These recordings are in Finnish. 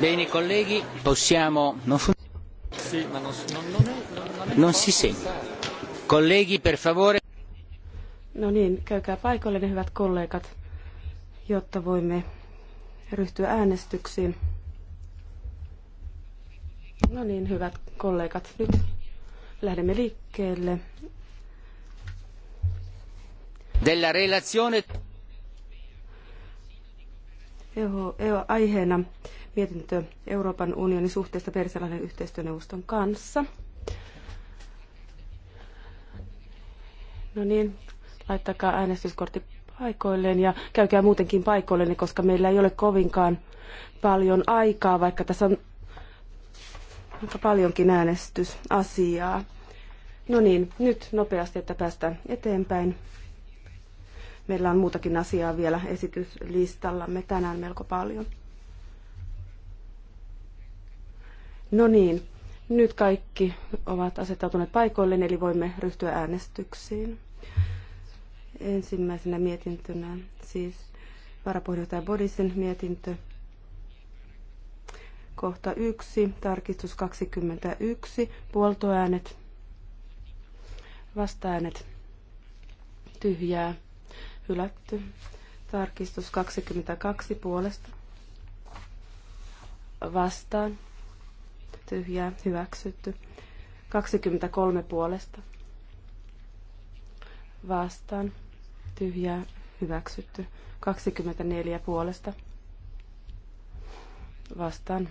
Bene colleghi, possiamo... Non, fun... sì, ma non, non, è, non, è non si sente. Colleghi, per favore. No niin, käykää paikoille ne hyvät kollegat, jotta voimme ryhtyä äänestyksiin. No niin, hyvät kollegat, nyt lähdemme liikkeelle. Della relazione... EU, EU aiheena mietintö Euroopan unionin suhteesta Persialainen yhteistyöneuvoston kanssa. No niin, laittakaa äänestyskortti paikoilleen ja käykää muutenkin paikoilleen, koska meillä ei ole kovinkaan paljon aikaa, vaikka tässä on aika paljonkin äänestysasiaa. No niin, nyt nopeasti, että päästään eteenpäin. Meillä on muutakin asiaa vielä esityslistallamme tänään melko paljon. No niin, nyt kaikki ovat asettautuneet paikoille, eli voimme ryhtyä äänestyksiin. Ensimmäisenä mietintönä siis varapuheenjohtaja Bodisen mietintö. Kohta 1, tarkistus 21, puoltoäänet, vastaäänet, tyhjää, hylätty. Tarkistus 22 puolesta, vastaan, tyhjää hyväksytty. 23 puolesta vastaan tyhjää hyväksytty. 24 puolesta vastaan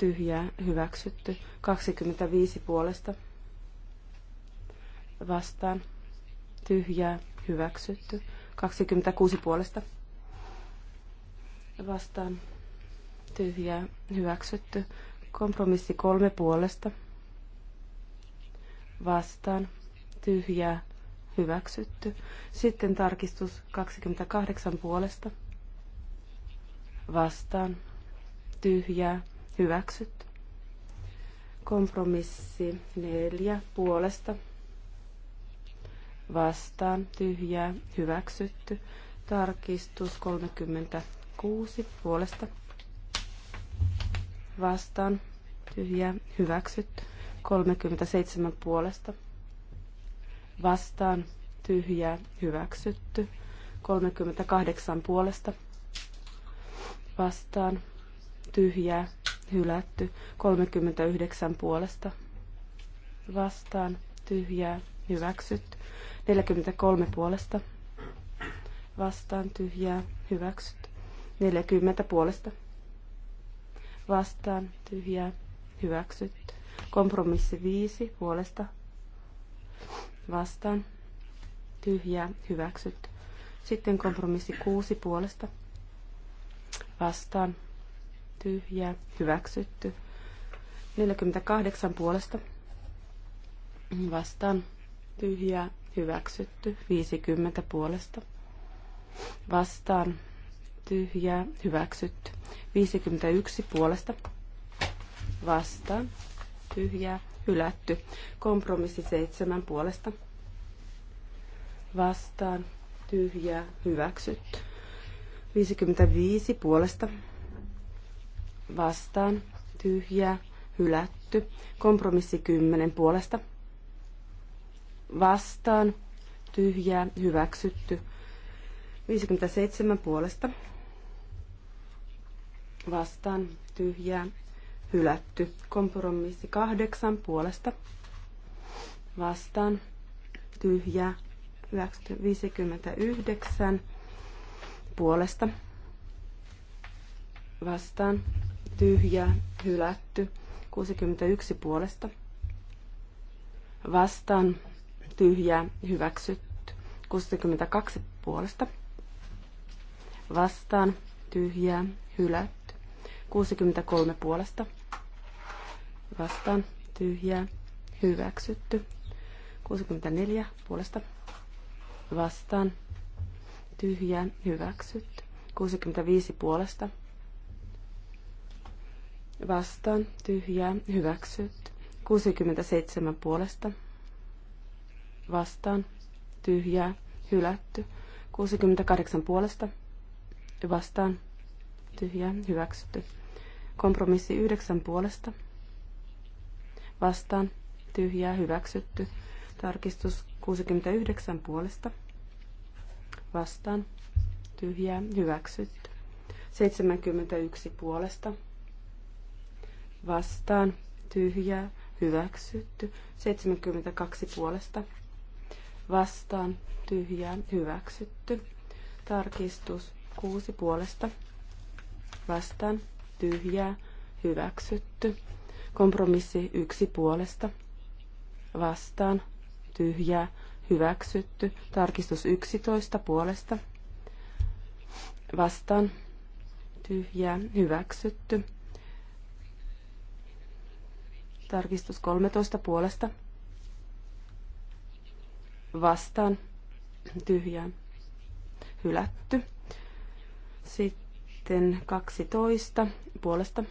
tyhjää hyväksytty. 25 puolesta vastaan tyhjää hyväksytty. 26 puolesta vastaan tyhjää hyväksytty. Kompromissi kolme puolesta. Vastaan. Tyhjää. Hyväksytty. Sitten tarkistus 28 puolesta. Vastaan. Tyhjää. Hyväksytty. Kompromissi neljä puolesta. Vastaan. Tyhjää. Hyväksytty. Tarkistus 36 puolesta vastaan tyhjä hyväksytty. 37 puolesta vastaan tyhjä hyväksytty. 38 puolesta vastaan Tyhjä. hylätty. 39 puolesta vastaan tyhjä hyväksytty. 43 puolesta vastaan tyhjä hyväksytty. 40 puolesta vastaan tyhjää hyväksytty. Kompromissi viisi puolesta vastaan tyhjää hyväksytty. Sitten kompromissi kuusi puolesta vastaan tyhjää hyväksytty. 48 puolesta vastaan tyhjää hyväksytty. 50 puolesta vastaan tyhjää, hyväksytty. 51 puolesta vastaan, tyhjää, hylätty. Kompromissi 7 puolesta vastaan, tyhjää, hyväksytty. 55 puolesta vastaan, tyhjää, hylätty. Kompromissi 10 puolesta vastaan, tyhjää, hyväksytty. 57 puolesta vastaan tyhjää hylätty. Kompromissi kahdeksan puolesta vastaan tyhjää hyväksytty 59 puolesta vastaan tyhjää hylätty 61 puolesta vastaan tyhjää hyväksytty 62 puolesta vastaan tyhjää hylätty 63 puolesta vastaan tyhjää hyväksytty. 64 puolesta vastaan tyhjää hyväksytty. 65 puolesta vastaan tyhjää hyväksytty. 67 puolesta vastaan tyhjää hylätty. 68 puolesta vastaan tyhjää hyväksytty. Kompromissi yhdeksän puolesta. Vastaan. Tyhjää. Hyväksytty. Tarkistus 69 puolesta. Vastaan. Tyhjää. Hyväksytty. 71 puolesta. Vastaan. Tyhjää. Hyväksytty. 72 puolesta. Vastaan. Tyhjää. Hyväksytty. Tarkistus 6 puolesta. Vastaan tyhjää, hyväksytty. Kompromissi yksi puolesta, vastaan, tyhjää, hyväksytty. Tarkistus yksitoista puolesta, vastaan, tyhjää, hyväksytty. Tarkistus 13 puolesta, vastaan, tyhjää, hylätty. Sitten sitten 12 puolesta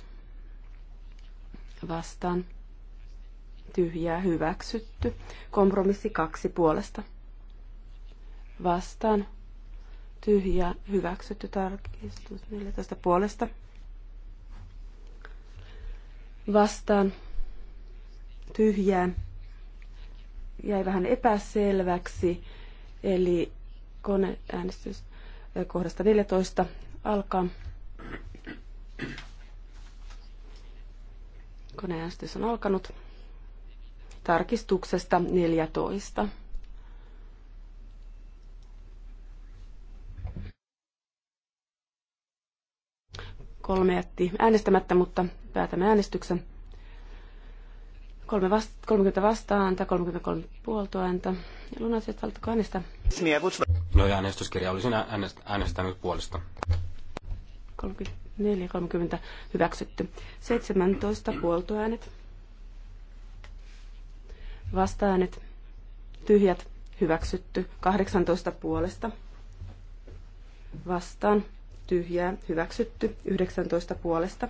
vastaan tyhjää hyväksytty. Kompromissi 2 puolesta vastaan tyhjää hyväksytty tarkistus 14 puolesta vastaan tyhjää jäi vähän epäselväksi, eli koneäänestys eh, kohdasta 14 alkaa. Koneäänestys on alkanut. Tarkistuksesta 14. Kolme jätti äänestämättä, mutta päätämme äänestyksen. Kolme vasta, 30 vastaääntä, 33 ääntä. Ja lunaset valtakaa äänestää. No ja äänestyskirja olisi äänestänyt puolesta. 34, 30 hyväksytty. 17 puoltoäänet. Vastaäänet. Tyhjät hyväksytty. 18 puolesta. Vastaan. Tyhjää hyväksytty. 19 puolesta.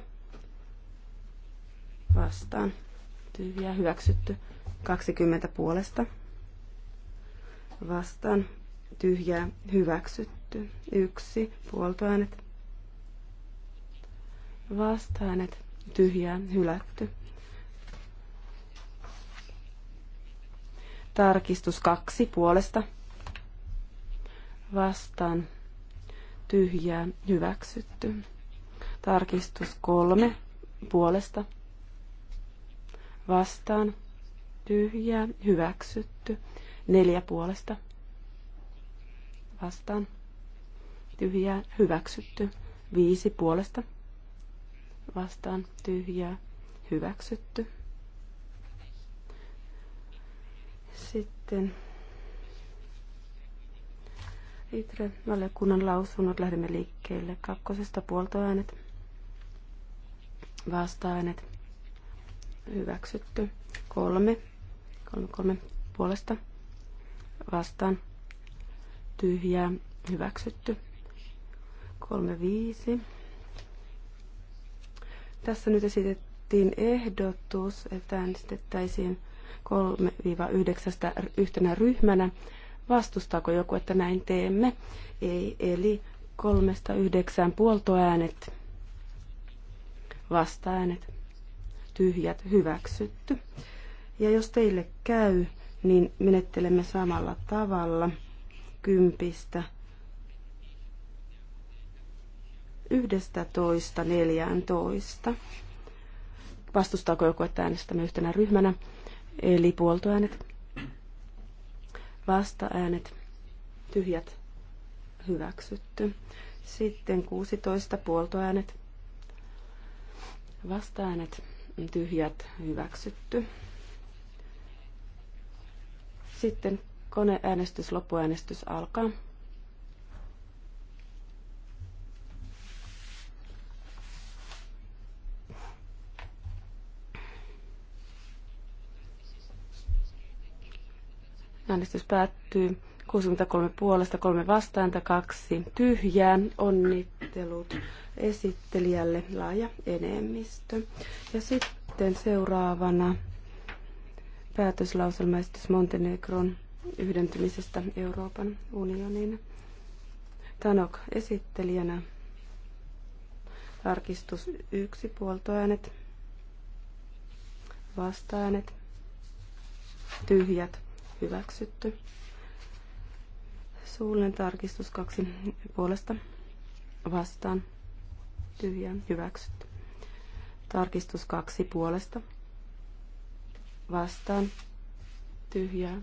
Vastaan. Tyhjää hyväksytty. 20 puolesta. Vastaan. Tyhjää hyväksytty. Yksi puoltoäänet vastaanet tyhjää hylätty. Tarkistus kaksi puolesta vastaan tyhjää hyväksytty. Tarkistus kolme puolesta vastaan tyhjää hyväksytty. Neljä puolesta vastaan tyhjää hyväksytty. Viisi puolesta vastaan tyhjää hyväksytty. Sitten Itre valiokunnan lausunnot lähdemme liikkeelle. Kakkosesta puoltoäänet, vastaäänet, hyväksytty. Kolme, kolme, kolme puolesta, vastaan, tyhjää, hyväksytty. Kolme, viisi, tässä nyt esitettiin ehdotus, että äänestettäisiin 3-9 yhtenä ryhmänä. Vastustaako joku, että näin teemme? Ei, eli kolmesta yhdeksään puoltoäänet, vastaäänet, tyhjät, hyväksytty. Ja jos teille käy, niin menettelemme samalla tavalla kympistä 11.14. Vastustaako joku, että äänestämme yhtenä ryhmänä? Eli puoltoäänet, vastaäänet, tyhjät, hyväksytty. Sitten 16 puoltoäänet, vastaäänet, tyhjät, hyväksytty. Sitten koneäänestys, loppuäänestys alkaa. Äänestys päättyy 63 puolesta, 3 vastaanta, 2 tyhjää. Onnittelut esittelijälle laaja enemmistö. Ja sitten seuraavana päätöslauselmaesitys Montenegron yhdentymisestä Euroopan unioniin. Tanok esittelijänä. Tarkistus 1, puoltoäänet, vastaäänet, tyhjät hyväksytty. Suullinen tarkistus kaksi puolesta vastaan tyhjää hyväksytty. Tarkistus kaksi puolesta vastaan tyhjää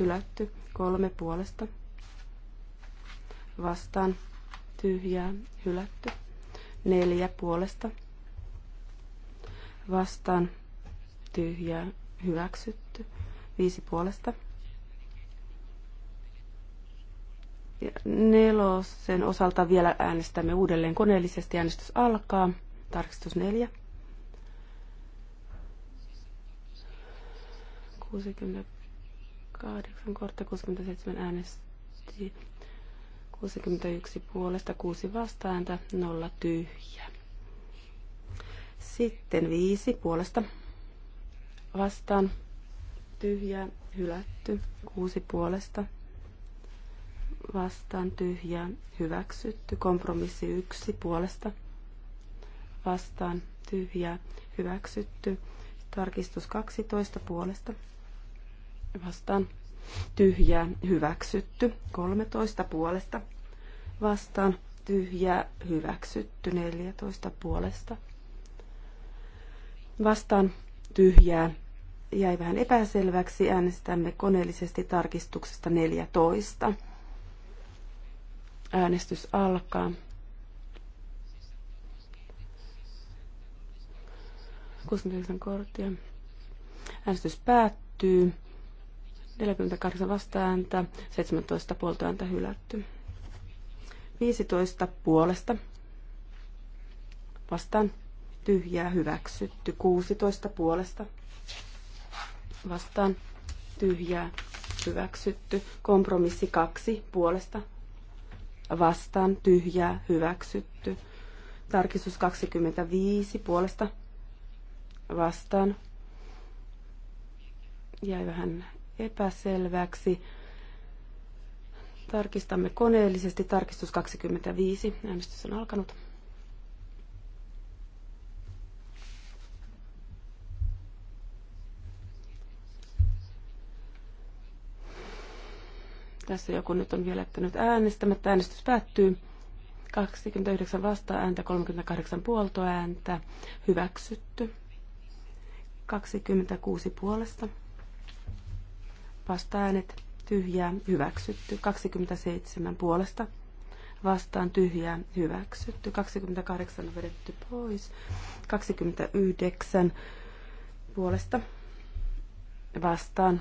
hylätty. Kolme puolesta vastaan tyhjää hylätty. Neljä puolesta vastaan tyhjää hyväksytty. Viisi puolesta nelosen osalta vielä äänestämme uudelleen koneellisesti. Äänestys alkaa. Tarkistus neljä. 68 kortta, 67 äänesti, 61 puolesta, 6 vastaääntä, 0 tyhjä. Sitten 5 puolesta vastaan, tyhjä, hylätty, 6 puolesta, vastaan tyhjää hyväksytty. Kompromissi yksi puolesta vastaan tyhjää hyväksytty. Tarkistus 12 puolesta vastaan tyhjää hyväksytty. 13 puolesta vastaan tyhjää hyväksytty. 14 puolesta vastaan tyhjää jäi vähän epäselväksi. Äänestämme koneellisesti tarkistuksesta 14. Äänestys alkaa. Kuusikymmentäyhdeksän korttia. Äänestys päättyy. 48 vastaääntä, 17 puoltoääntä hylätty. 15 puolesta vastaan tyhjää hyväksytty. 16 puolesta vastaan tyhjää hyväksytty. Kompromissi 2 puolesta vastaan tyhjää hyväksytty. Tarkistus 25 puolesta vastaan. Jäi vähän epäselväksi. Tarkistamme koneellisesti. Tarkistus 25. Äänestys on alkanut. Tässä joku nyt on vielä jättänyt äänestämättä. Äänestys päättyy. 29 vasta-ääntä, 38 puoltoääntä. Hyväksytty. 26 puolesta. Vasta-äänet tyhjää, hyväksytty. 27 puolesta. Vastaan tyhjää, hyväksytty. 28 on vedetty pois. 29 puolesta. Vastaan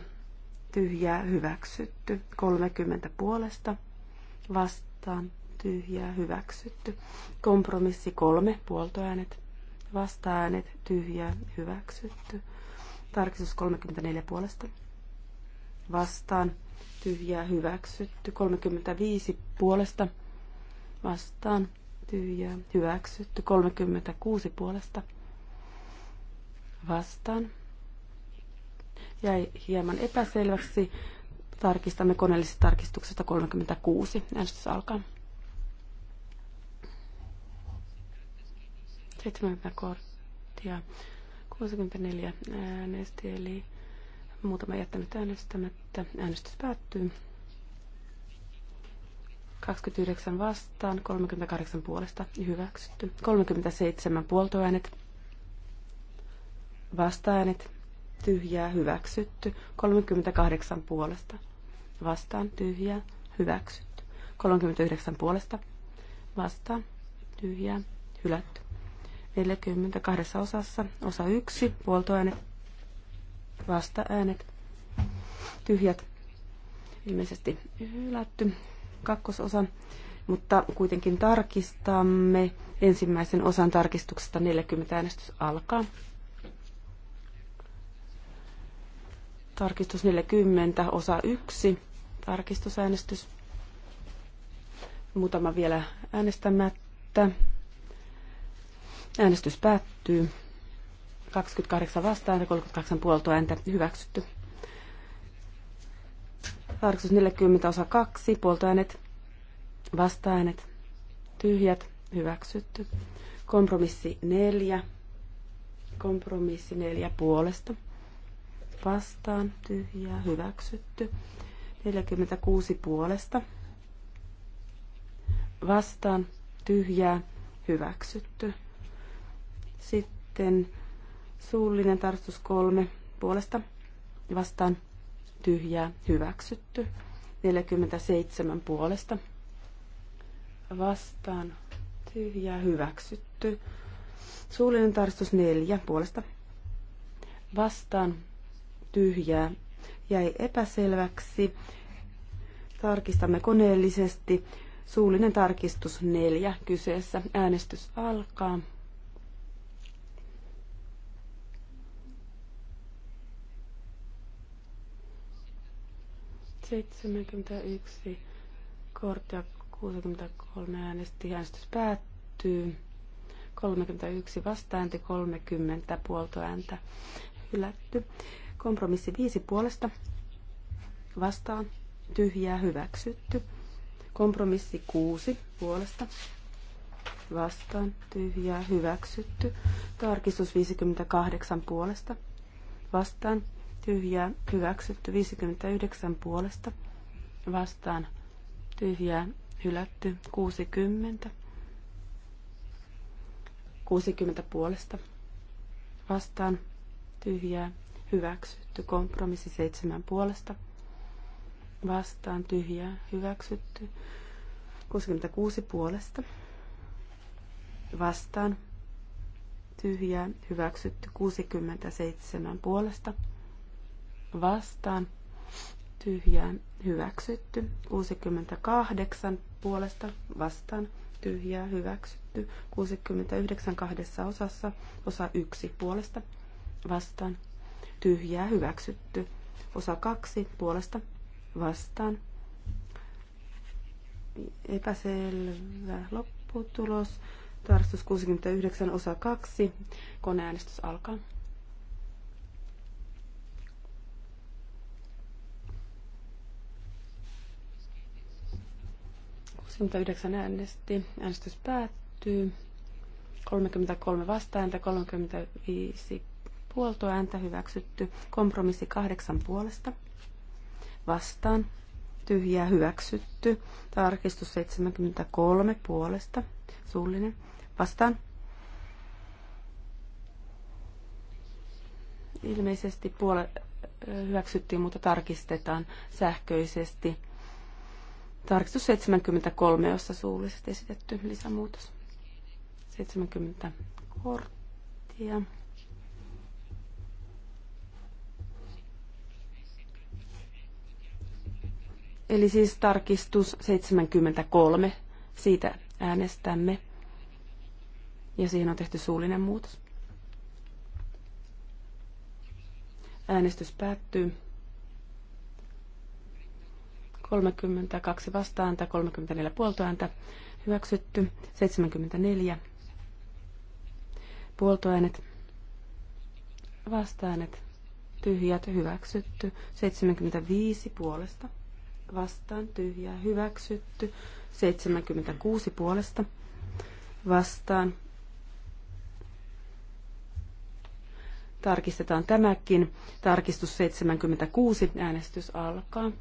tyhjää hyväksytty. 30 puolesta vastaan tyhjää hyväksytty. Kompromissi 3 puoltoäänet vastaäänet tyhjää hyväksytty. Tarkistus 34 puolesta vastaan tyhjää hyväksytty. 35 puolesta vastaan tyhjää hyväksytty. 36 puolesta vastaan jäi hieman epäselväksi. Tarkistamme koneellisesta tarkistuksesta 36. Äänestys alkaa. 70 korttia. 64 äänesti, eli muutama jättänyt äänestämättä. Äänestys päättyy. 29 vastaan, 38 puolesta hyväksytty. 37 puoltoäänet, vastaäänet, tyhjää, hyväksytty. 38 puolesta, vastaan, tyhjää, hyväksytty. 39 puolesta, vastaan, tyhjää, hylätty. 42 osassa, osa 1, puoltoäänet, vastaäänet, tyhjät, ilmeisesti hylätty, kakkososan, mutta kuitenkin tarkistamme ensimmäisen osan tarkistuksesta 40 äänestys alkaa. Tarkistus 40, osa 1, tarkistusäänestys. Muutama vielä äänestämättä. Äänestys päättyy. 28 vastaan ja 38 puoltoa ääntä hyväksytty. Tarkistus 40 osa 2, puoltoäänet, vastaäänet, tyhjät, hyväksytty. Kompromissi 4, kompromissi 4 puolesta vastaan, tyhjää, hyväksytty. 46 puolesta vastaan, tyhjää, hyväksytty. Sitten suullinen tarkistus kolme puolesta vastaan, tyhjää, hyväksytty. 47 puolesta vastaan, tyhjää, hyväksytty. Suullinen tarkistus neljä puolesta vastaan, tyhjää jäi epäselväksi. Tarkistamme koneellisesti. Suullinen tarkistus neljä kyseessä. Äänestys alkaa. Seitsemänkymmentäyksi korttia 63 äänesti. Äänestys päättyy. 31 kolmekymmentä 30 puoltoääntä hylätty. Kompromissi viisi puolesta vastaan tyhjää hyväksytty. Kompromissi kuusi puolesta vastaan tyhjää hyväksytty. Tarkistus 58 puolesta vastaan tyhjää hyväksytty. 59 puolesta vastaan tyhjää hylätty. 60 60 puolesta vastaan tyhjää hyväksytty. Kompromissi seitsemän puolesta vastaan tyhjää hyväksytty. 66 puolesta vastaan tyhjää hyväksytty. 67 puolesta vastaan tyhjää hyväksytty. 68 puolesta vastaan tyhjää hyväksytty. 69 kahdessa osassa osa 1 puolesta vastaan tyhjää hyväksytty. Osa kaksi puolesta vastaan. Epäselvä lopputulos. Tarkastus 69 osa 2. Koneäänestys alkaa. yhdeksän äänesti. Äänestys päättyy. 33 vastaan 35 puoltoääntä hyväksytty. Kompromissi kahdeksan puolesta vastaan tyhjää hyväksytty. Tarkistus 73 puolesta suullinen vastaan. Ilmeisesti puole hyväksyttiin, mutta tarkistetaan sähköisesti. Tarkistus 73, jossa suullisesti esitetty lisämuutos. 70 korttia. Eli siis tarkistus 73. Siitä äänestämme. Ja siihen on tehty suullinen muutos. Äänestys päättyy. 32 vastaanta, 34 puoltoääntä hyväksytty, 74 puoltoäänet, vastaäänet, tyhjät hyväksytty, 75 puolesta vastaan tyhjää hyväksytty. 76 puolesta vastaan. Tarkistetaan tämäkin. Tarkistus 76. Äänestys alkaa.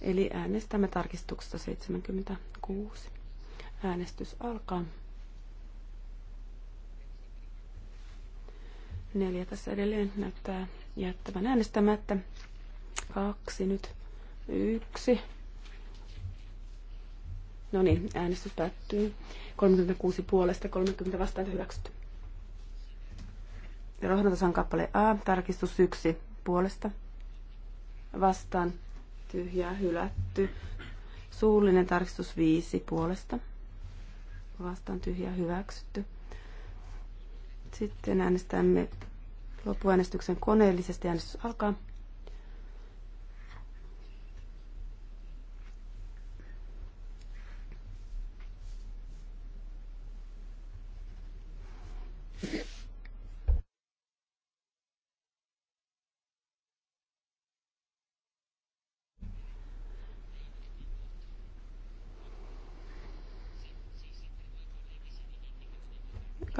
Eli äänestämme tarkistuksesta 76. Äänestys alkaa. Neljä tässä edelleen näyttää jättävän äänestämättä. Kaksi nyt yksi. No niin, äänestys päättyy. 36 puolesta, 30 vastaan hyväksytty. Rohdatasan kappale A, tarkistus 1 puolesta. Vastaan tyhjää hylätty. Suullinen tarkistus 5 puolesta. Vastaan tyhjää hyväksytty. Sitten äänestämme loppuäänestyksen koneellisesti. Äänestys alkaa.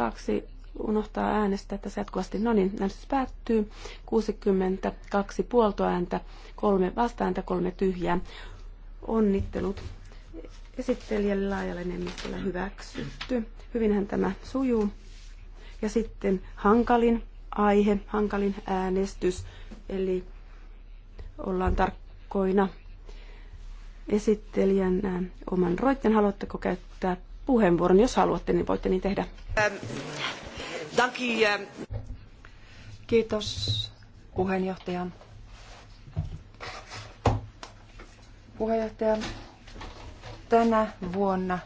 kaksi unohtaa äänestää tässä jatkuvasti. No niin, äänestys päättyy. 62 puoltoääntä, kolme vastaääntä, kolme tyhjää. Onnittelut esittelijälle laajalle enemmistöllä hyväksytty. Hyvinhän tämä sujuu. Ja sitten hankalin aihe, hankalin äänestys, eli ollaan tarkkoina esittelijän oman roitten. Haluatteko käyttää puheenvuoron. Jos haluatte, niin voitte niin tehdä. Kiitos puheenjohtaja. Puheenjohtaja, tänä vuonna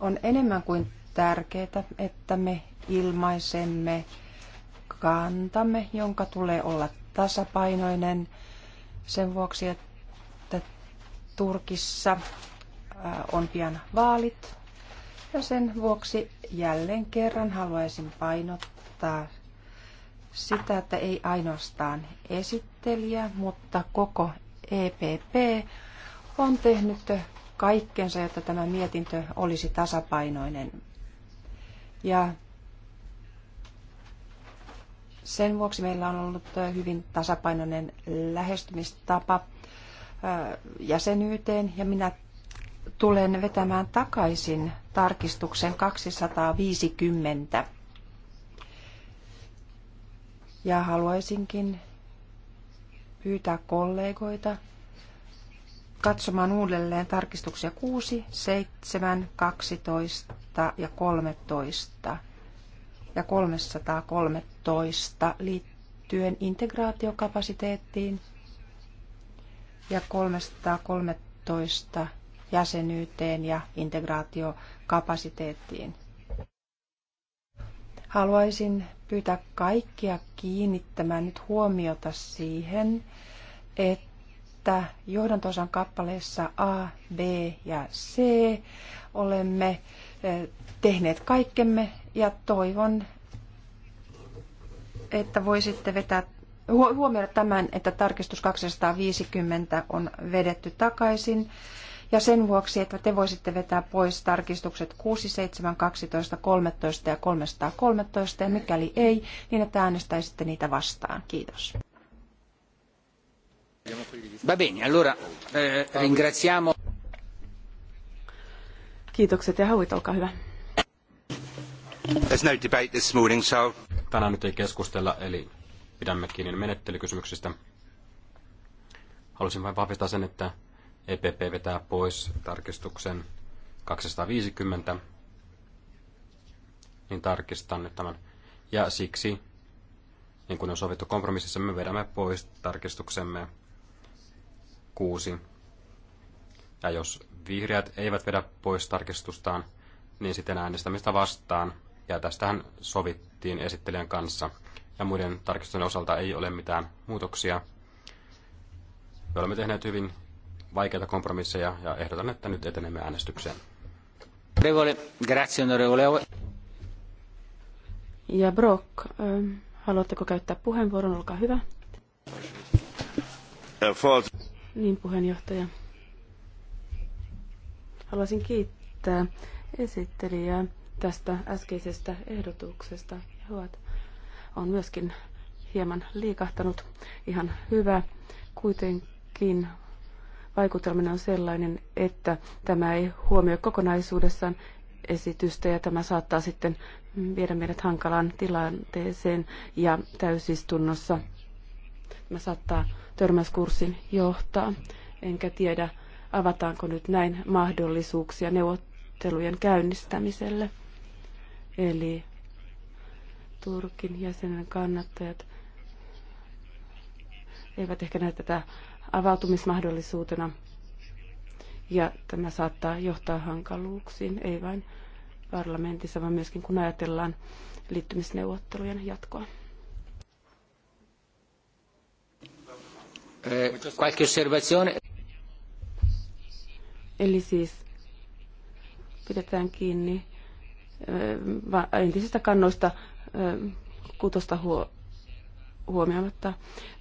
on enemmän kuin tärkeää, että me ilmaisemme kantamme, jonka tulee olla tasapainoinen sen vuoksi, että Turkissa Äh, on pian vaalit. Ja sen vuoksi jälleen kerran haluaisin painottaa sitä, että ei ainoastaan esittelijä, mutta koko EPP on tehnyt kaikkensa, jotta tämä mietintö olisi tasapainoinen. Ja sen vuoksi meillä on ollut hyvin tasapainoinen lähestymistapa äh, jäsenyyteen ja minä tulen vetämään takaisin tarkistuksen 250. Ja haluaisinkin pyytää kollegoita katsomaan uudelleen tarkistuksia 6, 7, 12 ja 13 ja 313 liittyen integraatiokapasiteettiin ja 313 jäsenyyteen ja integraatiokapasiteettiin. Haluaisin pyytää kaikkia kiinnittämään nyt huomiota siihen, että johdantosan kappaleessa A, B ja C olemme eh, tehneet kaikkemme ja toivon, että voisitte vetää huomioida tämän, että tarkistus 250 on vedetty takaisin ja sen vuoksi, että te voisitte vetää pois tarkistukset 6, 7, 12, 13 ja 313 ja mikäli ei, niin että äänestäisitte niitä vastaan. Kiitos. Va bene, allora eh, ringraziamo. Kiitokset ja hauit, olkaa hyvä. no debate this morning, so... Tänään nyt ei keskustella, eli pidämme kiinni menettelykysymyksistä. Haluaisin vain vahvistaa sen, että EPP vetää pois tarkistuksen 250, niin tarkistan nyt tämän. Ja siksi, niin kuin on sovittu kompromississa, me vedämme pois tarkistuksemme 6. Ja jos vihreät eivät vedä pois tarkistustaan, niin sitten äänestämistä vastaan. Ja tästähän sovittiin esittelijän kanssa. Ja muiden tarkistusten osalta ei ole mitään muutoksia. Me olemme tehneet hyvin vaikeita kompromisseja ja ehdotan, että nyt etenemme äänestykseen. Grazie, onorevole. Ja Brock, ähm, haluatteko käyttää puheenvuoron? Olkaa hyvä. Niin, puheenjohtaja. Haluaisin kiittää esittelijää tästä äskeisestä ehdotuksesta. He on myöskin hieman liikahtanut. Ihan hyvä kuitenkin vaikutelmana on sellainen, että tämä ei huomioi kokonaisuudessaan esitystä ja tämä saattaa sitten viedä meidät hankalaan tilanteeseen ja täysistunnossa tämä saattaa törmäyskurssin johtaa. Enkä tiedä, avataanko nyt näin mahdollisuuksia neuvottelujen käynnistämiselle. Eli Turkin jäsenen kannattajat eivät ehkä näe tätä avautumismahdollisuutena. Ja tämä saattaa johtaa hankaluuksiin, ei vain parlamentissa, vaan myöskin kun ajatellaan liittymisneuvottelujen jatkoa. Eh, qualche osservazione? Eli siis pidetään kiinni eh, entisistä kannoista eh, kutosta huomioimatta.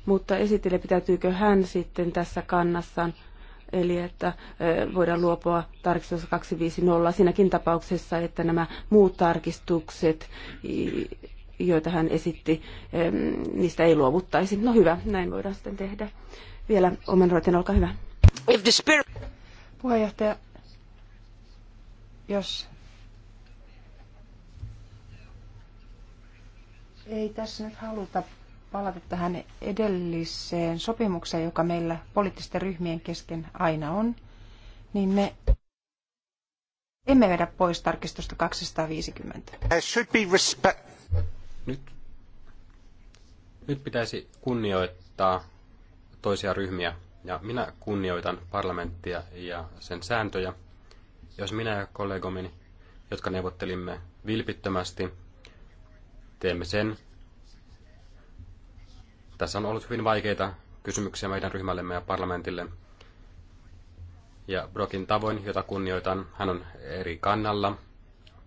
Mutta esitille pitäytyykö hän sitten tässä kannassaan, eli että voidaan luopua tarkistus 250 siinäkin tapauksessa, että nämä muut tarkistukset, joita hän esitti, niistä ei luovuttaisi. No hyvä, näin voidaan sitten tehdä. Vielä omenroiten, olkaa hyvä. Puheenjohtaja, jos ei tässä nyt haluta palata tähän edelliseen sopimukseen, joka meillä poliittisten ryhmien kesken aina on, niin me emme vedä pois tarkistusta 250. Nyt, nyt pitäisi kunnioittaa toisia ryhmiä ja minä kunnioitan parlamenttia ja sen sääntöjä. Jos minä ja kollegomini, jotka neuvottelimme vilpittömästi, teemme sen, tässä on ollut hyvin vaikeita kysymyksiä meidän ryhmällemme ja parlamentille. Ja Brokin tavoin, jota kunnioitan, hän on eri kannalla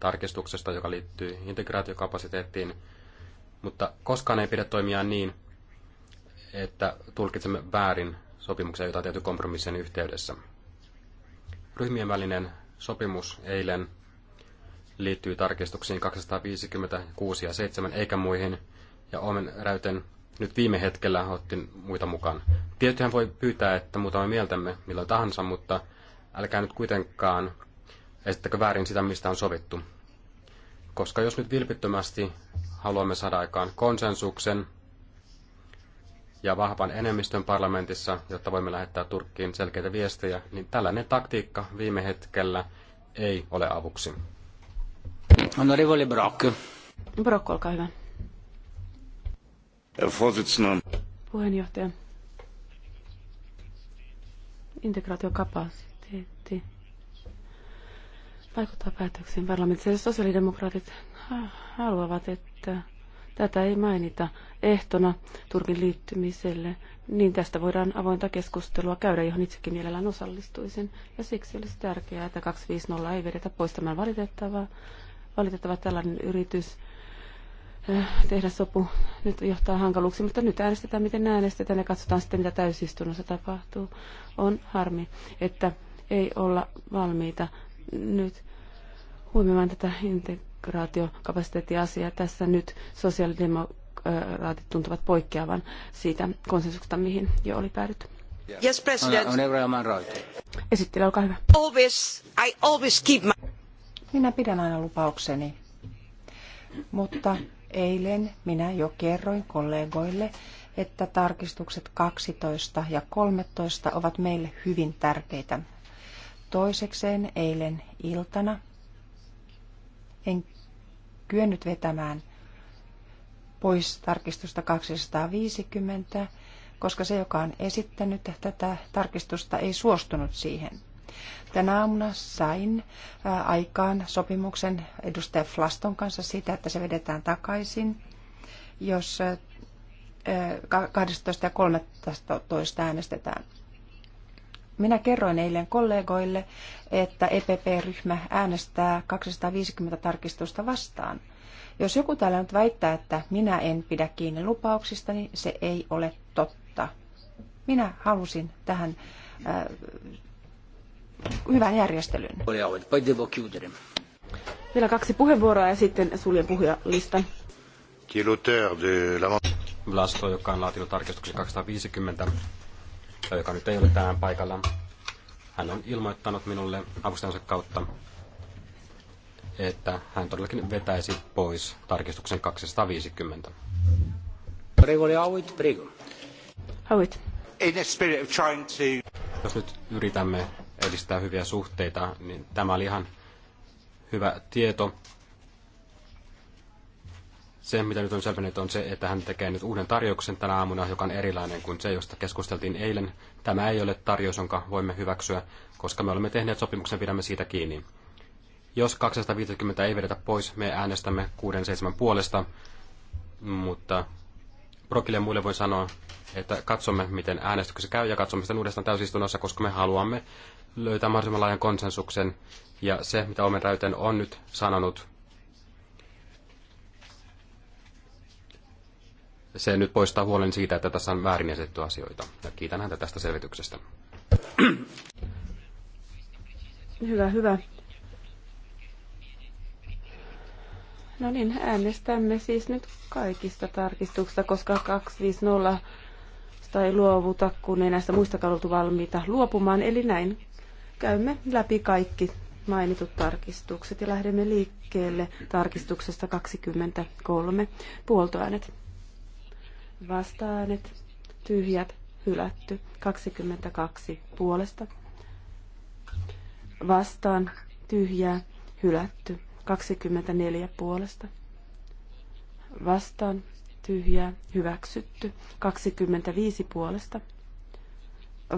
tarkistuksesta, joka liittyy integraatiokapasiteettiin, mutta koskaan ei pidä toimia niin, että tulkitsemme väärin sopimuksia, joita on tehty kompromissien yhteydessä. Ryhmien välinen sopimus eilen liittyy tarkistuksiin 256 ja 7 eikä muihin, ja Omen Räyten nyt viime hetkellä otti muita mukaan. Tietyhän voi pyytää, että muutamme mieltämme milloin tahansa, mutta älkää nyt kuitenkaan esittäkö väärin sitä, mistä on sovittu. Koska jos nyt vilpittömästi haluamme saada aikaan konsensuksen ja vahvan enemmistön parlamentissa, jotta voimme lähettää Turkkiin selkeitä viestejä, niin tällainen taktiikka viime hetkellä ei ole avuksi. Honorevole Brock. Brock, olkaa hyvä. Puheenjohtaja. Integraatiokapasiteetti vaikuttaa päätöksiin parlamentissa. Jos sosiaalidemokraatit haluavat, että tätä ei mainita ehtona Turkin liittymiselle, niin tästä voidaan avointa keskustelua käydä, johon itsekin mielellään osallistuisin. Ja siksi olisi tärkeää, että 250 ei vedetä pois tämän valitettavaa. Valitettava tällainen yritys Äh, tehdä sopu nyt johtaa hankaluuksiin, mutta nyt äänestetään miten äänestetään ja katsotaan sitten mitä täysistunnossa tapahtuu. On harmi, että ei olla valmiita nyt huomioimaan tätä integraatiokapasiteettiasiaa tässä nyt sosiaalidemokraatit tuntuvat poikkeavan siitä konsensuksesta, mihin jo oli päädytty. Yes, President. Esittely, olkaa hyvä. Always, I always keep my... Minä pidän aina lupaukseni, mutta Eilen minä jo kerroin kollegoille, että tarkistukset 12 ja 13 ovat meille hyvin tärkeitä. Toisekseen eilen iltana en kyennyt vetämään pois tarkistusta 250, koska se, joka on esittänyt tätä tarkistusta, ei suostunut siihen. Tänä aamuna sain aikaan sopimuksen edustaja Flaston kanssa siitä, että se vedetään takaisin, jos 12 ja 13 äänestetään. Minä kerroin eilen kollegoille, että EPP-ryhmä äänestää 250 tarkistusta vastaan. Jos joku täällä nyt väittää, että minä en pidä kiinni lupauksista, niin se ei ole totta. Minä halusin tähän hyvän järjestelyn. Vielä kaksi puheenvuoroa ja sitten suljen puhujalistan. Vlasto, joka on laatinut tarkistuksen 250, joka nyt ei ole tänään paikalla. Hän on ilmoittanut minulle avustajansa kautta, että hän todellakin vetäisi pois tarkistuksen 250. Prego, Howit, prego. Howit. Jos nyt yritämme edistää hyviä suhteita, niin tämä oli ihan hyvä tieto. Se, mitä nyt on selvinnyt, on se, että hän tekee nyt uuden tarjouksen tänä aamuna, joka on erilainen kuin se, josta keskusteltiin eilen. Tämä ei ole tarjous, jonka voimme hyväksyä, koska me olemme tehneet sopimuksen, pidämme siitä kiinni. Jos 250 ei vedetä pois, me äänestämme 6-7 puolesta, mutta Brokille ja muille voi sanoa, että katsomme, miten äänestyksessä käy ja katsomme sitä uudestaan täysistunnossa, koska me haluamme löytää mahdollisimman laajan konsensuksen. Ja se, mitä Omen Räyten on nyt sanonut, se nyt poistaa huolen siitä, että tässä on väärin esitetty asioita. Ja kiitän häntä tästä selvityksestä. Hyvä, hyvä. No niin, äänestämme siis nyt kaikista tarkistuksista, koska 250 tai luovuta, kun ei näistä muista valmiita luopumaan. Eli näin käymme läpi kaikki mainitut tarkistukset ja lähdemme liikkeelle tarkistuksesta 23. Puoltoäänet, vastaäänet, tyhjät, hylätty. 22 puolesta, vastaan, tyhjää, hylätty. 24 puolesta, vastaan, tyhjää, hyväksytty. 25 puolesta,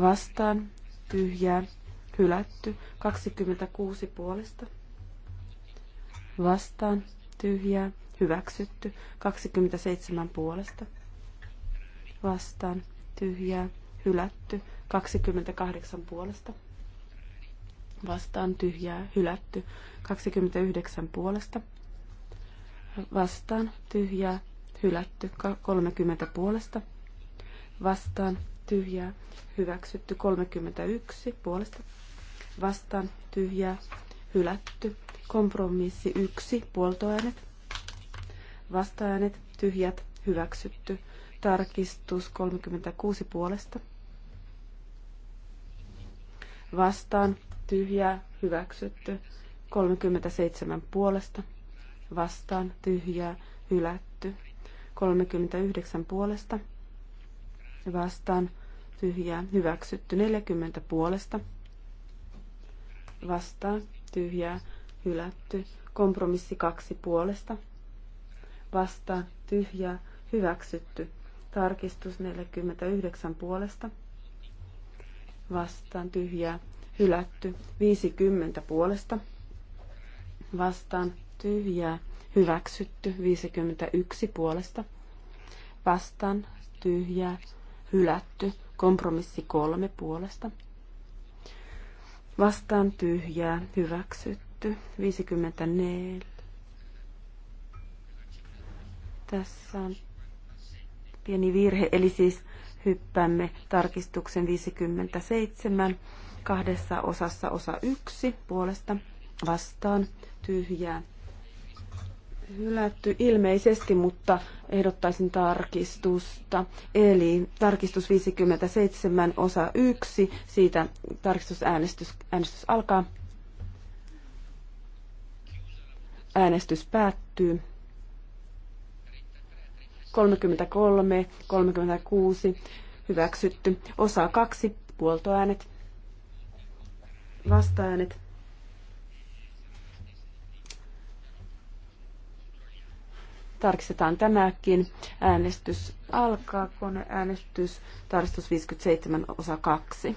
vastaan, tyhjää, hylätty. 26 puolesta vastaan tyhjää hyväksytty. 27 puolesta vastaan tyhjää hylätty. 28 puolesta vastaan tyhjää hylätty. 29 puolesta vastaan tyhjää hylätty. 30 puolesta vastaan tyhjää hyväksytty. 31 puolesta vastaan tyhjää hylätty. Kompromissi yksi puoltoäänet vastaäänet tyhjät hyväksytty. Tarkistus 36 puolesta vastaan tyhjää hyväksytty. 37 puolesta vastaan tyhjää hylätty. 39 puolesta vastaan tyhjää hyväksytty. 40 puolesta vastaa, tyhjää hylätty. Kompromissi kaksi puolesta vastaa, tyhjää hyväksytty. Tarkistus 49 puolesta vastaan tyhjää hylätty. 50 puolesta vastaan tyhjää hyväksytty. 51 puolesta vastaan tyhjää hylätty. Kompromissi kolme puolesta vastaan tyhjää hyväksytty. 54. Tässä on pieni virhe, eli siis hyppäämme tarkistuksen 57 kahdessa osassa osa 1 puolesta vastaan tyhjää hylätty ilmeisesti, mutta ehdottaisin tarkistusta. Eli tarkistus 57 osa 1, siitä tarkistusäänestys äänestys alkaa. Äänestys päättyy. 33, 36, hyväksytty. Osa 2, puoltoäänet, vastaäänet, Tarkistetaan tämäkin. Äänestys alkaa. äänestys Tarkistus 57 osa 2.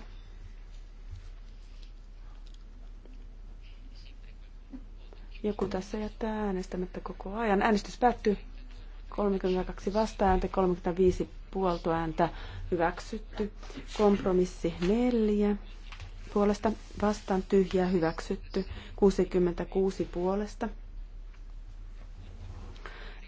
Joku tässä jättää äänestämättä koko ajan. Äänestys päättyy. 32 vastaääntä, 35 puoltoääntä hyväksytty. Kompromissi 4 puolesta vastaan tyhjää hyväksytty. 66 puolesta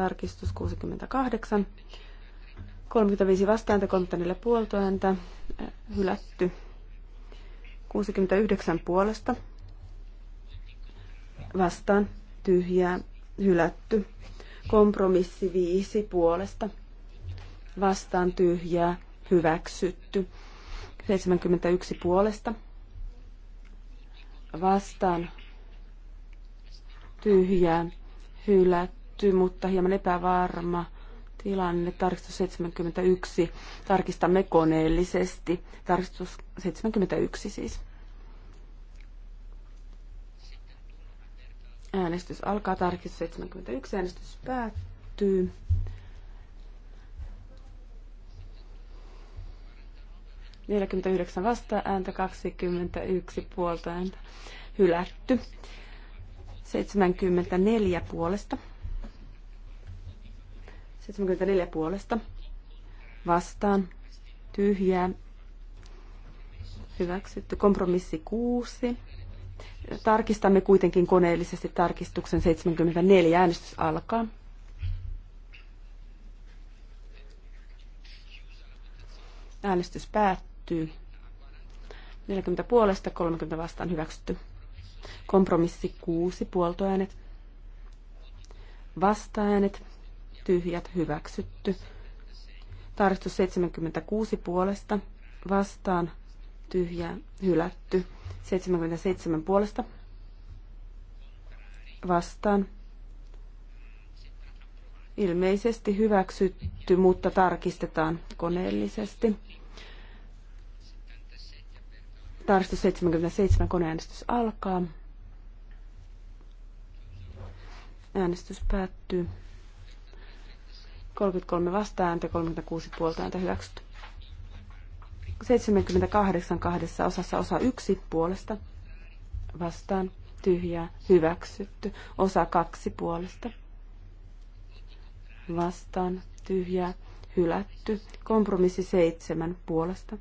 Tarkistus 68. 35 vastaanta, 34 puoltoääntä. Hylätty. 69 puolesta. Vastaan. Tyhjää. Hylätty. Kompromissi 5 puolesta. Vastaan tyhjää. Hyväksytty. 71 puolesta. Vastaan tyhjää. Hylätty hyväksytty, mutta hieman epävarma tilanne. Tarkistus 71. Tarkistamme koneellisesti. Tarkistus 71 siis. Äänestys alkaa. Tarkistus 71. Äänestys päättyy. Neljäkymmentäyhdeksän vasta ääntä, 21 puolta ääntä hylätty. 74 puolesta 74 puolesta vastaan tyhjää hyväksytty. Kompromissi 6. Tarkistamme kuitenkin koneellisesti tarkistuksen 74. Äänestys alkaa. Äänestys päättyy. 40 puolesta, 30 vastaan hyväksytty. Kompromissi 6, puoltoäänet. Vastaäänet, tyhjät hyväksytty. Tarkistus 76 puolesta vastaan tyhjä hylätty. 77 puolesta vastaan. Ilmeisesti hyväksytty, mutta tarkistetaan koneellisesti. Tarkistus 77 koneäänestys alkaa. Äänestys päättyy. 33 vastaääntä, 36 puolta ääntä hyväksytty. 78 kahdessa osassa osa 1 puolesta vastaan tyhjää hyväksytty. Osa 2 puolesta vastaan tyhjää hylätty. Kompromissi 7 puolesta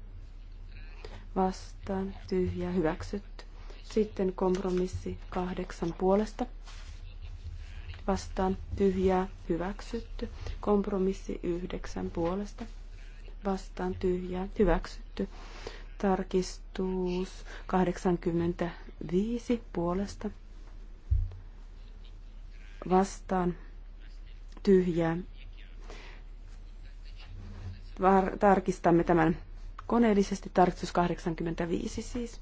vastaan tyhjää hyväksytty. Sitten kompromissi 8 puolesta vastaan tyhjää hyväksytty. Kompromissi yhdeksän puolesta vastaan tyhjää hyväksytty. Tarkistus 85 puolesta vastaan tyhjää. Var- tarkistamme tämän koneellisesti. Tarkistus 85 siis.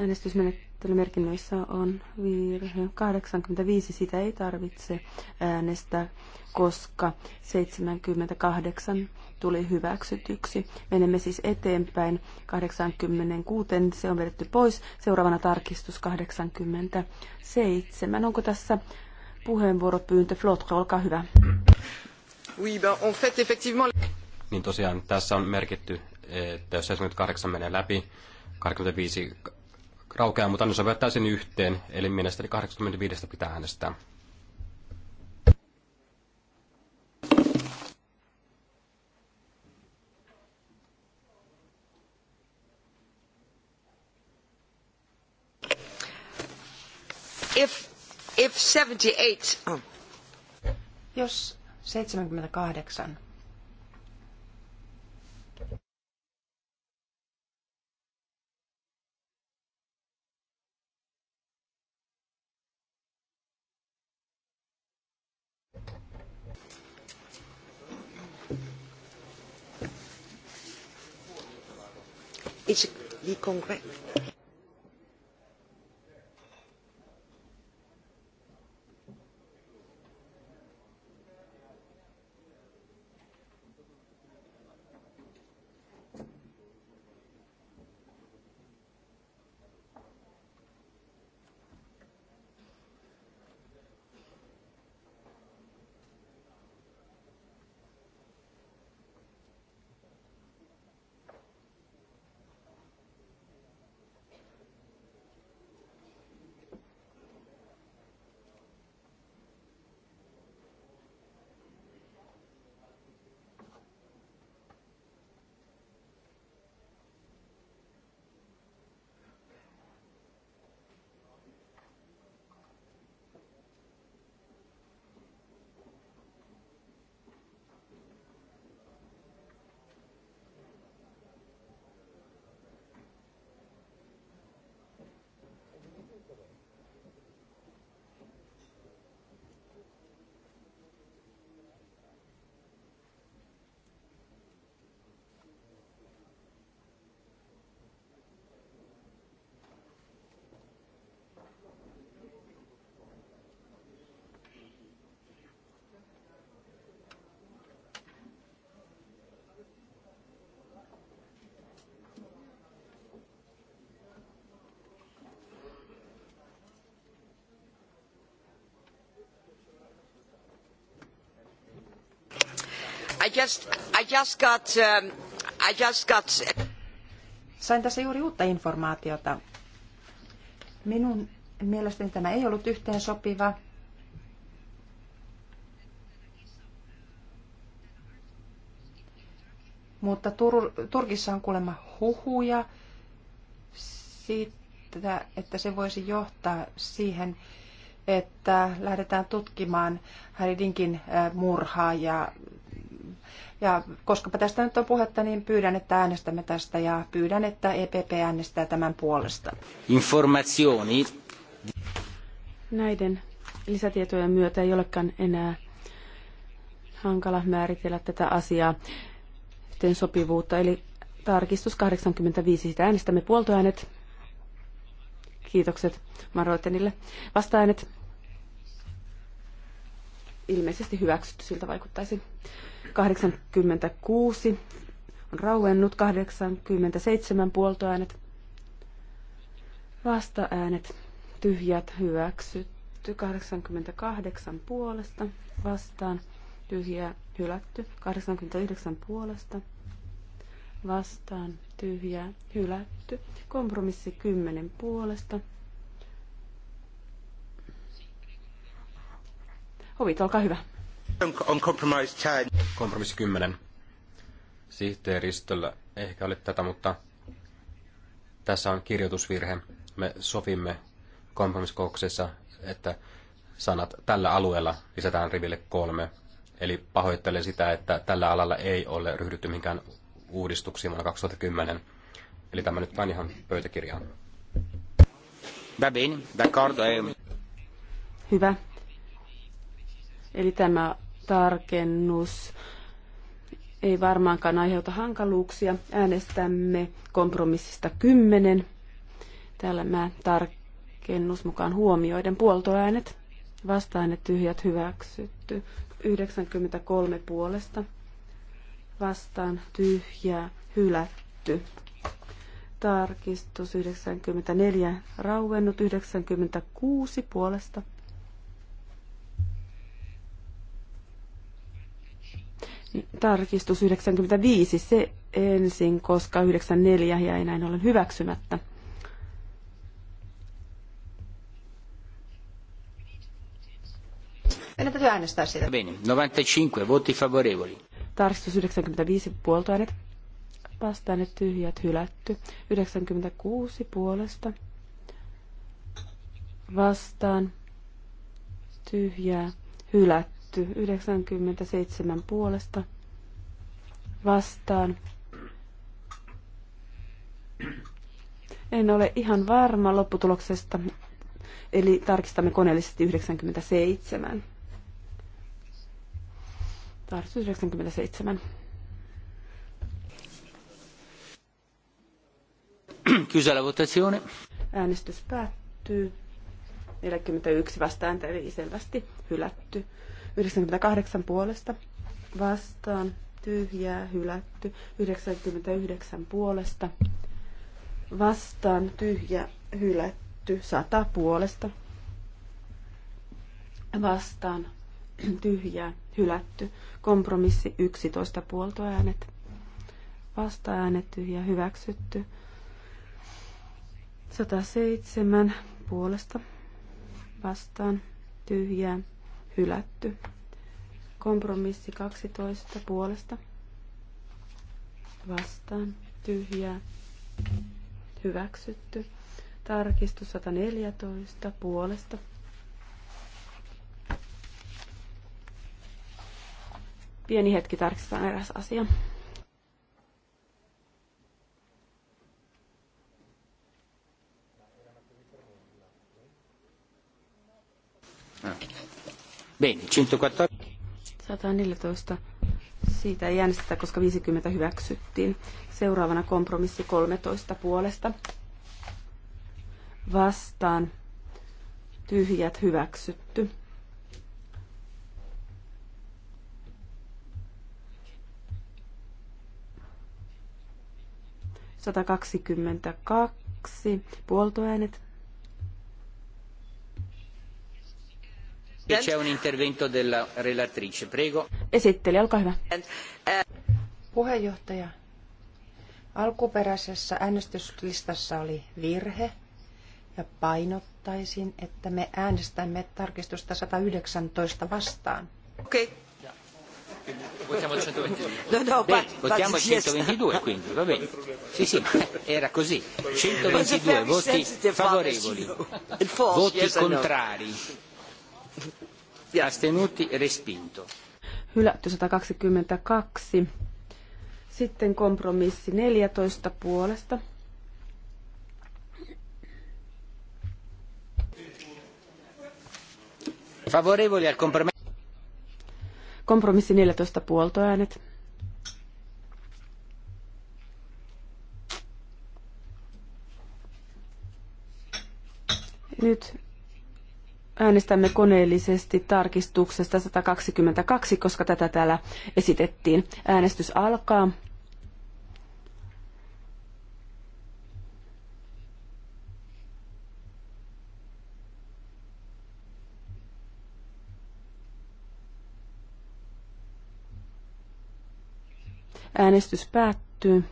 äänestysmenettelymerkinnöissä on virhe. 85 sitä ei tarvitse äänestää, koska 78 tuli hyväksytyksi. Menemme siis eteenpäin 86, se on vedetty pois. Seuraavana tarkistus 87. Onko tässä puheenvuoropyyntö? Flotre, olkaa hyvä. Oui, ben, en fait, effectivement... Niin tosiaan tässä on merkitty, että jos 78 menee läpi, 85 raukeaa, mutta ne sopivat täysin yhteen, eli mielestäni 85 pitää äänestää. If, if 78... Jos 78 it's the Congress. just, I just got, um, I just got... Sain tässä juuri uutta informaatiota. Minun mielestäni tämä ei ollut yhteen sopiva. Mutta Tur- Turkissa on kuulemma huhuja siitä, että se voisi johtaa siihen, että lähdetään tutkimaan Haridinkin äh, murhaa ja ja koska tästä nyt on puhetta, niin pyydän, että äänestämme tästä ja pyydän, että EPP äänestää tämän puolesta. Informazioni. Näiden lisätietojen myötä ei olekaan enää hankala määritellä tätä asiaa sen sopivuutta. Eli tarkistus 85, sitä äänestämme puoltoäänet. Kiitokset Maroitenille. Vastaäänet ilmeisesti hyväksytty, siltä vaikuttaisi. 86 on rauennut, 87 puoltoäänet, vastaäänet, tyhjät hyväksytty, 88 puolesta, vastaan, tyhjää hylätty, 89 puolesta, vastaan, tyhjää hylätty, kompromissi 10 puolesta, Hovit, olkaa hyvä. On compromise 10. Kompromissi 10. Sihteeristöllä ehkä oli tätä, mutta tässä on kirjoitusvirhe. Me sovimme kompromissikouksessa, että sanat tällä alueella lisätään riville kolme. Eli pahoittelen sitä, että tällä alalla ei ole ryhdytty minkään uudistuksiin vuonna 2010. Eli tämä nyt vain ihan pöytäkirjaan. Eh. Hyvä. Eli tämä tarkennus ei varmaankaan aiheuta hankaluuksia. Äänestämme kompromissista 10. Täällä mä tarkennus mukaan huomioiden puoltoäänet, vastaäänet tyhjät hyväksytty. 93 puolesta vastaan tyhjää hylätty. Tarkistus 94 rauennut 96 puolesta Tarkistus 95, se ensin, koska 94 jäi näin ollen hyväksymättä. Meidän täytyy äänestää sitä. Bene, 95, voti favorevoli. Tarkistus 95, puoltoäänet. Vastaanet tyhjät, hylätty. 96 puolesta. Vastaan. Tyhjää, hylätty hylätty 97 puolesta vastaan. En ole ihan varma lopputuloksesta, eli tarkistamme koneellisesti 97. Tarkistus 97. Chiusa la votazione. Äänestys päättyy. 41 vastaan eli selvästi hylätty. 98 puolesta vastaan tyhjää hylätty. 99 puolesta vastaan tyhjä hylätty. 100 puolesta vastaan tyhjää hylätty. Kompromissi 11 puoltoäänet vasta-äänet tyhjä hyväksytty. 107 puolesta vastaan tyhjää hylätty. Kompromissi 12 puolesta vastaan tyhjää hyväksytty. Tarkistus 114 puolesta pieni hetki tarkistetaan eräs asia. Ah. Bene, 114. 114. Siitä ei äänestetä, koska 50 hyväksyttiin. Seuraavana kompromissi 13 puolesta. Vastaan. Tyhjät hyväksytty. Satakaksikymmentäkaksi puoltoäänet C'è un intervento della relatrice, prego. Esitteli, olkaa hyvä. Eh. Puheenjohtaja, alkuperäisessä äänestyslistassa oli virhe ja painottaisin, että me äänestämme tarkistusta 119 vastaan. Okei. Okay. Votiamo 122. No, no, bene, votiamo il 122 quindi, va bene. Sì, sì, era così. 122 voti favorevoli, voti no? contrari ja astenuti respinto. Hylätty 122. Sitten kompromissi 14 puolesta. Favorevoli al compromesso. Kompromissi 14 puoltoäänet. Nyt äänestämme koneellisesti tarkistuksesta 122, koska tätä täällä esitettiin. Äänestys alkaa. Äänestys päättyy.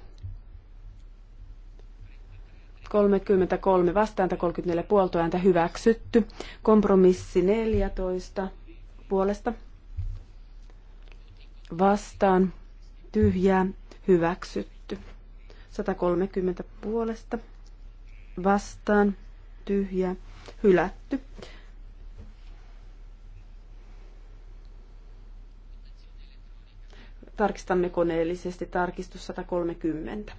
33 vastaanta, 34 puoltoääntä hyväksytty. Kompromissi 14 puolesta vastaan tyhjää hyväksytty. 130 puolesta vastaan tyhjää hylätty. Tarkistamme koneellisesti tarkistus 130.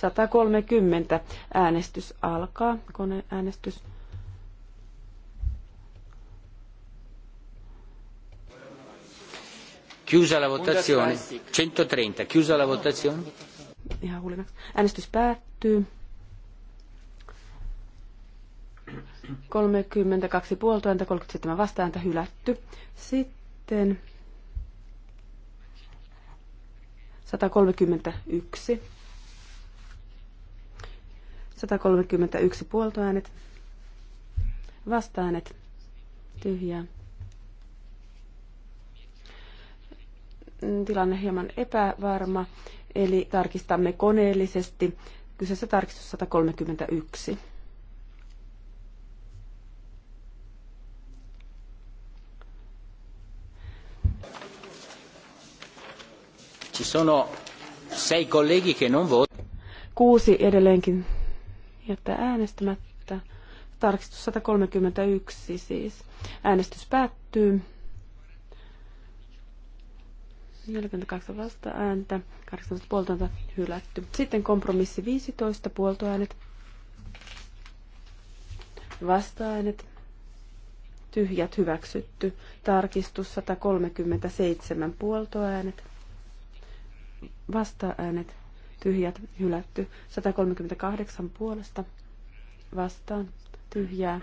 130 äänestys alkaa, koneäänestys. Chiusa la votazione. 130. Chiusa la votazione. Ihan hulimaksi. Äänestys päättyy. 32 puolta ääntä, 37 vastaääntä hylätty. Sitten 131 131 puoltoäänet. Vastaäänet. Tyhjää. Tilanne hieman epävarma, eli tarkistamme koneellisesti. Kyseessä tarkistus 131. Ci sono sei colleghi che non votano. Kuusi edelleenkin jättää äänestämättä. Tarkistus 131 siis. Äänestys päättyy. 42 vasta ääntä, 18 puoltoääntä hylätty. Sitten kompromissi 15, puoltoäänet, vastaäänet, tyhjät hyväksytty. Tarkistus 137, puoltoäänet, vastaäänet, tyhjät hylätty. 138 puolesta vastaan tyhjää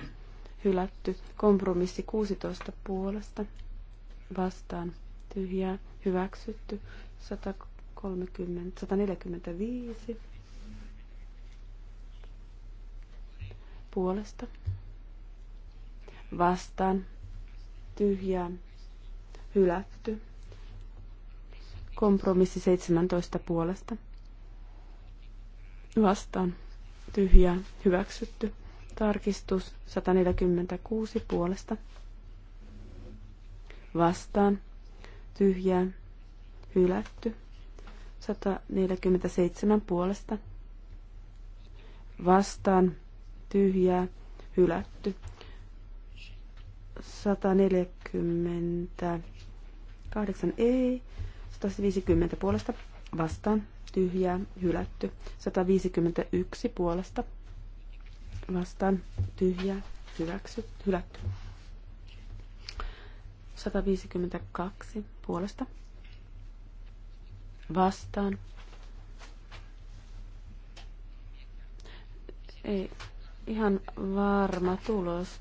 hylätty. Kompromissi 16 puolesta vastaan tyhjää hyväksytty. 130, 145 puolesta vastaan tyhjää hylätty. Kompromissi 17 puolesta vastaan tyhjä hyväksytty. Tarkistus 146 puolesta vastaan tyhjää hylätty. 147 puolesta vastaan tyhjää hylätty. 148 ei, 150 puolesta vastaan tyhjää hylätty. 151 puolesta vastaan tyhjää hyväksy, hylätty. 152 puolesta vastaan. Ei ihan varma tulos.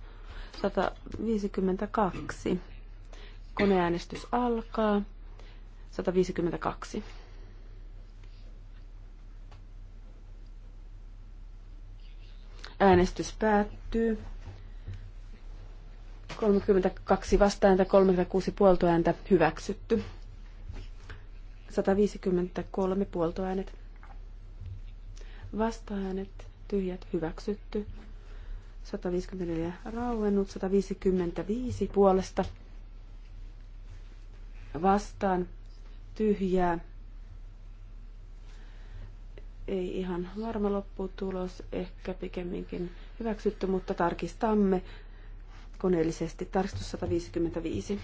152. Koneäänestys alkaa. 152. Äänestys päättyy. 32 vastaajanta, 36 puoltoääntä hyväksytty. 153 puoltoäänet. Vastaäänet, tyhjät hyväksytty. 154 rauennut, 155 puolesta vastaan tyhjää ei ihan varma lopputulos, ehkä pikemminkin hyväksytty, mutta tarkistamme koneellisesti. Tarkistus 155.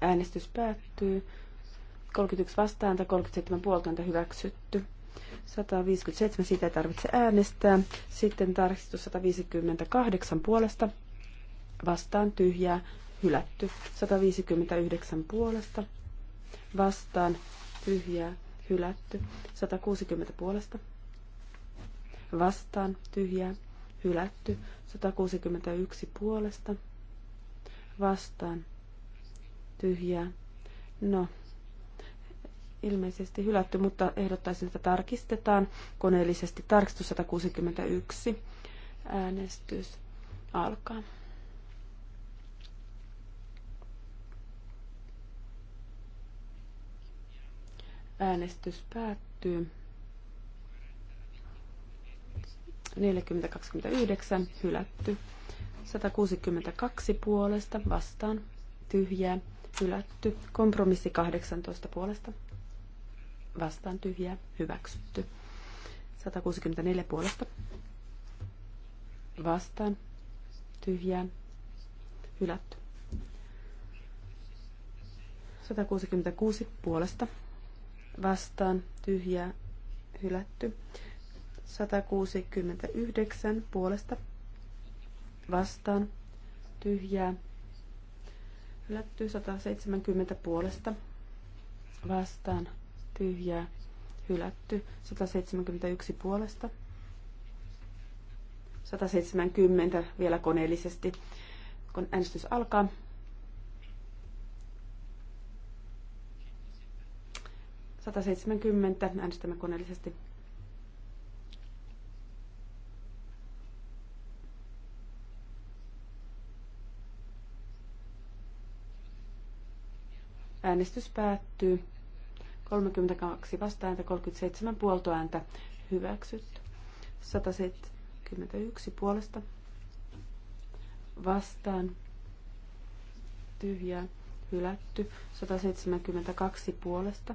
Äänestys päättyy. 31 vastaanta, 37 puolta hyväksytty. 157, siitä ei tarvitse äänestää. Sitten tarkistus 158 puolesta vastaan tyhjää hylätty. 159 puolesta vastaan tyhjää hylätty. 160 puolesta vastaan tyhjää hylätty. 161 puolesta vastaan tyhjää. No, ilmeisesti hylätty, mutta ehdottaisin, että tarkistetaan koneellisesti. Tarkistus 161. Äänestys alkaa. Äänestys päättyy. 40-29 hylätty. 162 puolesta vastaan tyhjää hylätty. Kompromissi 18 puolesta vastaan tyhjää hyväksytty. 164 puolesta vastaan tyhjää hylätty. 166 puolesta vastaan tyhjä hylätty. 169 puolesta vastaan tyhjää hylätty. 170 puolesta vastaan tyhjää hylätty. 171 puolesta 170 vielä koneellisesti, kun äänestys alkaa. 170. Äänestämme koneellisesti. Äänestys päättyy. 32 vastaääntä, 37 puoltoääntä. Hyväksytty. 171 puolesta. Vastaan. Tyhjää. Hylätty. 172 puolesta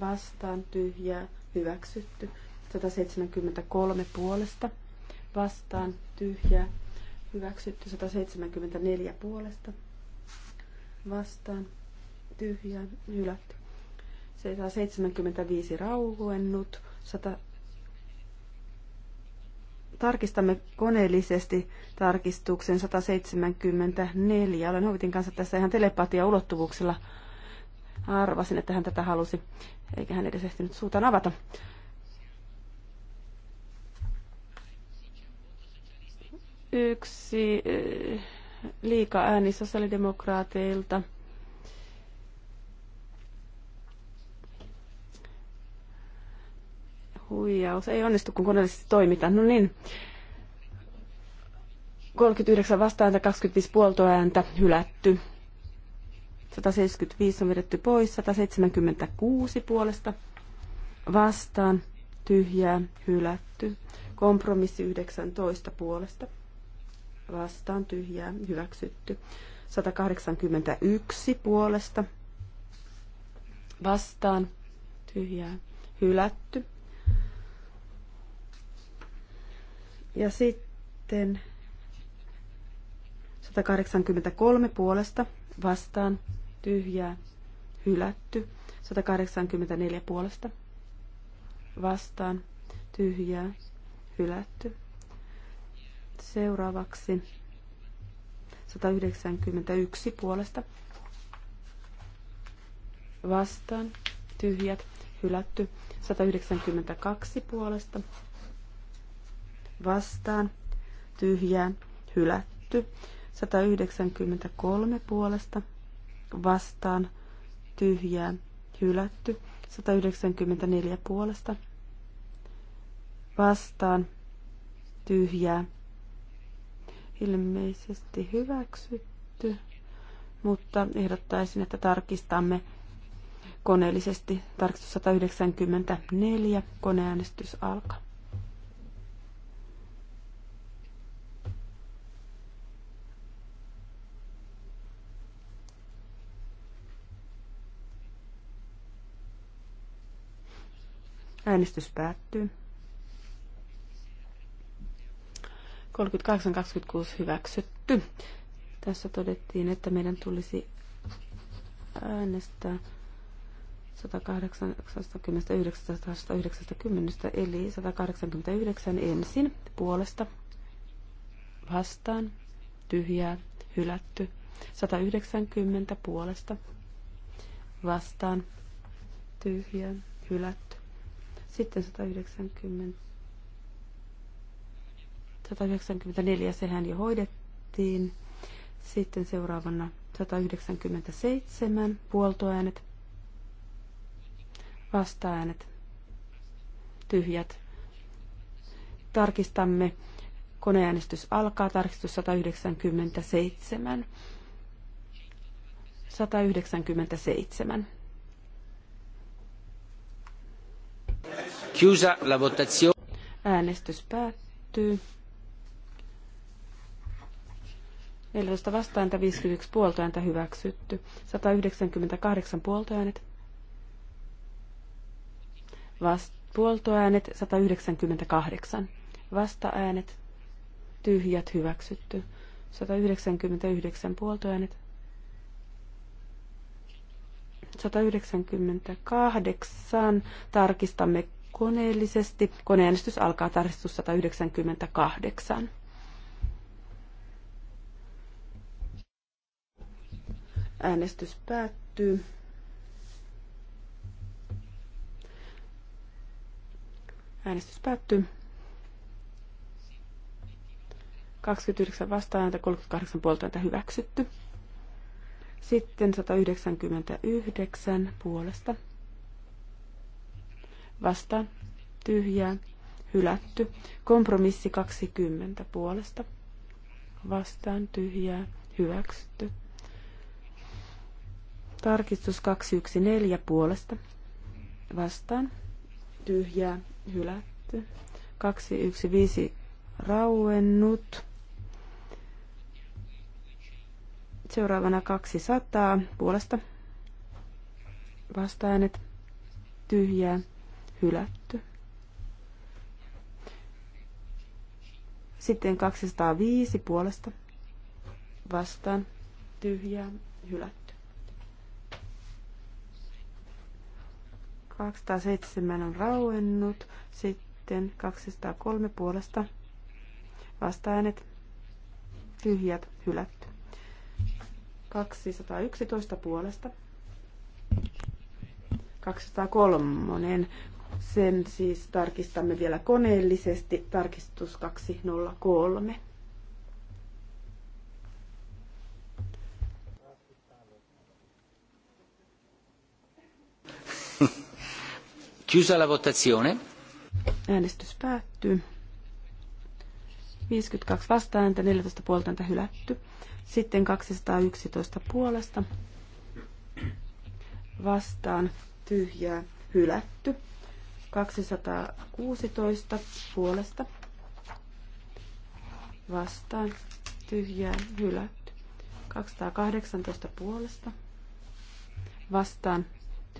vastaan tyhjää hyväksytty. 173 puolesta vastaan tyhjää hyväksytty. 174 puolesta vastaan tyhjää hylätty. 175 rauennut. 100 tarkistamme koneellisesti tarkistuksen 174. Olen Hovitin kanssa tässä ihan telepatia ulottuvuuksella Arvasin, että hän tätä halusi, eikä hän edes ehtinyt suutaan avata. Yksi eh, liika ääni sosiaalidemokraateilta. Huijaus. Ei onnistu, kun koneellisesti toimitaan. No niin. 39 vastaääntä, 25 puoltoääntä hylätty. 175 on vedetty pois, 176 puolesta vastaan, tyhjää, hylätty. Kompromissi 19 puolesta vastaan, tyhjää, hyväksytty. 181 puolesta vastaan, tyhjää, hylätty. Ja sitten 183 puolesta vastaan, tyhjää, hylätty. 184 puolesta vastaan, tyhjää, hylätty. Seuraavaksi 191 puolesta vastaan, tyhjät, hylätty. 192 puolesta vastaan, tyhjää, hylätty. 193 puolesta vastaan tyhjää hylätty. 194 puolesta vastaan tyhjää ilmeisesti hyväksytty, mutta ehdottaisin, että tarkistamme koneellisesti tarkistus 194, koneäänestys alkaa. Äänestys päättyy. 38.26 hyväksytty. Tässä todettiin, että meidän tulisi äänestää 189-190, eli 189 ensin puolesta vastaan, tyhjää, hylätty. 190 puolesta vastaan, tyhjää, hylätty. Sitten 190. 194, sehän jo hoidettiin. Sitten seuraavana 197, puoltoäänet, vastaäänet, tyhjät. Tarkistamme. Koneäänestys alkaa. Tarkistus 197. 197. Chiusa la votazione. Äänestys päättyy. 14 vastaanta 51 puoltoääntä hyväksytty. 198 puoltoäänet. Vast, puoltoäänet 198. Vastaäänet. Tyhjät hyväksytty. 199 puoltoäänet. 198. Tarkistamme koneellisesti. Koneäänestys alkaa tarkistus 198. Äänestys päättyy. Äänestys päättyy. 29 vastaääntä, 38 puolta hyväksytty. Sitten 199 puolesta vastaan tyhjää hylätty. Kompromissi 20 puolesta vastaan tyhjää hyväksytty. Tarkistus 214 puolesta vastaan tyhjää hylätty. 215 rauennut. Seuraavana 200 puolesta vastaäänet tyhjää hylätty. Sitten 205 puolesta vastaan tyhjää hylätty. 207 on rauennut, sitten 203 puolesta vastaajanet tyhjät hylätty. 211 puolesta 203 sen siis tarkistamme vielä koneellisesti. Tarkistus 203. Chiusa la votazione. Äänestys päättyy. 52 vastaääntä, 14 puolta hylätty. Sitten 211 puolesta vastaan tyhjää hylätty. 216 puolesta vastaan tyhjää hylätty. 218 puolesta vastaan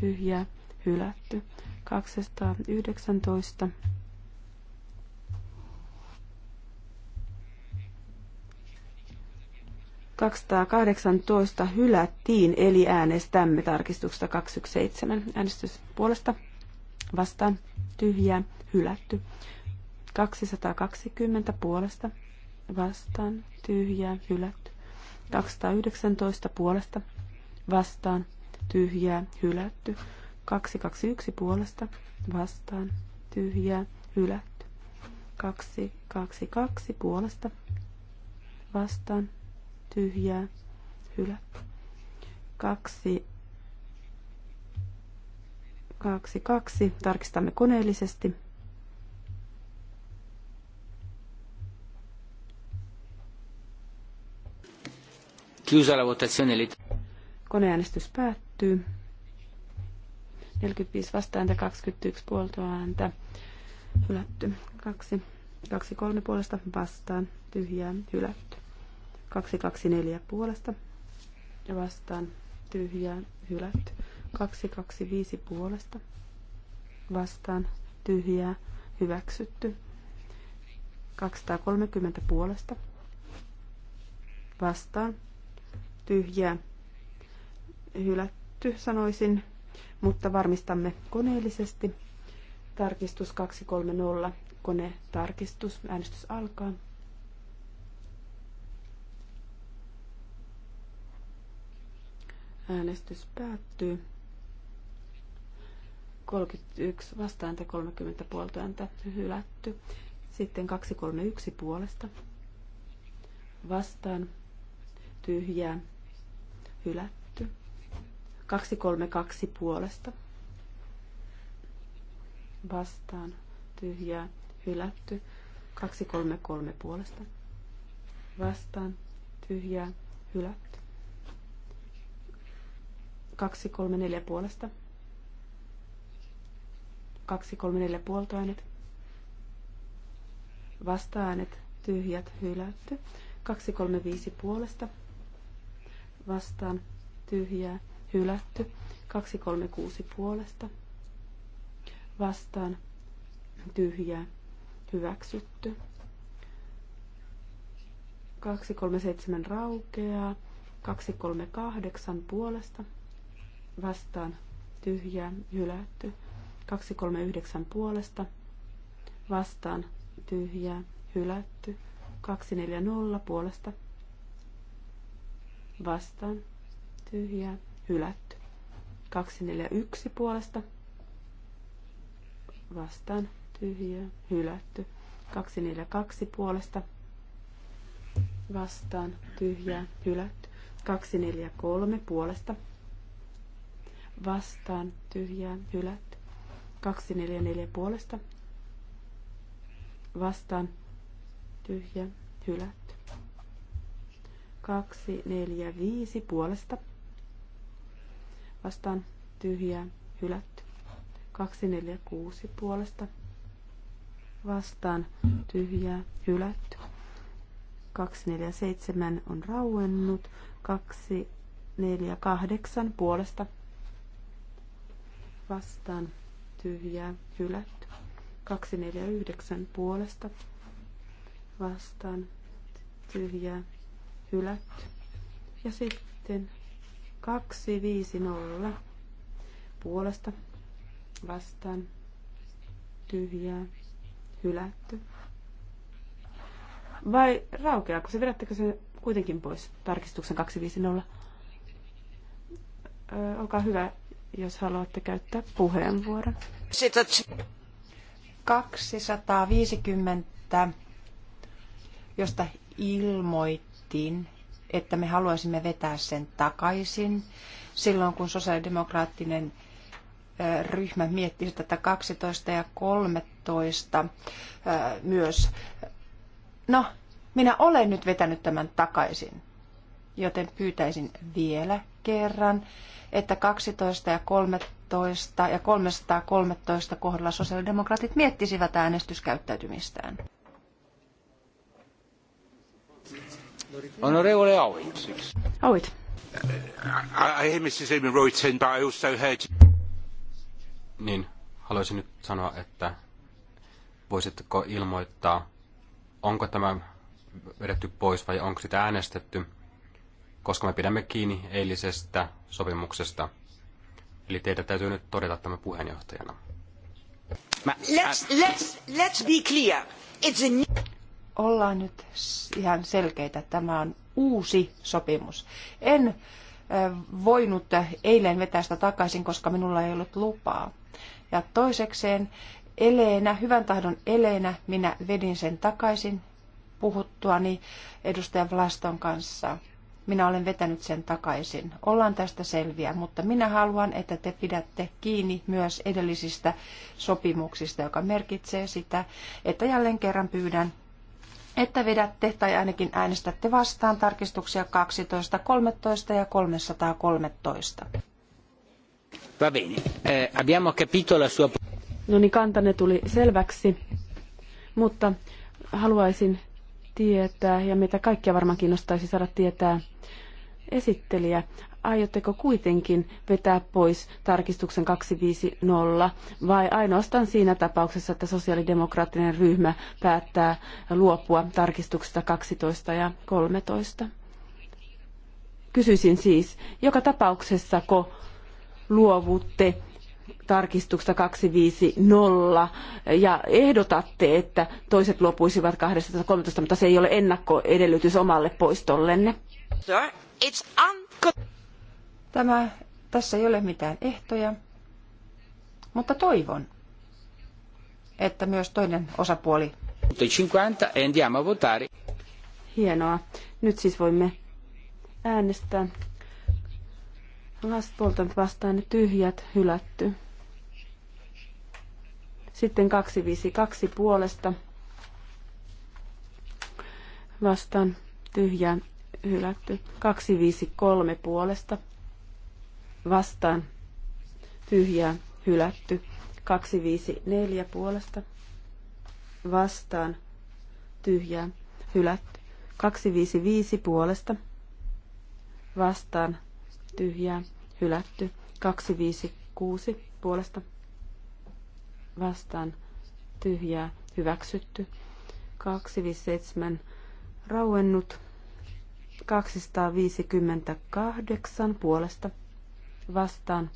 tyhjää hylätty. 219 218 hylättiin, eli äänestämme tarkistuksesta 217. Äänestys puolesta vastaan tyhjää hylätty. 220 puolesta vastaan tyhjää hylätty. 219 puolesta vastaan tyhjää hylätty. 221 puolesta vastaan tyhjää hylätty. 222 puolesta vastaan tyhjää hylätty. 2 Kaksi, kaksi. Tarkistamme koneellisesti. Chiusa la votazione. Koneäänestys päättyy. 45 vastaääntä, 21 ääntä. Hylätty. 2, 2, 3 puolesta vastaan. Tyhjää. Hylätty. 2, 2, 4 puolesta ja vastaan. Tyhjää. Hylätty. 225 puolesta vastaan tyhjää hyväksytty. 230 puolesta vastaan tyhjää hylätty sanoisin, mutta varmistamme koneellisesti. Tarkistus 230, kone tarkistus, äänestys alkaa. Äänestys päättyy. 31 vastaanta 30 puolta ääntä hylätty. Sitten 231 puolesta vastaan tyhjää hylätty. 232 puolesta vastaan tyhjää hylätty. 233 puolesta vastaan tyhjää hylätty. 234 puolesta kaksi, kolme, neljä puoltoäänet. Vastaäänet, tyhjät, hylätty. Kaksi, kolme, viisi puolesta. Vastaan, tyhjää, hylätty. Kaksi, kolme, kuusi puolesta. Vastaan, tyhjää, hyväksytty. Kaksi, kolme, seitsemän raukeaa. Kaksi, kolme, kahdeksan puolesta. Vastaan, tyhjää, hylätty. 239 puolesta vastaan tyhjää hylätty. 240 puolesta vastaan tyhjää hylätty. 241 puolesta vastaan tyhjää hylätty. 242 puolesta vastaan tyhjää hylätty. 243 puolesta vastaan tyhjää hylätty. 244 puolesta vastaan tyhjä hylätty. 245 puolesta vastaan tyhjä hylätty. 246 puolesta vastaan Tyhjä. hylätty. 247 on rauennut. 248 puolesta vastaan tyhjää hylätty. 249 puolesta vastaan tyhjää hylätty. Ja sitten 250 puolesta vastaan tyhjää hylätty. Vai raukeaako se? Vedättekö se kuitenkin pois tarkistuksen 250? Öö, olkaa hyvä, jos haluatte käyttää puheenvuoron. 250, josta ilmoitin, että me haluaisimme vetää sen takaisin silloin, kun sosiaalidemokraattinen ryhmä mietti tätä 12 ja 13 myös. No, minä olen nyt vetänyt tämän takaisin, joten pyytäisin vielä kerran, että 12 ja 13 ja 313 kohdalla sosiaalidemokraatit miettisivät äänestyskäyttäytymistään. Honorable Howitt. Siis. Howitt. I hear Mrs. Oomen Reuten, but I also heard... Niin, haluaisin nyt sanoa, että voisitteko ilmoittaa, onko tämä vedetty pois vai onko sitä äänestetty? koska me pidämme kiinni eilisestä sopimuksesta. Eli teidän täytyy nyt todeta tämä puheenjohtajana. Mä, let's, let's, let's be clear. It's a... Ollaan nyt ihan selkeitä. Tämä on uusi sopimus. En voinut eilen vetää sitä takaisin, koska minulla ei ollut lupaa. Ja toisekseen eleenä, hyvän tahdon eleenä, minä vedin sen takaisin puhuttuani edustaja Vlaston kanssa. Minä olen vetänyt sen takaisin. Ollaan tästä selviä, mutta minä haluan, että te pidätte kiinni myös edellisistä sopimuksista, joka merkitsee sitä, että jälleen kerran pyydän että vedätte tai ainakin äänestätte vastaan tarkistuksia 12, 13 ja 313. Va bene. Eh, abbiamo capito la sua... No niin, kantane tuli selväksi, mutta haluaisin tietää, ja meitä kaikkia varmaan kiinnostaisi saada tietää, esittelijä, aiotteko kuitenkin vetää pois tarkistuksen 250 vai ainoastaan siinä tapauksessa, että sosiaalidemokraattinen ryhmä päättää luopua tarkistuksesta 12 ja 13? Kysyisin siis, joka tapauksessa ko luovutte tarkistuksesta 250 ja ehdotatte, että toiset luopuisivat 213, mutta se ei ole ennakkoedellytys omalle poistollenne? Sorry. Tämä, tässä ei ole mitään ehtoja, mutta toivon, että myös toinen osapuoli. 50 e andiamo a votare. Hienoa. Nyt siis voimme äänestää. Vastuultat vastaan tyhjät hylätty. Sitten 252 puolesta vastaan tyhjää hylätty. 253 puolesta vastaan tyhjää hylätty. 254 puolesta vastaan tyhjää hylätty. 255 puolesta vastaan tyhjää hylätty. 256 puolesta vastaan tyhjää hyväksytty. 257 rauennut. 258 puolesta vastaan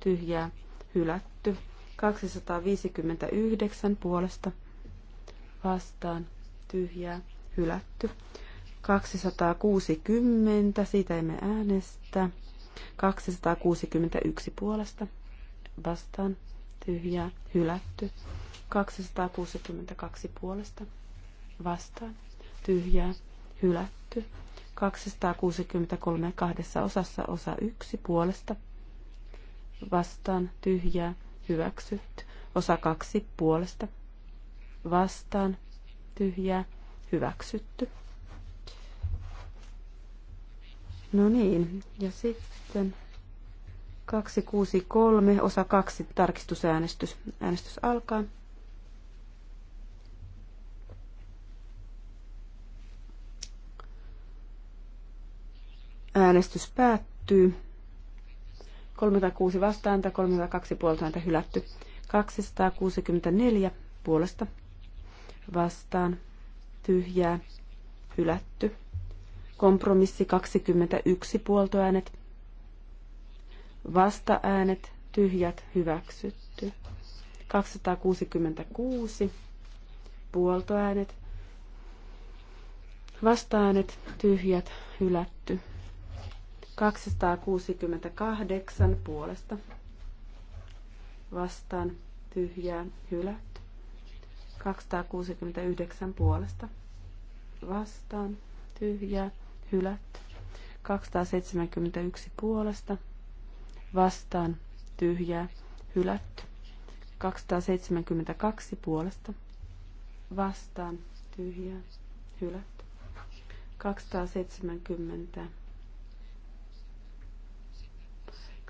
tyhjää hylätty. 259 puolesta vastaan tyhjää hylätty. 260, siitä emme äänestä. 261 puolesta vastaan tyhjää hylätty. 262 puolesta vastaan tyhjää hylätty. 263 kahdessa osassa osa 1 puolesta vastaan tyhjää hyväksytty. Osa 2 puolesta vastaan tyhjää hyväksytty. No niin, ja sitten 263 osa 2 tarkistusäänestys. Äänestys alkaa. Äänestys päättyy. 36 vastaanta, 32 puoltaanta hylätty. 264 puolesta vastaan tyhjää hylätty. Kompromissi 21 puoltoäänet. Vastaäänet tyhjät hyväksytty. 266 puoltoäänet. Vastaäänet tyhjät hylätty. 268 puolesta vastaan tyhjää hylätty. 269 puolesta vastaan tyhjää hylätty. 271 puolesta vastaan tyhjää hylätty. 272 puolesta vastaan tyhjää hylätty. 270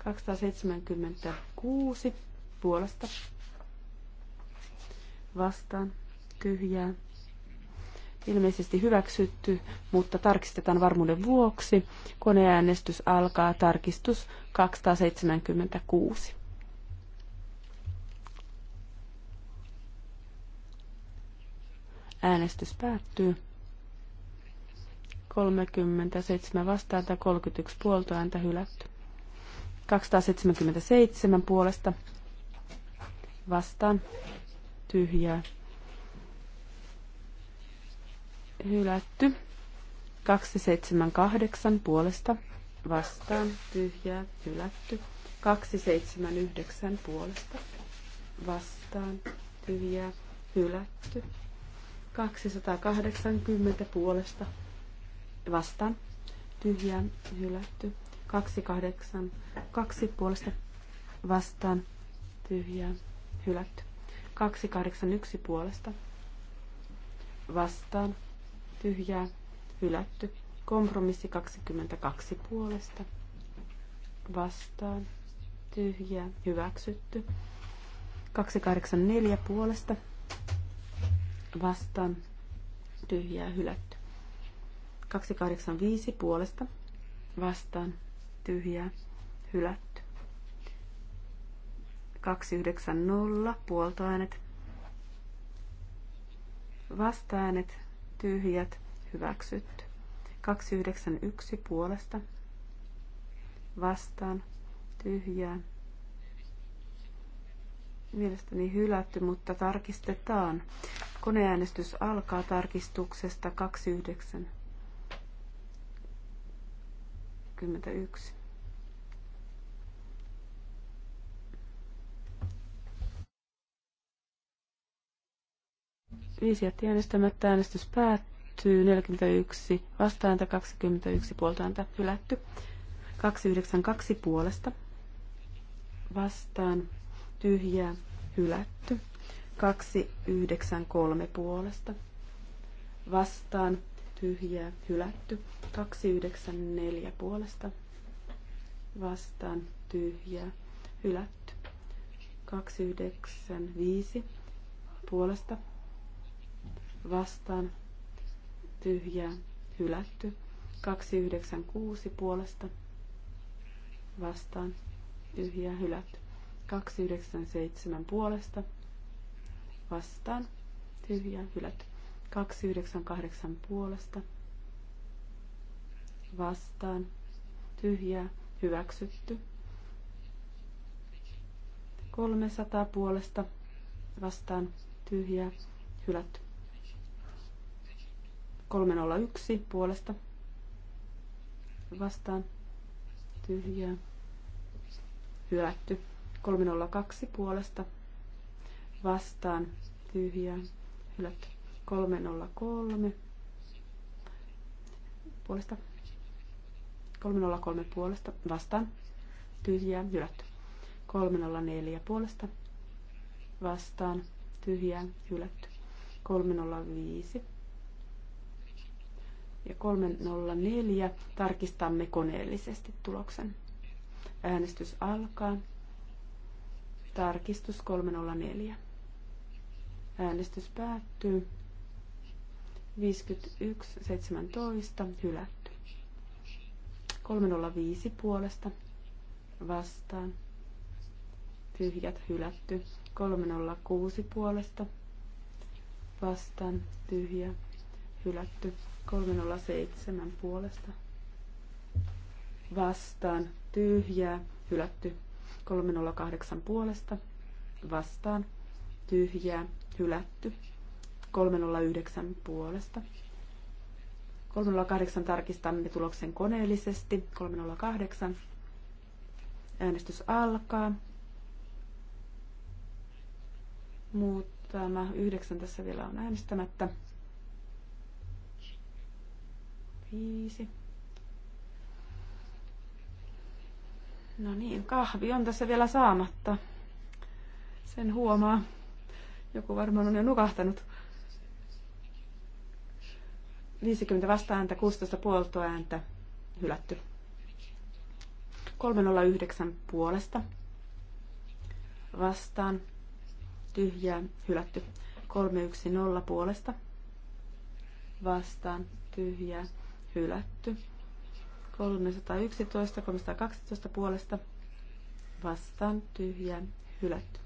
276 puolesta vastaan tyhjää. Ilmeisesti hyväksytty, mutta tarkistetaan varmuuden vuoksi. Koneäänestys alkaa tarkistus 276. Äänestys päättyy. 37 vastaanta 31 puolta ääntä hylätty. 277 puolesta vastaan tyhjää. Hylätty. 278 puolesta vastaan tyhjää. Hylätty. 279 puolesta vastaan tyhjää. Hylätty. 280 puolesta vastaan tyhjää. Hylätty. 28, 2 puolesta vastaan tyhjää hylätty. 281 puolesta vastaan tyhjää hylätty. Kompromissi 22 puolesta vastaan tyhjää hyväksytty. 284 puolesta vastaan tyhjää hylätty. 285 puolesta vastaan tyhjää hylätty. 290 puoltoäänet. Vastaäänet, tyhjät hyväksytty. 291 puolesta vastaan tyhjää. Mielestäni hylätty, mutta tarkistetaan. Koneäänestys alkaa tarkistuksesta 29. 21. 5 jätti äänestämättä. Äänestys päättyy. 41 vastaanta 21 puoltaanta hylätty. 292 puolesta vastaan tyhjää hylätty. 293 puolesta vastaan tyhjää hylätty. 294 puolesta vastaan tyhjää hylätty. 295 puolesta vastaan tyhjää hylätty. 296 puolesta vastaan tyhjää hylätty. 297 puolesta vastaan tyhjää hylätty. 298 puolesta vastaan tyhjää hyväksytty. 300 puolesta vastaan tyhjää hylätty. 301 puolesta vastaan tyhjää. Hylätty. 302 puolesta vastaan tyhjää. Hylätty. 303 puolesta. 303 puolesta vastaan tyhjää. Hylätty. 304 puolesta vastaan tyhjää. Hylätty. 305 ja 304 tarkistamme koneellisesti tuloksen. Äänestys alkaa. Tarkistus 304. Äänestys päättyy. 51.17 hylätty. 305 puolesta vastaan. Tyhjät hylätty. 306 puolesta vastaan. Tyhjä hylätty. 307 puolesta vastaan tyhjää, hylätty 308 puolesta vastaan tyhjää, hylätty 309 puolesta. 308 tarkistamme tuloksen koneellisesti. 308. Äänestys alkaa. Muutama yhdeksän tässä vielä on äänestämättä viisi. No niin, kahvi on tässä vielä saamatta. Sen huomaa. Joku varmaan on jo nukahtanut. 50 vastaääntä, 16 puoltoääntä, hylätty. 309 puolesta, vastaan, tyhjää, hylätty. 310 puolesta, vastaan, tyhjää, hylätty. 311, 312 puolesta vastaan tyhjää hylätty.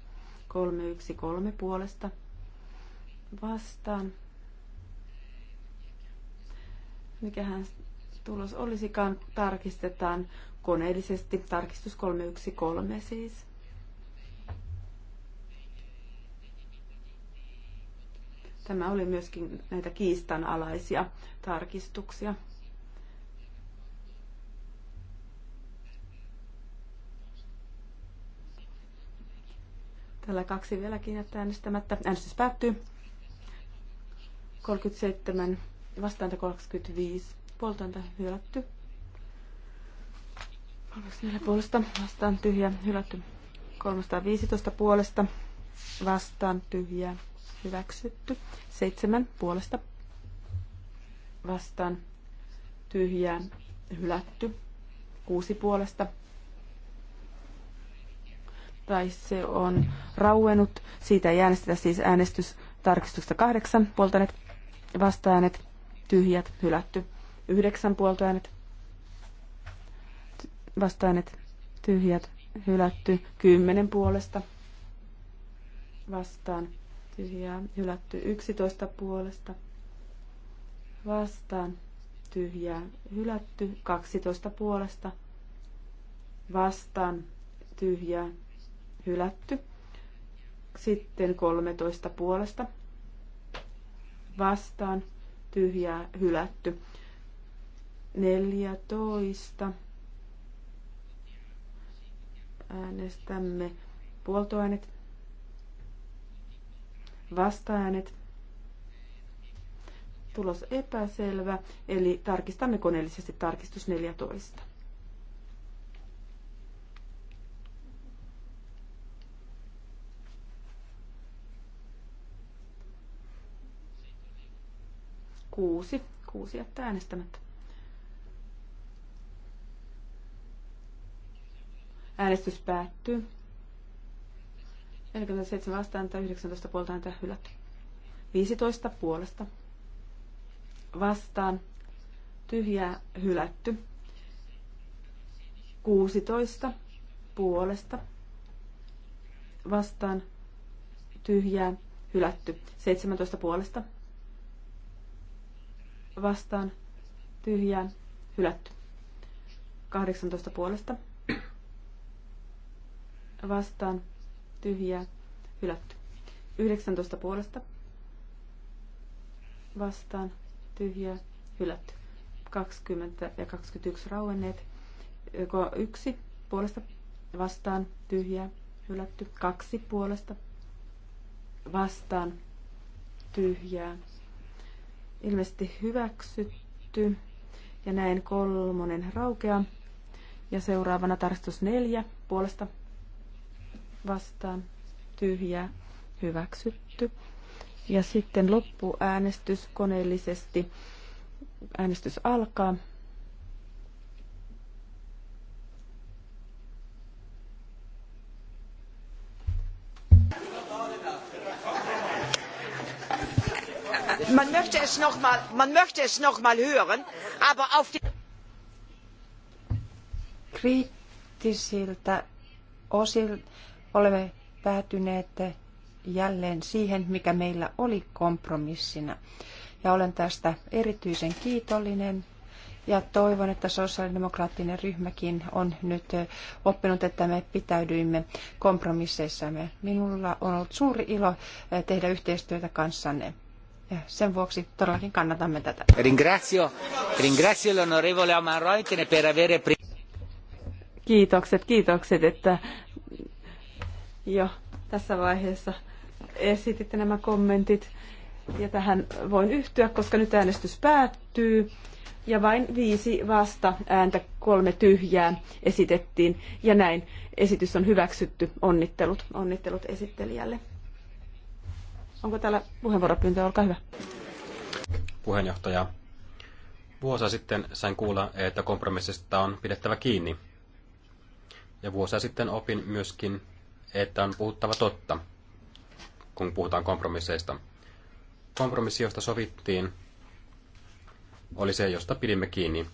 313 puolesta vastaan. Mikähän tulos olisikaan, tarkistetaan koneellisesti. Tarkistus 313 siis. Tämä oli myöskin näitä kiistanalaisia tarkistuksia. Tällä kaksi vieläkin jättää äänestämättä. Äänestys päättyy. 37 vastaanta 35. Puoltaanta hylätty. neljä puolesta vastaan tyhjä hylätty. 315 puolesta vastaan tyhjä hyväksytty. 7 puolesta vastaan tyhjä hylätty. 6 puolesta tai se on rauennut. Siitä ei äänestetä siis äänestys tarkistusta kahdeksan puoltanet, vastaanet, tyhjät, hylätty. Yhdeksän puoltanet, vastaanet, tyhjät, hylätty. Kymmenen puolesta vastaan, tyhjää, hylätty. Yksitoista puolesta vastaan, tyhjää, hylätty. Kaksitoista puolesta vastaan, tyhjää, hylätty. Sitten 13 puolesta vastaan tyhjää hylätty. 14 äänestämme puoltoäänet, vastaäänet. Tulos epäselvä, eli tarkistamme koneellisesti tarkistus 14. Kuusi. Kuusi jättää äänestämättä. Äänestys päättyy. 47 vastaan tai 19 puolta ääntä hylätty. 15 puolesta. Vastaan. Tyhjää hylätty. 16 puolesta. Vastaan. Tyhjää hylätty. 17 puolesta vastaan tyhjään hylätty. 18 puolesta vastaan tyhjään hylätty. 19 puolesta vastaan tyhjään hylätty. 20 ja 21 rauenneet. Joko yksi puolesta vastaan tyhjään hylätty. Kaksi puolesta vastaan tyhjään ilmeisesti hyväksytty. Ja näin kolmonen raukea. Ja seuraavana tarkistus neljä puolesta vastaan tyhjä hyväksytty. Ja sitten loppuäänestys koneellisesti. Äänestys alkaa. man möchte es noch mal hören, aber auf die... Kriittisiltä osin olemme päätyneet jälleen siihen, mikä meillä oli kompromissina. Ja olen tästä erityisen kiitollinen ja toivon, että sosiaalidemokraattinen ryhmäkin on nyt oppinut, että me pitäydyimme kompromisseissamme. Minulla on ollut suuri ilo tehdä yhteistyötä kanssanne. Ja sen vuoksi todellakin kannatamme tätä. Ringrazio, ringrazio l'onorevole Amaroitin per avere... Kiitokset, kiitokset, että jo tässä vaiheessa esititte nämä kommentit. Ja tähän voin yhtyä, koska nyt äänestys päättyy. Ja vain viisi vasta ääntä, kolme tyhjää esitettiin. Ja näin esitys on hyväksytty. Onnittelut, onnittelut esittelijälle. Onko täällä puheenvuoropyyntö? Olkaa hyvä. Puheenjohtaja, vuosia sitten sain kuulla, että kompromissista on pidettävä kiinni. Ja vuosia sitten opin myöskin, että on puhuttava totta, kun puhutaan kompromisseista. Kompromissi, josta sovittiin, oli se, josta pidimme kiinni.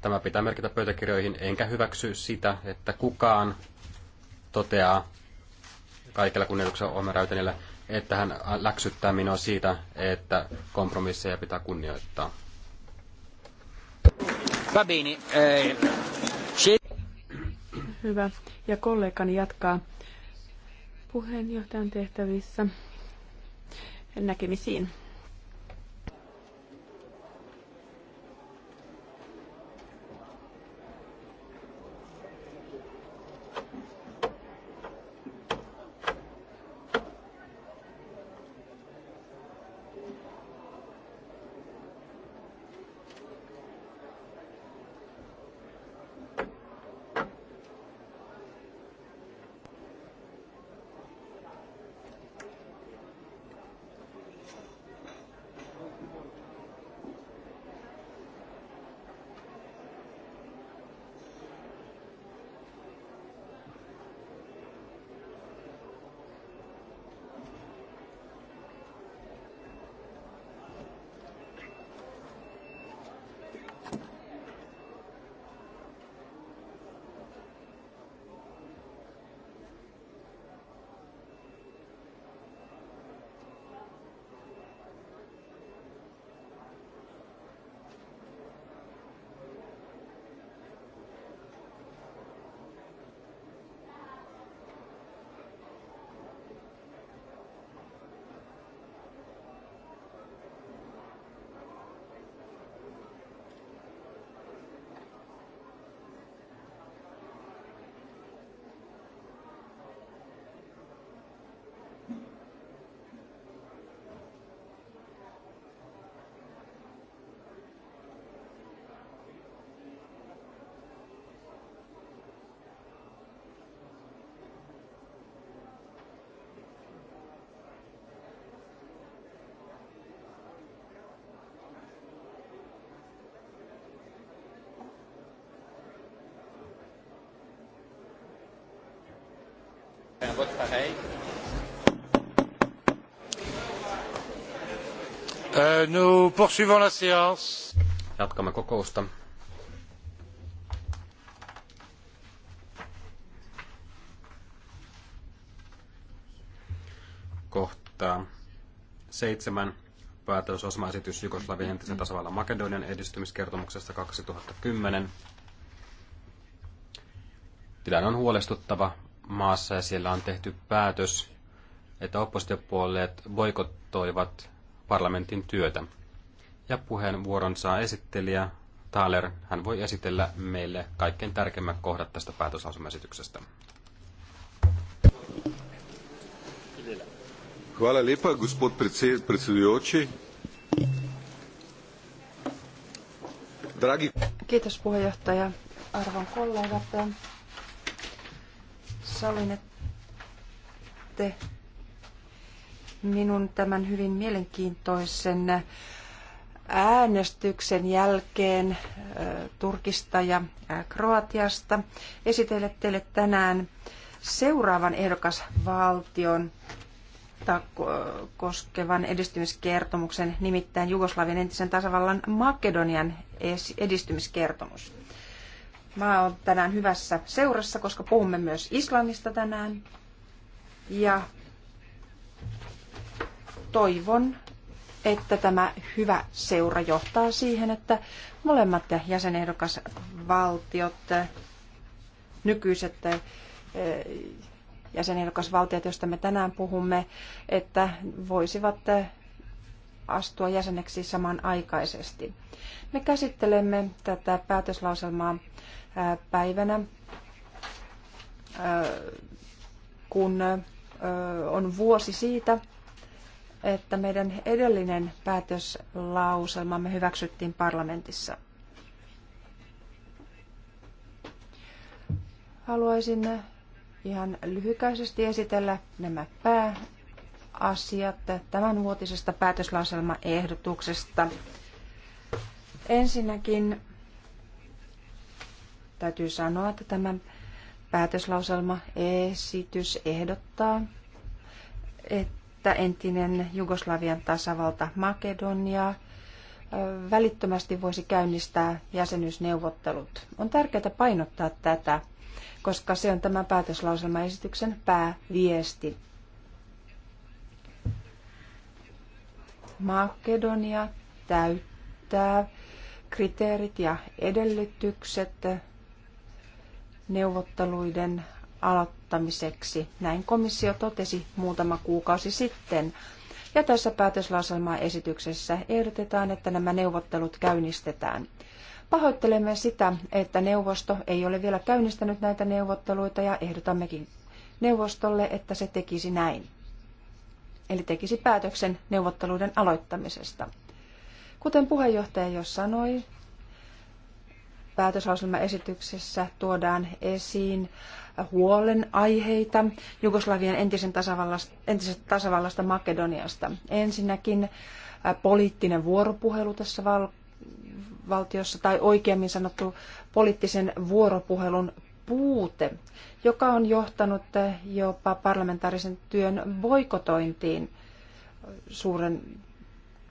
Tämä pitää merkitä pöytäkirjoihin, enkä hyväksy sitä, että kukaan toteaa kaikilla kunnioituksella Omer että hän läksyttää minua siitä, että kompromisseja pitää kunnioittaa. Va bene. Eh, Hyvä. Ja kollegani jatkaa puheenjohtajan tehtävissä näkemisiin. vote pareil. Euh, nous poursuivons la séance. Jatkamme kokousta. Kohta seitsemän päätösosmaesitys Jugoslavian entisen tasavallan Makedonian edistymiskertomuksesta 2010. Tilanne on huolestuttava, maassa ja siellä on tehty päätös, että oppositiopuolueet boikottoivat parlamentin työtä. Ja puheenvuoron saa esittelijä Thaler. Hän voi esitellä meille kaikkein tärkeimmät kohdat tästä päätöslausumaesityksestä. Hvala lepa, gospod predsedujoči. Dragi... Kiitos puheenjohtaja. Arvon kollegat, että minun tämän hyvin mielenkiintoisen äänestyksen jälkeen Turkista ja Kroatiasta esitellä teille tänään seuraavan ehdokasvaltion koskevan edistymiskertomuksen, nimittäin Jugoslavian entisen tasavallan Makedonian edistymiskertomus. Mä oon tänään hyvässä seurassa, koska puhumme myös Islannista tänään. Ja toivon, että tämä hyvä seura johtaa siihen, että molemmat jäsenehdokasvaltiot, nykyiset eh, jäsenehdokasvaltiot, joista me tänään puhumme, että voisivat eh, astua jäseneksi samanaikaisesti. Me käsittelemme tätä päätöslauselmaa päivänä, kun on vuosi siitä, että meidän edellinen päätöslauselmamme hyväksyttiin parlamentissa. Haluaisin ihan lyhykäisesti esitellä nämä pääasiat tämän vuotisesta päätöslauselmaehdotuksesta. Ensinnäkin Täytyy sanoa, että tämä päätöslauselma esitys ehdottaa, että entinen Jugoslavian tasavalta Makedonia välittömästi voisi käynnistää jäsenyysneuvottelut. On tärkeää painottaa tätä, koska se on tämän päätöslauselmaesityksen pääviesti. Makedonia täyttää kriteerit ja edellytykset neuvotteluiden aloittamiseksi. Näin komissio totesi muutama kuukausi sitten. Ja tässä esityksessä ehdotetaan, että nämä neuvottelut käynnistetään. Pahoittelemme sitä, että neuvosto ei ole vielä käynnistänyt näitä neuvotteluita ja ehdotammekin neuvostolle, että se tekisi näin. Eli tekisi päätöksen neuvotteluiden aloittamisesta. Kuten puheenjohtaja jo sanoi, päätöslauselmaesityksessä tuodaan esiin huolenaiheita Jugoslavian entisen tasavallasta, entisestä tasavallasta Makedoniasta. Ensinnäkin äh, poliittinen vuoropuhelu tässä val- valtiossa, tai oikeammin sanottu poliittisen vuoropuhelun puute, joka on johtanut äh, jopa parlamentaarisen työn boikotointiin suuren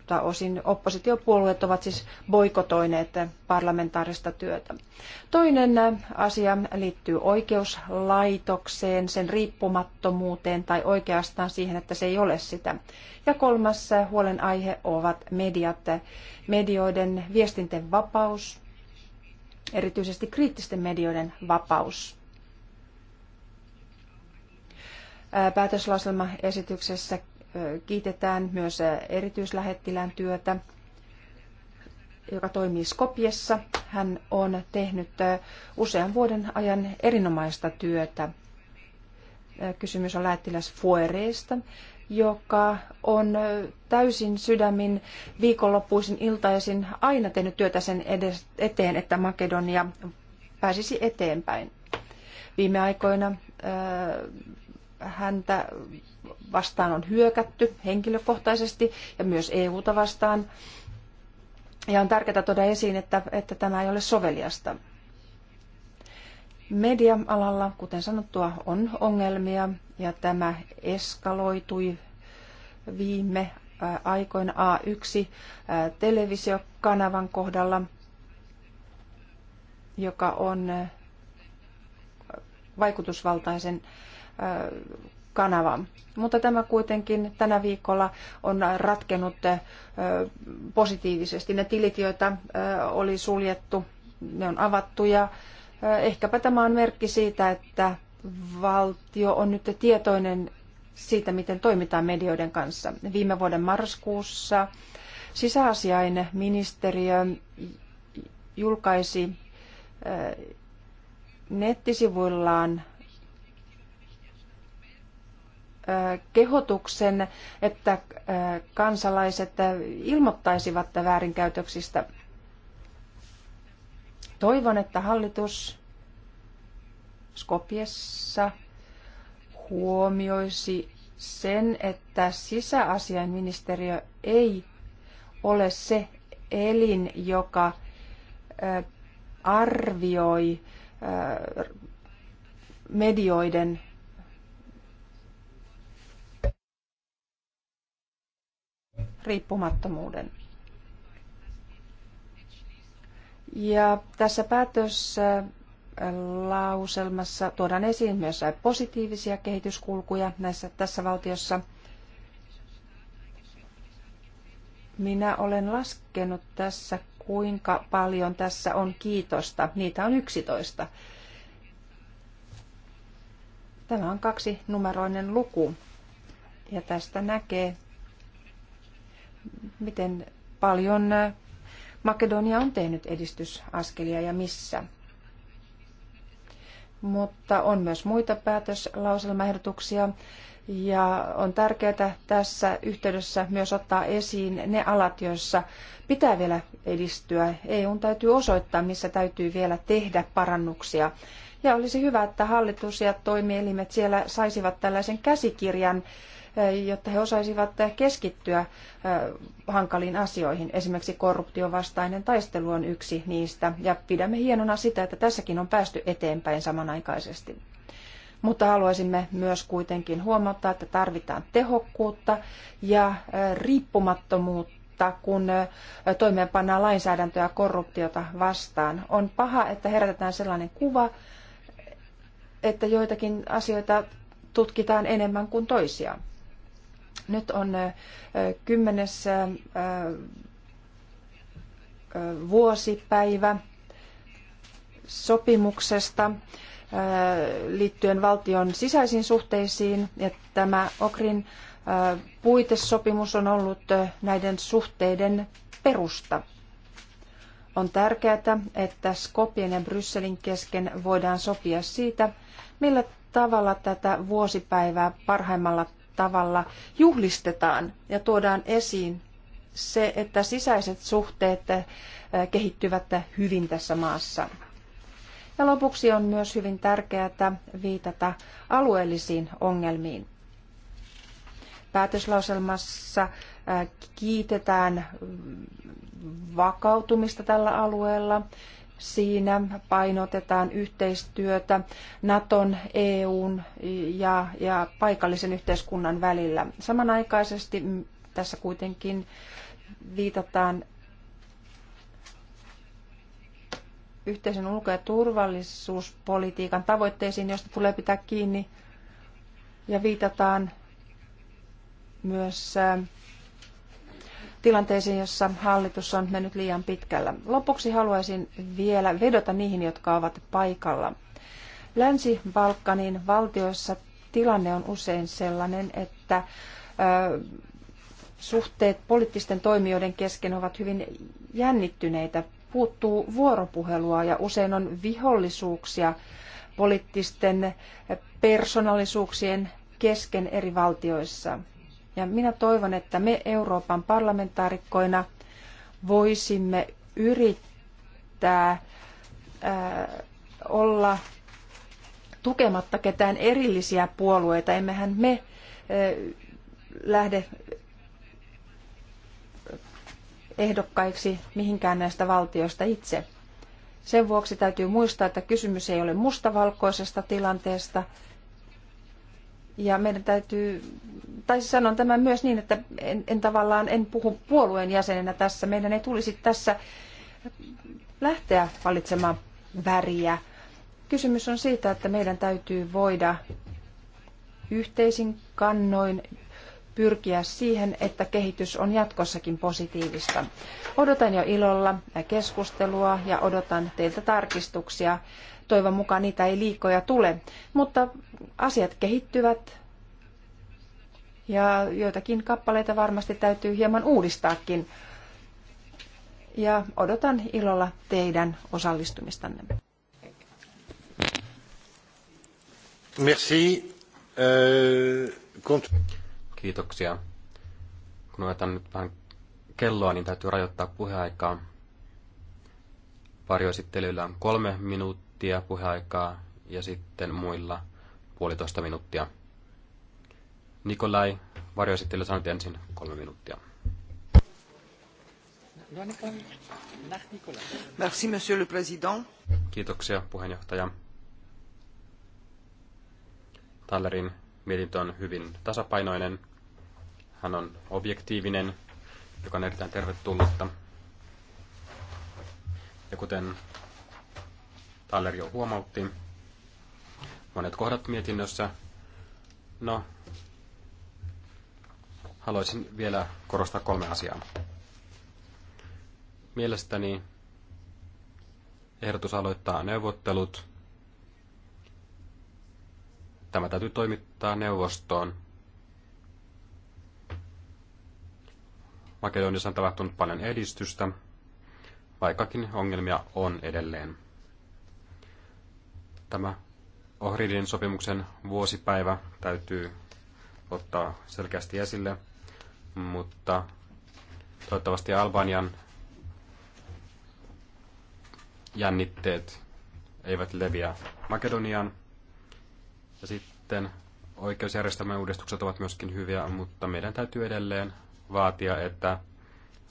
mutta osin oppositiopuolueet ovat siis boikotoineet parlamentaarista työtä. Toinen asia liittyy oikeuslaitokseen, sen riippumattomuuteen tai oikeastaan siihen, että se ei ole sitä. Ja kolmas huolenaihe ovat mediat, medioiden viestinten vapaus, erityisesti kriittisten medioiden vapaus. Päätöslauselmaesityksessä kiitetään myös erityislähettilään työtä, joka toimii Skopjessa. Hän on tehnyt usean vuoden ajan erinomaista työtä. Kysymys on lähettiläs Fuereesta, joka on täysin sydämin viikonloppuisin iltaisin aina tehnyt työtä sen edes, eteen, että Makedonia pääsisi eteenpäin. Viime aikoina äh, häntä vastaan on hyökätty henkilökohtaisesti ja myös EUta vastaan. Ja on tärkeää tuoda esiin, että, että tämä ei ole soveliasta. Media-alalla, kuten sanottua, on ongelmia ja tämä eskaloitui viime aikoina A1 televisiokanavan kohdalla, joka on vaikutusvaltaisen kanava. Mutta tämä kuitenkin tänä viikolla on ratkenut positiivisesti. Ne tilit, joita oli suljettu, ne on avattu ja ehkäpä tämä on merkki siitä, että valtio on nyt tietoinen siitä, miten toimitaan medioiden kanssa. Viime vuoden marraskuussa sisäasiain ministeriö julkaisi nettisivuillaan kehotuksen, että kansalaiset ilmoittaisivat väärinkäytöksistä. Toivon, että hallitus Skopiessa huomioisi sen, että sisäasiainministeriö ei ole se elin, joka arvioi medioiden riippumattomuuden. Ja tässä päätöslauselmassa äh, tuodaan esiin myös äh, positiivisia kehityskulkuja näissä, tässä valtiossa. Minä olen laskenut tässä, kuinka paljon tässä on kiitosta. Niitä on 11. Tämä on kaksi numeroinen luku. Ja tästä näkee, miten paljon Makedonia on tehnyt edistysaskelia ja missä. Mutta on myös muita päätöslauselmaehdotuksia ja on tärkeää tässä yhteydessä myös ottaa esiin ne alat, joissa pitää vielä edistyä. EU täytyy osoittaa, missä täytyy vielä tehdä parannuksia. Ja olisi hyvä, että hallitus ja toimielimet siellä saisivat tällaisen käsikirjan jotta he osaisivat keskittyä hankaliin asioihin. Esimerkiksi korruptiovastainen taistelu on yksi niistä, ja pidämme hienona sitä, että tässäkin on päästy eteenpäin samanaikaisesti. Mutta haluaisimme myös kuitenkin huomauttaa, että tarvitaan tehokkuutta ja riippumattomuutta kun toimeenpannaan lainsäädäntöä korruptiota vastaan. On paha, että herätetään sellainen kuva, että joitakin asioita tutkitaan enemmän kuin toisia. Nyt on kymmenes vuosipäivä sopimuksesta liittyen valtion sisäisiin suhteisiin ja tämä Okrin puitesopimus on ollut näiden suhteiden perusta. On tärkeää, että Skopien ja Brysselin kesken voidaan sopia siitä, millä tavalla tätä vuosipäivää parhaimmalla tavalla juhlistetaan ja tuodaan esiin se, että sisäiset suhteet eh, kehittyvät hyvin tässä maassa. Ja lopuksi on myös hyvin tärkeää viitata alueellisiin ongelmiin. Päätöslauselmassa eh, kiitetään mm, vakautumista tällä alueella Siinä painotetaan yhteistyötä Naton, EUn ja, ja paikallisen yhteiskunnan välillä. Samanaikaisesti tässä kuitenkin viitataan yhteisen ulko- ja turvallisuuspolitiikan tavoitteisiin, joista tulee pitää kiinni, ja viitataan myös äh, tilanteisiin, jossa hallitus on mennyt liian pitkällä. Lopuksi haluaisin vielä vedota niihin, jotka ovat paikalla. Länsi-Balkanin valtioissa tilanne on usein sellainen, että suhteet poliittisten toimijoiden kesken ovat hyvin jännittyneitä. Puuttuu vuoropuhelua ja usein on vihollisuuksia poliittisten persoonallisuuksien kesken eri valtioissa. Ja minä toivon, että me Euroopan parlamentaarikkoina voisimme yrittää ää, äh, olla tukematta ketään erillisiä puolueita. Emmehän me ää, äh, lähde ehdokkaiksi mihinkään näistä valtioista itse. Sen vuoksi täytyy muistaa, että kysymys ei ole mustavalkoisesta tilanteesta, ja meidän täytyy, tai siis sanon tämän myös niin, että en, en tavallaan en puhu puolueen jäsenenä tässä. Meidän ei tulisi tässä lähteä valitsemaan väriä. Kysymys on siitä, että meidän täytyy voida yhteisin kannoin pyrkiä siihen, että kehitys on jatkossakin positiivista. Odotan jo ilolla keskustelua ja odotan teiltä tarkistuksia. Toivon mukaan niitä ei liikoja tule, mutta asiat kehittyvät ja joitakin kappaleita varmasti täytyy hieman uudistaakin. Ja odotan ilolla teidän osallistumistanne. Merci. Euh, Kiitoksia. Kun otan nyt vähän kelloa, niin täytyy rajoittaa puheaikaa. Varjoesittelyillä on kolme minuuttia puheaikaa ja sitten muilla – puolitoista minuuttia. Nikolai, varjoesittelijä sanoi ensin kolme minuuttia. Merci, monsieur le président. Kiitoksia, puheenjohtaja. Tallerin mietintö on hyvin tasapainoinen. Hän on objektiivinen, joka on erittäin tervetullutta. Ja kuten Taller jo huomautti, monet kohdat mietinnössä. No, haluaisin vielä korostaa kolme asiaa. Mielestäni ehdotus aloittaa neuvottelut. Tämä täytyy toimittaa neuvostoon. Makedoniassa on tapahtunut paljon edistystä, vaikkakin ongelmia on edelleen. Tämä Ohridin sopimuksen vuosipäivä täytyy ottaa selkeästi esille, mutta toivottavasti Albanian jännitteet eivät leviä Makedoniaan. Ja sitten oikeusjärjestelmän uudistukset ovat myöskin hyviä, mutta meidän täytyy edelleen vaatia, että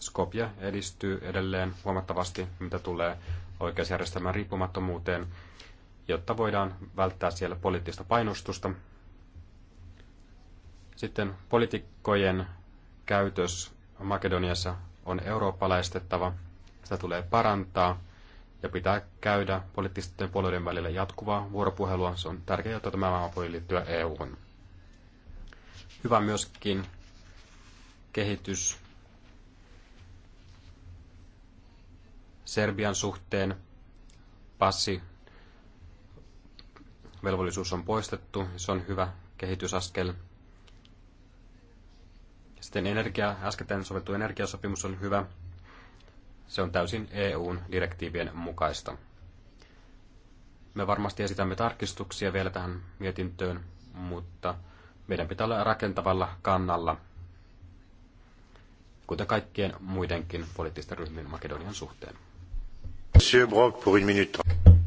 Skopje edistyy edelleen huomattavasti, mitä tulee oikeusjärjestelmän riippumattomuuteen jotta voidaan välttää siellä poliittista painostusta. Sitten poliitikkojen käytös Makedoniassa on eurooppalaistettava. Sitä tulee parantaa ja pitää käydä poliittisten puolueiden välillä jatkuvaa vuoropuhelua. Se on tärkeää, jotta tämä maa voi liittyä EU-hun. Hyvä myöskin kehitys Serbian suhteen passi velvollisuus on poistettu. Se on hyvä kehitysaskel. Sitten energia, äskettäin sovittu energiasopimus on hyvä. Se on täysin EUn direktiivien mukaista. Me varmasti esitämme tarkistuksia vielä tähän mietintöön, mutta meidän pitää olla rakentavalla kannalla, kuten kaikkien muidenkin poliittisten ryhmien Makedonian suhteen. Monsieur Brock, pour une minute.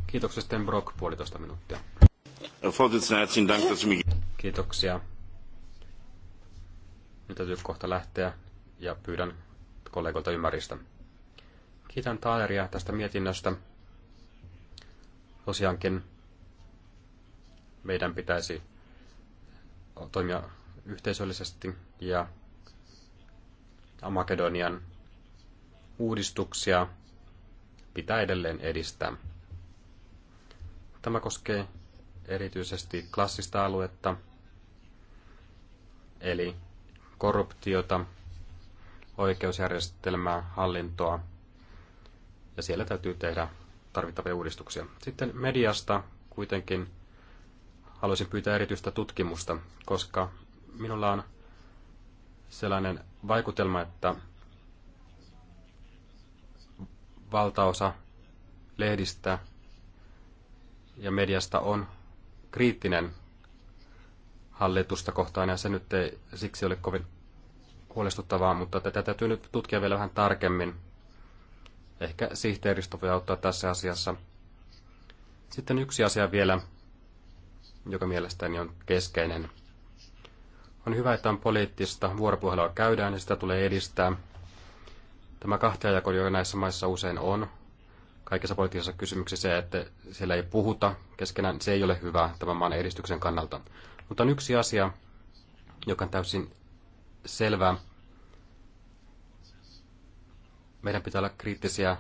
Kiitoksia, Sten Brock, puolitoista minuuttia. Kiitoksia. Nyt täytyy kohta lähteä ja pyydän kollegoilta ymmärrystä. Kiitän Taaleria tästä mietinnöstä. Tosiaankin meidän pitäisi toimia yhteisöllisesti ja Makedonian uudistuksia pitää edelleen edistää. Tämä koskee erityisesti klassista aluetta, eli korruptiota, oikeusjärjestelmää, hallintoa, ja siellä täytyy tehdä tarvittavia uudistuksia. Sitten mediasta kuitenkin haluaisin pyytää erityistä tutkimusta, koska minulla on sellainen vaikutelma, että valtaosa lehdistä ja mediasta on kriittinen hallitusta kohtaan, ja se nyt ei siksi ole kovin huolestuttavaa, mutta tätä täytyy nyt tutkia vielä vähän tarkemmin. Ehkä sihteeristö voi auttaa tässä asiassa. Sitten yksi asia vielä, joka mielestäni on keskeinen. On hyvä, että on poliittista vuoropuhelua käydään ja sitä tulee edistää. Tämä kahtiajako, joka näissä maissa usein on, kaikissa poliittisissa kysymyksissä, että siellä ei puhuta keskenään, se ei ole hyvä tämän maan edistyksen kannalta. Mutta on yksi asia, joka on täysin selvä. Meidän pitää olla kriittisiä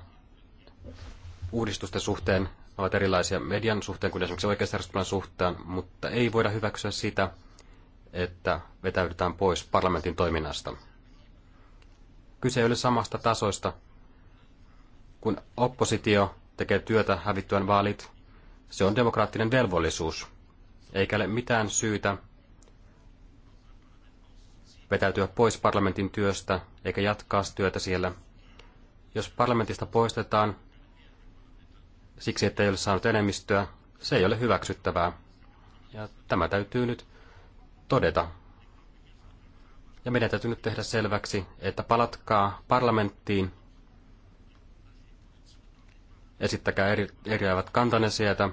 uudistusten suhteen, ovat erilaisia median suhteen kuin esimerkiksi oikeusjärjestelmän suhteen, mutta ei voida hyväksyä sitä, että vetäydytään pois parlamentin toiminnasta. Kyse ei ole samasta tasoista, kun oppositio tekee työtä hävittyään vaalit, se on demokraattinen velvollisuus, eikä ole mitään syytä vetäytyä pois parlamentin työstä eikä jatkaa työtä siellä. Jos parlamentista poistetaan siksi, että ei ole saanut enemmistöä, se ei ole hyväksyttävää. Ja tämä täytyy nyt todeta. Ja meidän täytyy nyt tehdä selväksi, että palatkaa parlamenttiin esittäkää eri, eriävät kantanne sieltä.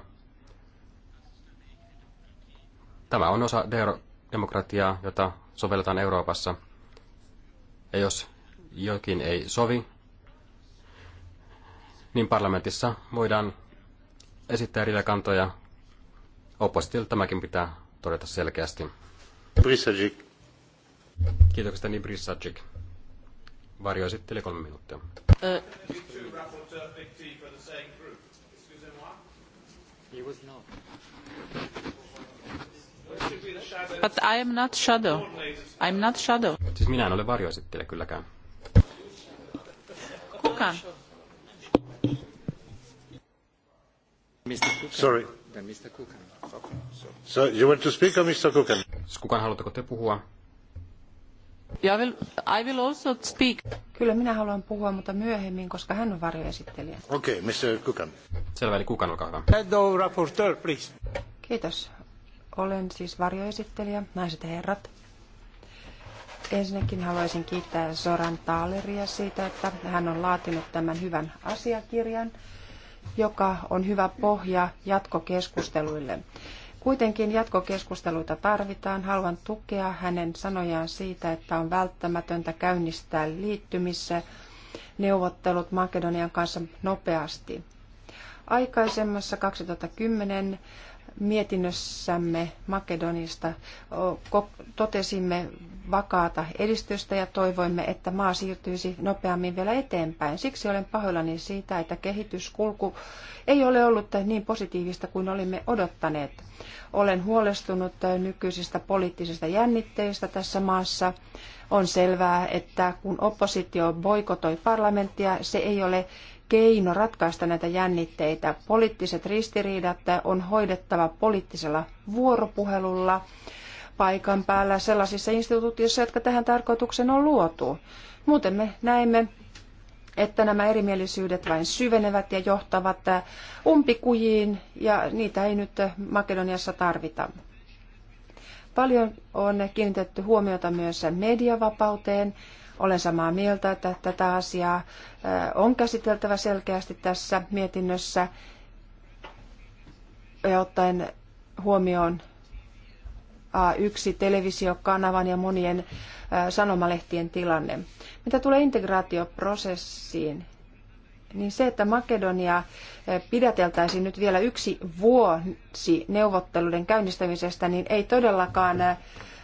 Tämä on osa demokratiaa, jota sovelletaan Euroopassa. Ja jos jokin ei sovi, niin parlamentissa voidaan esittää eri kantoja. Oppositiolle tämäkin pitää todeta selkeästi. Brisagic. Kiitoksia, niin Brisagic. Varjoesitteli kolme minuuttia. Äh. He was not. But I am not shadow. I'm not shadow. Siis minä en ole varjoesittelijä kylläkään. Kuka? Sorry. Then Mr. Kukan. So you want to speak or Mr. Kukan? Siis Kukan, haluatteko te puhua? I will, also speak. Kyllä minä haluan puhua, mutta myöhemmin, koska hän on varjoesittelijä. Okei, okay, Mr. Kukan. Selvä, eli Kukan, olkaa hyvä. rapporteur, please. Kiitos. Olen siis varjoesittelijä, naiset ja herrat. Ensinnäkin haluaisin kiittää Soran Taaleria siitä, että hän on laatinut tämän hyvän asiakirjan, joka on hyvä pohja jatkokeskusteluille. Kuitenkin jatkokeskusteluita tarvitaan. Haluan tukea hänen sanojaan siitä, että on välttämätöntä käynnistää liittymissä neuvottelut Makedonian kanssa nopeasti. Aikaisemmassa 2010 mietinnössämme Makedonista totesimme vakaata edistystä ja toivoimme, että maa siirtyisi nopeammin vielä eteenpäin. Siksi olen pahoillani siitä, että kehityskulku ei ole ollut niin positiivista kuin olimme odottaneet. Olen huolestunut nykyisistä poliittisista jännitteistä tässä maassa. On selvää, että kun oppositio boikotoi parlamenttia, se ei ole keino ratkaista näitä jännitteitä. Poliittiset ristiriidat on hoidettava poliittisella vuoropuhelulla paikan päällä sellaisissa instituutioissa, jotka tähän tarkoitukseen on luotu. Muuten me näemme, että nämä erimielisyydet vain syvenevät ja johtavat umpikujiin, ja niitä ei nyt Makedoniassa tarvita. Paljon on kiinnitetty huomiota myös mediavapauteen olen samaa mieltä, että tätä asiaa on käsiteltävä selkeästi tässä mietinnössä ja ottaen huomioon A1-televisiokanavan ja monien sanomalehtien tilanne. Mitä tulee integraatioprosessiin, niin se, että Makedonia pidäteltäisiin nyt vielä yksi vuosi neuvotteluiden käynnistämisestä, niin ei todellakaan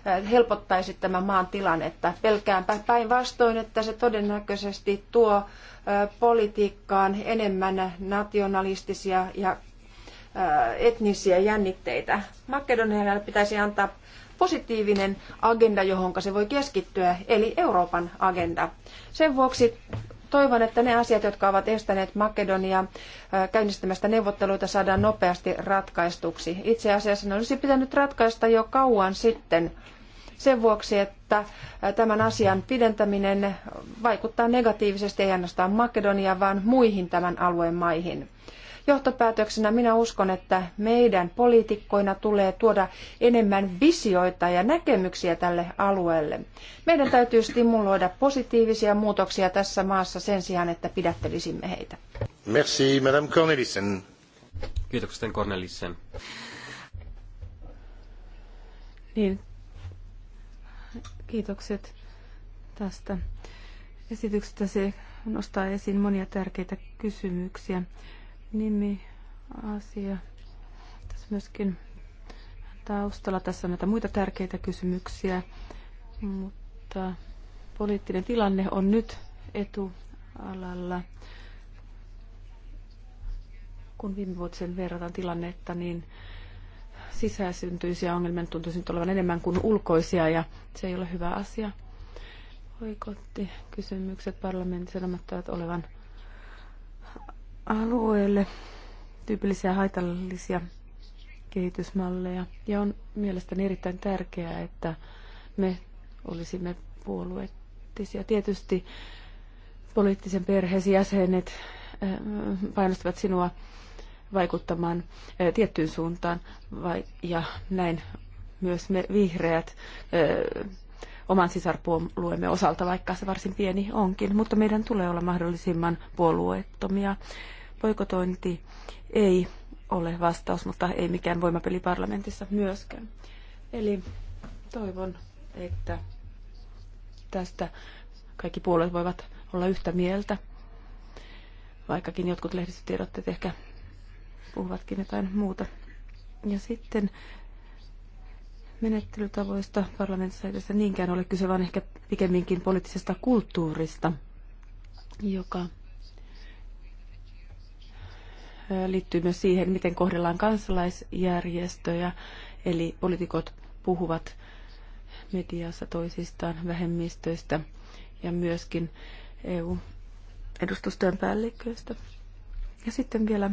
Äh, helpottaisi tämän maan tilannetta. Pelkäänpä päinvastoin, että se todennäköisesti tuo äh, politiikkaan enemmän nationalistisia ja äh, etnisiä jännitteitä. Makedonialle pitäisi antaa positiivinen agenda, johon se voi keskittyä, eli Euroopan agenda. Sen vuoksi toivon, että ne asiat, jotka ovat estäneet Makedonia käynnistämästä neuvotteluita, saadaan nopeasti ratkaistuksi. Itse asiassa ne olisi pitänyt ratkaista jo kauan sitten sen vuoksi, että tämän asian pidentäminen vaikuttaa negatiivisesti ei ainoastaan Makedonia, vaan muihin tämän alueen maihin. Johtopäätöksenä minä uskon, että meidän poliitikkoina tulee tuoda enemmän visioita ja näkemyksiä tälle alueelle. Meidän täytyy stimuloida positiivisia muutoksia tässä maassa sen sijaan, että pidättelisimme heitä. Merci, Madame Cornelissen. Kiitoksia, Cornelissen. Niin. Kiitokset tästä esityksestä. Se nostaa esiin monia tärkeitä kysymyksiä nimi asia. Tässä myöskin taustalla tässä on näitä muita tärkeitä kysymyksiä, mutta poliittinen tilanne on nyt etualalla. Kun viime vuotisen verrataan tilannetta, niin sisäsyntyisiä ongelmia tuntuisi nyt olevan enemmän kuin ulkoisia ja se ei ole hyvä asia. Oikotti kysymykset parlamentissa olevan alueelle tyypillisiä haitallisia kehitysmalleja. Ja on mielestäni erittäin tärkeää, että me olisimme puolueettisia. Tietysti poliittisen perheesi jäsenet äh, painostavat sinua vaikuttamaan äh, tiettyyn suuntaan vai, ja näin myös me vihreät äh, oman sisarpuolueemme osalta, vaikka se varsin pieni onkin, mutta meidän tulee olla mahdollisimman puolueettomia. Poikotointi ei ole vastaus, mutta ei mikään voimapeli parlamentissa myöskään. Eli toivon, että tästä kaikki puolueet voivat olla yhtä mieltä, vaikkakin jotkut lehdistötiedotteet ehkä puhuvatkin jotain muuta. Ja sitten menettelytavoista parlamentissa ei tässä niinkään ole kyse, vaan ehkä pikemminkin poliittisesta kulttuurista, joka liittyy myös siihen, miten kohdellaan kansalaisjärjestöjä, eli poliitikot puhuvat mediassa toisistaan vähemmistöistä ja myöskin EU-edustustojen päälliköistä. Ja sitten vielä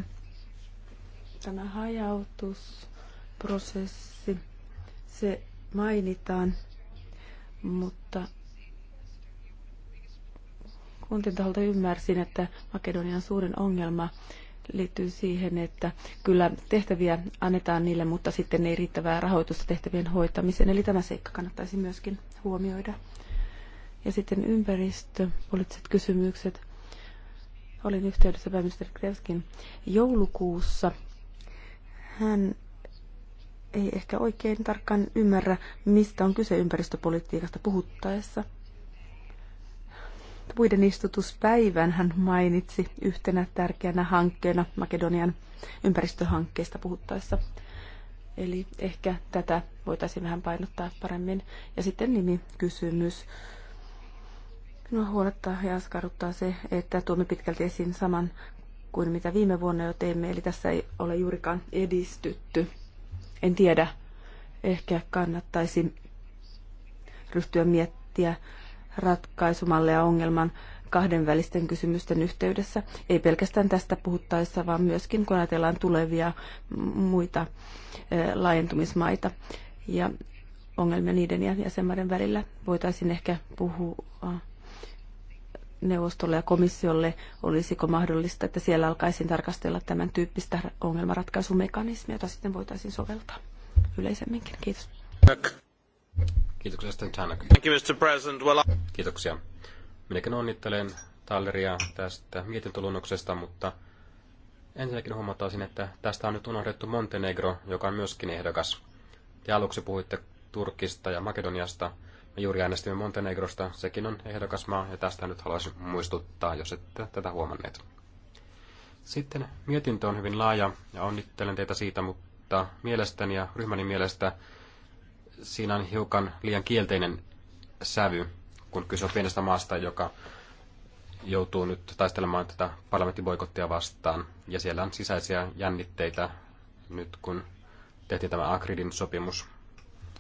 tämä hajautusprosessi se mainitaan, mutta kuntien taholta ymmärsin, että Makedonian suurin ongelma liittyy siihen, että kyllä tehtäviä annetaan niille, mutta sitten ei riittävää rahoitusta tehtävien hoitamiseen. Eli tämä seikka kannattaisi myöskin huomioida. Ja sitten ympäristöpoliittiset kysymykset. Olin yhteydessä pääministeri Krevskin joulukuussa. Hän ei ehkä oikein tarkkaan ymmärrä, mistä on kyse ympäristöpolitiikasta puhuttaessa. Puiden istutuspäivän hän mainitsi yhtenä tärkeänä hankkeena Makedonian ympäristöhankkeesta puhuttaessa. Eli ehkä tätä voitaisiin vähän painottaa paremmin. Ja sitten kysymys. No huolettaa ja askarruttaa se, että tuomme pitkälti esiin saman kuin mitä viime vuonna jo teimme, eli tässä ei ole juurikaan edistytty. En tiedä, ehkä kannattaisi ryhtyä miettiä ja ongelman kahdenvälisten kysymysten yhteydessä. Ei pelkästään tästä puhuttaessa, vaan myöskin kun ajatellaan tulevia muita eh, laajentumismaita. Ja ongelmia niiden ja jäsenmaiden välillä voitaisiin ehkä puhua neuvostolle ja komissiolle, olisiko mahdollista, että siellä alkaisiin tarkastella tämän tyyppistä ongelmanratkaisumekanismia, jota sitten voitaisiin soveltaa yleisemminkin. Kiitos. Kiitoksia, Thank you, Mr. President. Well, I... Kiitoksia. Minäkin onnittelen Talleria tästä mietintöluonnoksesta, mutta ensinnäkin huomattaisin, että tästä on nyt unohdettu Montenegro, joka on myöskin ehdokas. Te aluksi puhuitte Turkista ja Makedoniasta, Juuri äänestimme Montenegrosta, sekin on ehdokasmaa, ja tästä nyt haluaisin muistuttaa, jos ette tätä huomanneet. Sitten mietintö on hyvin laaja, ja onnittelen teitä siitä, mutta mielestäni ja ryhmäni mielestä siinä on hiukan liian kielteinen sävy, kun kyse on pienestä maasta, joka joutuu nyt taistelemaan tätä parlamenttiboikottia vastaan. Ja siellä on sisäisiä jännitteitä nyt, kun tehtiin tämä Akridin sopimus,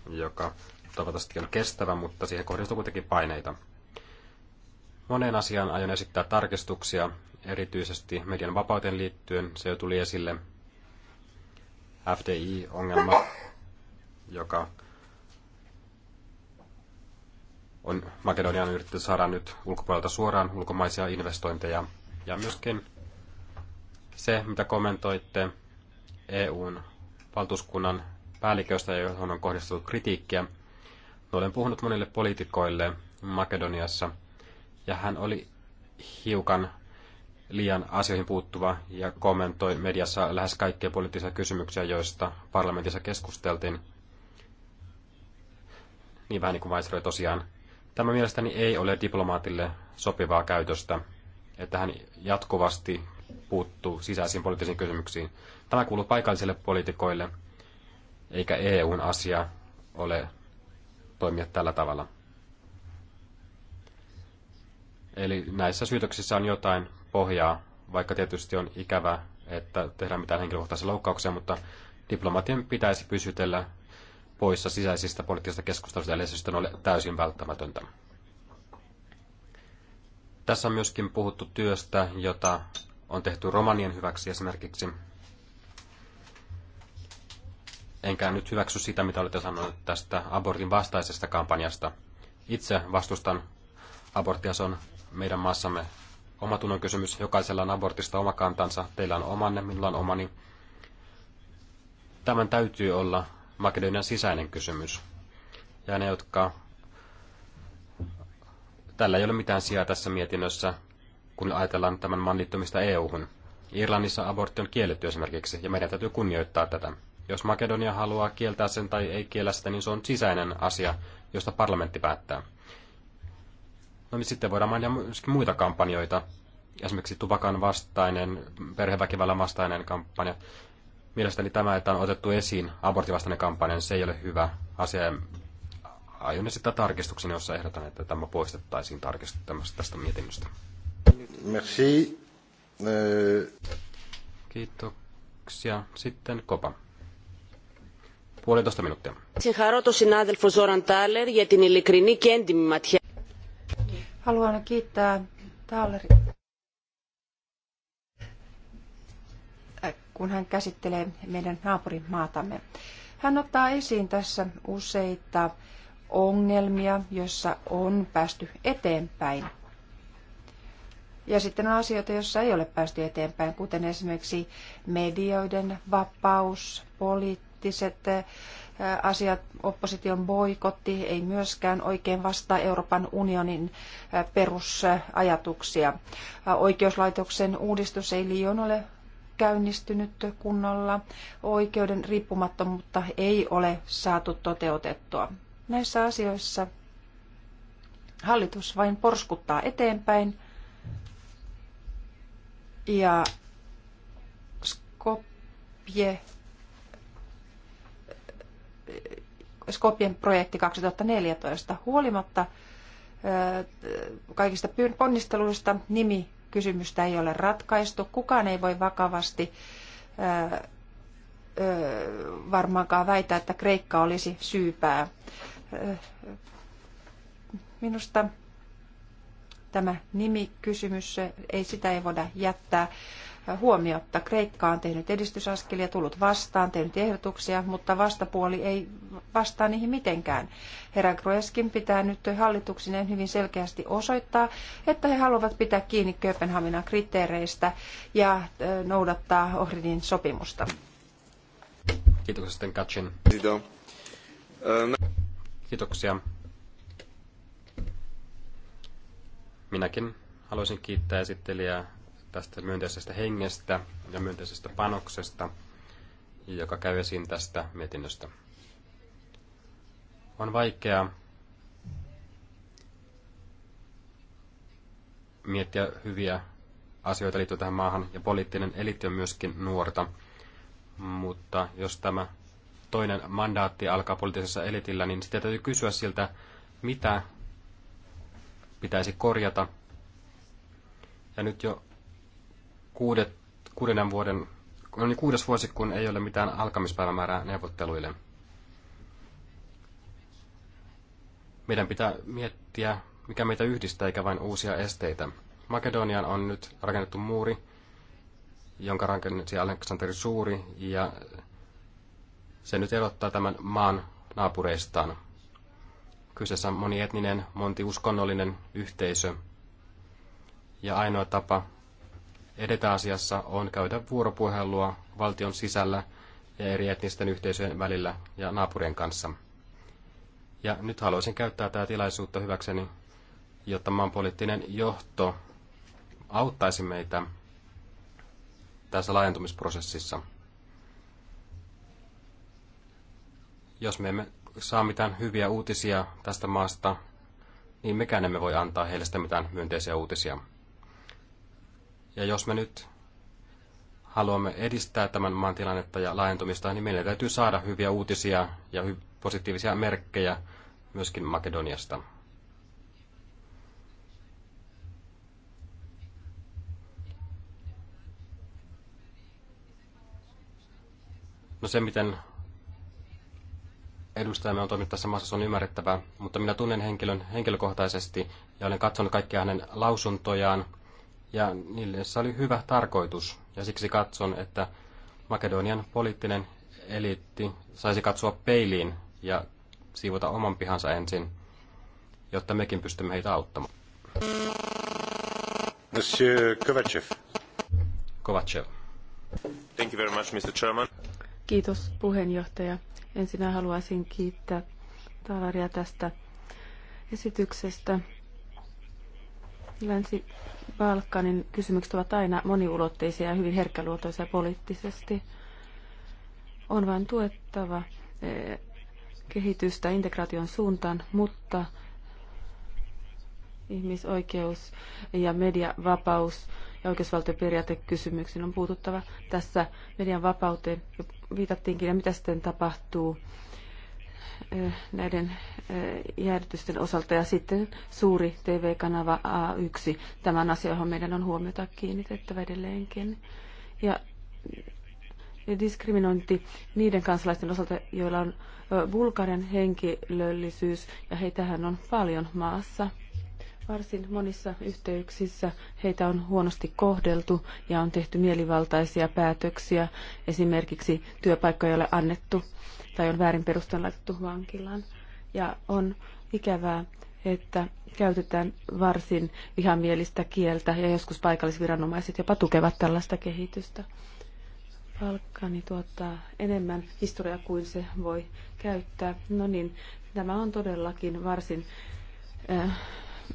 joka toivottavasti on kestävä, mutta siihen kohdistuu kuitenkin paineita. Moneen asiaan aion esittää tarkistuksia, erityisesti median vapauteen liittyen. Se jo tuli esille. FDI-ongelma, joka on Makedonian yrittänyt saada nyt ulkopuolelta suoraan ulkomaisia investointeja. Ja myöskin se, mitä kommentoitte EUn valtuuskunnan päälliköstä, johon on kohdistunut kritiikkiä, olen puhunut monille poliitikoille Makedoniassa, ja hän oli hiukan liian asioihin puuttuva ja kommentoi mediassa lähes kaikkia poliittisia kysymyksiä, joista parlamentissa keskusteltiin. Niin vähän niin kuin Weisroi tosiaan. Tämä mielestäni ei ole diplomaatille sopivaa käytöstä, että hän jatkuvasti puuttuu sisäisiin poliittisiin kysymyksiin. Tämä kuuluu paikallisille poliitikoille, eikä EUn asia ole toimia tällä tavalla. Eli näissä syytöksissä on jotain pohjaa, vaikka tietysti on ikävä, että tehdään mitään henkilökohtaisia loukkauksia, mutta diplomatian pitäisi pysytellä poissa sisäisistä poliittisista keskusteluista, eli se ole täysin välttämätöntä. Tässä on myöskin puhuttu työstä, jota on tehty romanien hyväksi esimerkiksi enkä nyt hyväksy sitä, mitä olette sanoneet tästä abortin vastaisesta kampanjasta. Itse vastustan aborttia, se on meidän maassamme omatunnon kysymys. Jokaisella on abortista oma kantansa, teillä on omanne, minulla on omani. Tämän täytyy olla Makedonian sisäinen kysymys. Ja ne, jotka... Tällä ei ole mitään sijaa tässä mietinnössä, kun ajatellaan tämän maan liittymistä EU-hun. Irlannissa abortti on kielletty esimerkiksi, ja meidän täytyy kunnioittaa tätä. Jos Makedonia haluaa kieltää sen tai ei kiellä sitä, niin se on sisäinen asia, josta parlamentti päättää. No niin sitten voidaan mainita myöskin muita kampanjoita. Esimerkiksi tupakan vastainen, perheväkivallan vastainen kampanja. Mielestäni tämä, että on otettu esiin abortivastainen kampanja, niin se ei ole hyvä asia. Aion esittää tarkistuksen, jossa ehdotan, että tämä poistettaisiin tarkistamasta tästä mietinnöstä. Merci. Kiitoksia. Sitten Kopa puolitoista minuuttia. Haluan kiittää Taaleri, kun hän käsittelee meidän naapurimaatamme. Hän ottaa esiin tässä useita ongelmia, joissa on päästy eteenpäin. Ja sitten on asioita, joissa ei ole päästy eteenpäin, kuten esimerkiksi medioiden vapaus, poliittinen poliittiset eh, asiat, opposition boikotti ei myöskään oikein vastaa Euroopan unionin eh, perusajatuksia. Eh, oikeuslaitoksen uudistus ei liian ole käynnistynyt kunnolla, oikeuden riippumattomuutta ei ole saatu toteutettua. Näissä asioissa hallitus vain porskuttaa eteenpäin ja Skopje Skopien projekti 2014. Huolimatta kaikista ponnisteluista nimi kysymystä ei ole ratkaistu. Kukaan ei voi vakavasti varmaankaan väitä, että Kreikka olisi syypää. Minusta tämä nimikysymys, ei, sitä ei voida jättää huomiotta. Kreikka on tehnyt edistysaskelia, tullut vastaan, tehnyt ehdotuksia, mutta vastapuoli ei vastaa niihin mitenkään. Herra Groeskin pitää nyt hallituksineen hyvin selkeästi osoittaa, että he haluavat pitää kiinni Kööpenhaminan kriteereistä ja noudattaa Ohridin sopimusta. Kiitoksia sitten Katsin. Kiitoksia. Minäkin haluaisin kiittää esittelijää tästä myönteisestä hengestä ja myönteisestä panoksesta, joka käy esiin tästä mietinnöstä. On vaikeaa miettiä hyviä asioita liittyen tähän maahan, ja poliittinen eliitti on myöskin nuorta. Mutta jos tämä toinen mandaatti alkaa poliittisessa elitillä, niin sitä täytyy kysyä siltä, mitä pitäisi korjata. Ja nyt jo kuudet, kuudenen vuoden, no niin kuudes vuosi, kun ei ole mitään alkamispäivämäärää neuvotteluille. Meidän pitää miettiä, mikä meitä yhdistää, eikä vain uusia esteitä. Makedonian on nyt rakennettu muuri, jonka rakensi Aleksanteri Suuri, ja se nyt erottaa tämän maan naapureistaan. Kyseessä on monietninen, montiuskonnollinen yhteisö, ja ainoa tapa edetä asiassa on käydä vuoropuhelua valtion sisällä ja eri etnisten yhteisöjen välillä ja naapurien kanssa. Ja nyt haluaisin käyttää tätä tilaisuutta hyväkseni, jotta maanpoliittinen johto auttaisi meitä tässä laajentumisprosessissa. Jos me emme saa mitään hyviä uutisia tästä maasta, niin mekään emme voi antaa heille sitä mitään myönteisiä uutisia. Ja jos me nyt haluamme edistää tämän maan tilannetta ja laajentumista, niin meidän täytyy saada hyviä uutisia ja hy- positiivisia merkkejä myöskin Makedoniasta. No se, miten edustajamme on toiminut tässä maassa, se on ymmärrettävää, mutta minä tunnen henkilön henkilökohtaisesti ja olen katsonut kaikkia hänen lausuntojaan – ja se oli hyvä tarkoitus. Ja siksi katson, että Makedonian poliittinen eliitti saisi katsoa peiliin ja siivota oman pihansa ensin, jotta mekin pystymme heitä auttamaan. Monsieur Kovacev. Kovacev. Thank you very much, Mr. Chairman. Kiitos puheenjohtaja. Ensinnä haluaisin kiittää Talaria tästä esityksestä Länsi-Balkanin kysymykset ovat aina moniulotteisia ja hyvin herkkäluotoisia poliittisesti. On vain tuettava eh, kehitystä integraation suuntaan, mutta ihmisoikeus ja mediavapaus ja oikeusvaltioperiaatekysymyksiin on puututtava. Tässä median vapauteen viitattiinkin ja mitä sitten tapahtuu näiden jäädytysten osalta ja sitten suuri TV-kanava A1. Tämän johon meidän on huomiota kiinnitettävä edelleenkin. Ja diskriminointi niiden kansalaisten osalta, joilla on Bulgarian henkilöllisyys, ja heitähän on paljon maassa. Varsin monissa yhteyksissä heitä on huonosti kohdeltu ja on tehty mielivaltaisia päätöksiä. Esimerkiksi työpaikkoja ei ole annettu tai on väärin perustan laitettu vankilaan. Ja on ikävää, että käytetään varsin vihamielistä kieltä ja joskus paikallisviranomaiset jopa tukevat tällaista kehitystä. Balkani tuottaa enemmän historiaa kuin se voi käyttää. No niin, tämä on todellakin varsin äh,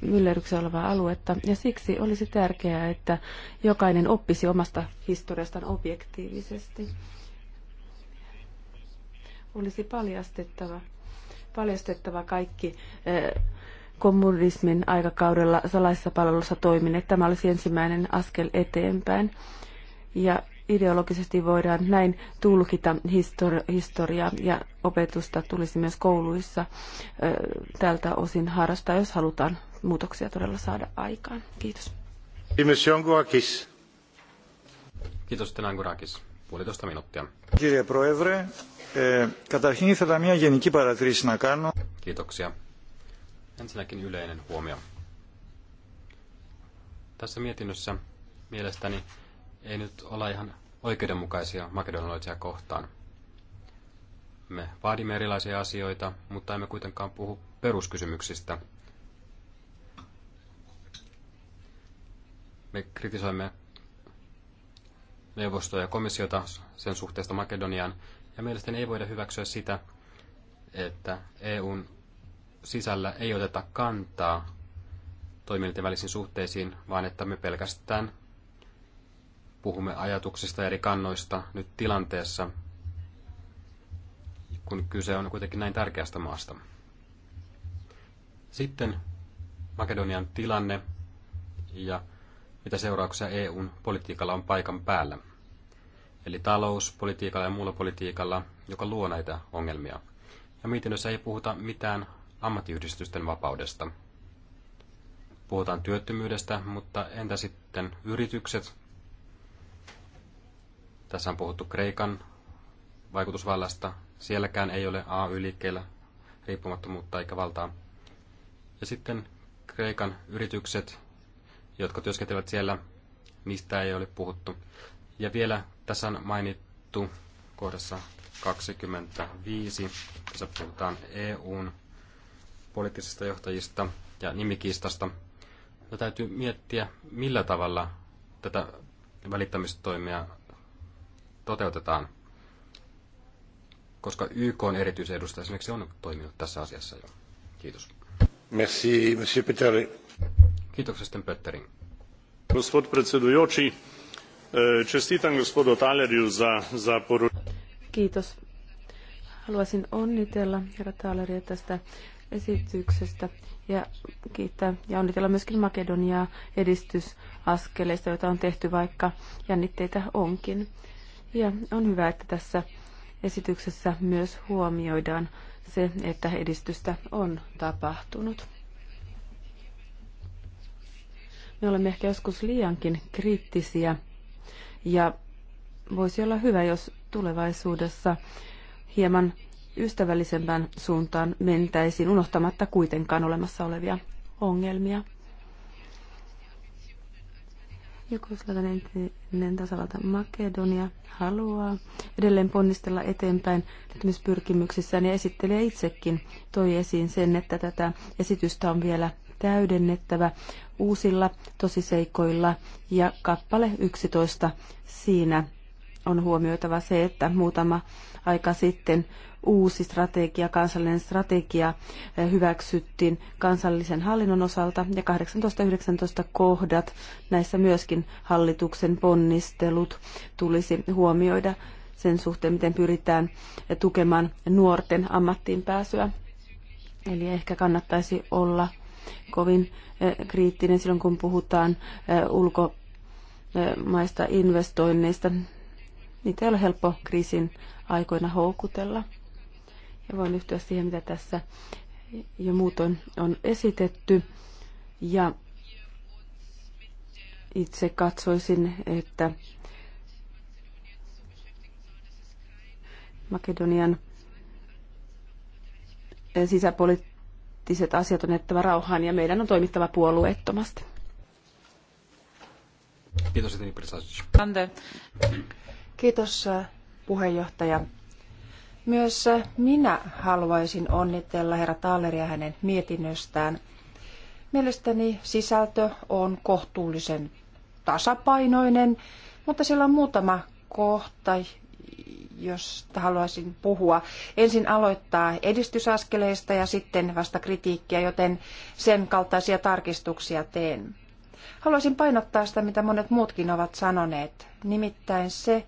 myllerryksessä olevaa aluetta, ja siksi olisi tärkeää, että jokainen oppisi omasta historiastaan objektiivisesti. Olisi paljastettava, paljastettava kaikki eh, kommunismin aikakaudella salaisessa palvelussa toimineet. Tämä olisi ensimmäinen askel eteenpäin. Ja ideologisesti voidaan näin tulkita historiaa ja opetusta tulisi myös kouluissa eh, tältä osin harrastaa, jos halutaan muutoksia todella saada aikaan. Kiitos. Kiitos, Jonkuakis. Kiitos, Tenangurakis. Puolitoista minuuttia. Kirja Proevre, καταρχήν ήθελα μια γενική παρατήρηση να κάνω. Kiitoksia. Ensinnäkin yleinen huomio. Tässä mietinnössä mielestäni ei nyt olla ihan oikeudenmukaisia makedonialaisia kohtaan. Me vaadimme erilaisia asioita, mutta emme kuitenkaan puhu peruskysymyksistä – Me kritisoimme neuvostoa ja komissiota sen suhteesta Makedoniaan, ja mielestäni ei voida hyväksyä sitä, että EUn sisällä ei oteta kantaa toimijoiden välisiin suhteisiin, vaan että me pelkästään puhumme ajatuksista ja eri kannoista nyt tilanteessa, kun kyse on kuitenkin näin tärkeästä maasta. Sitten Makedonian tilanne ja mitä seurauksia EUn politiikalla on paikan päällä. Eli talouspolitiikalla ja muulla politiikalla, joka luo näitä ongelmia. Ja mietinnössä ei puhuta mitään ammattiyhdistysten vapaudesta. Puhutaan työttömyydestä, mutta entä sitten yritykset? Tässä on puhuttu Kreikan vaikutusvallasta. Sielläkään ei ole AY-liikkeellä riippumattomuutta eikä valtaa. Ja sitten Kreikan yritykset jotka työskentelevät siellä, niistä ei ole puhuttu. Ja vielä tässä on mainittu kohdassa 25, tässä puhutaan EUn poliittisista johtajista ja nimikistasta. Ja täytyy miettiä, millä tavalla tätä välittämistoimia toteutetaan, koska YK on erityisedustaja esimerkiksi on toiminut tässä asiassa jo. Kiitos. Merci, monsieur Peterle. Kiitoksia sitten Pötterin. Gospod predsedujoči, eh, čestitan gospodu Talerju za, Kiitos. Haluaisin onnitella herra Taleria tästä esityksestä ja kiittää ja onnitella myöskin Makedoniaa edistysaskeleista, joita on tehty vaikka jännitteitä onkin. Ja on hyvä, että tässä esityksessä myös huomioidaan se, että edistystä on tapahtunut. Me olemme ehkä joskus liiankin kriittisiä ja voisi olla hyvä, jos tulevaisuudessa hieman ystävällisempään suuntaan mentäisiin, unohtamatta kuitenkaan olemassa olevia ongelmia. Jugoslavian entinen tasavalta Makedonia haluaa edelleen ponnistella eteenpäin liittymispyrkimyksissään ja esittelee itsekin toi esiin sen, että tätä esitystä on vielä täydennettävä uusilla tosiseikoilla ja kappale 11 siinä on huomioitava se, että muutama aika sitten uusi strategia, kansallinen strategia eh, hyväksyttiin kansallisen hallinnon osalta ja 18-19 kohdat, näissä myöskin hallituksen ponnistelut tulisi huomioida sen suhteen, miten pyritään eh, tukemaan nuorten ammattiin pääsyä. Eli ehkä kannattaisi olla kovin kriittinen silloin, kun puhutaan ulkomaista investoinneista. Niitä ei ole helppo kriisin aikoina houkutella. Ja voin yhtyä siihen, mitä tässä jo muutoin on esitetty. Ja itse katsoisin, että Makedonian sisäpoliittinen poliittiset asiat on jättävä rauhaan ja meidän on toimittava puolueettomasti. Kiitos, Eteni Kiitos, äh, puheenjohtaja. Myös äh, minä haluaisin onnitella herra Talleria hänen mietinnöstään. Mielestäni sisältö on kohtuullisen tasapainoinen, mutta siellä on muutama kohta, josta haluaisin puhua. Ensin aloittaa edistysaskeleista ja sitten vasta kritiikkiä, joten sen kaltaisia tarkistuksia teen. Haluaisin painottaa sitä, mitä monet muutkin ovat sanoneet, nimittäin se,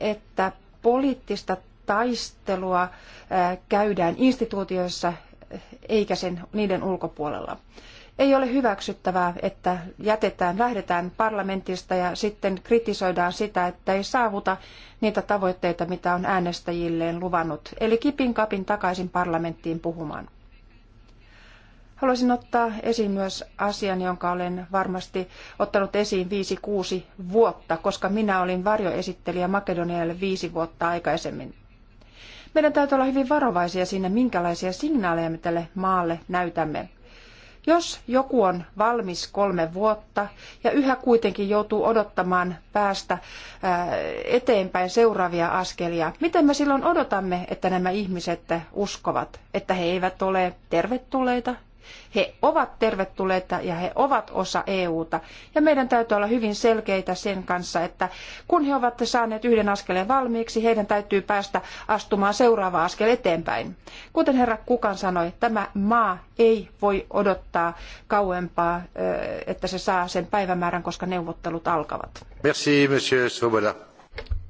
että poliittista taistelua käydään instituutioissa eikä sen, niiden ulkopuolella. Ei ole hyväksyttävää, että jätetään, lähdetään parlamentista ja sitten kritisoidaan sitä, että ei saavuta niitä tavoitteita, mitä on äänestäjilleen luvannut. Eli kipin kapin takaisin parlamenttiin puhumaan. Haluaisin ottaa esiin myös asian, jonka olen varmasti ottanut esiin viisi kuusi vuotta, koska minä olin varjoesittelijä Makedonialle viisi vuotta aikaisemmin. Meidän täytyy olla hyvin varovaisia siinä, minkälaisia signaaleja me tälle maalle näytämme. Jos joku on valmis kolme vuotta ja yhä kuitenkin joutuu odottamaan päästä eteenpäin seuraavia askelia, miten me silloin odotamme, että nämä ihmiset uskovat, että he eivät ole tervetulleita he ovat tervetulleita ja he ovat osa EUta. Ja meidän täytyy olla hyvin selkeitä sen kanssa, että kun he ovat saaneet yhden askeleen valmiiksi, heidän täytyy päästä astumaan seuraava askel eteenpäin. Kuten herra Kukan sanoi, tämä maa ei voi odottaa kauempaa, että se saa sen päivämäärän, koska neuvottelut alkavat. Merci, monsieur Svoboda.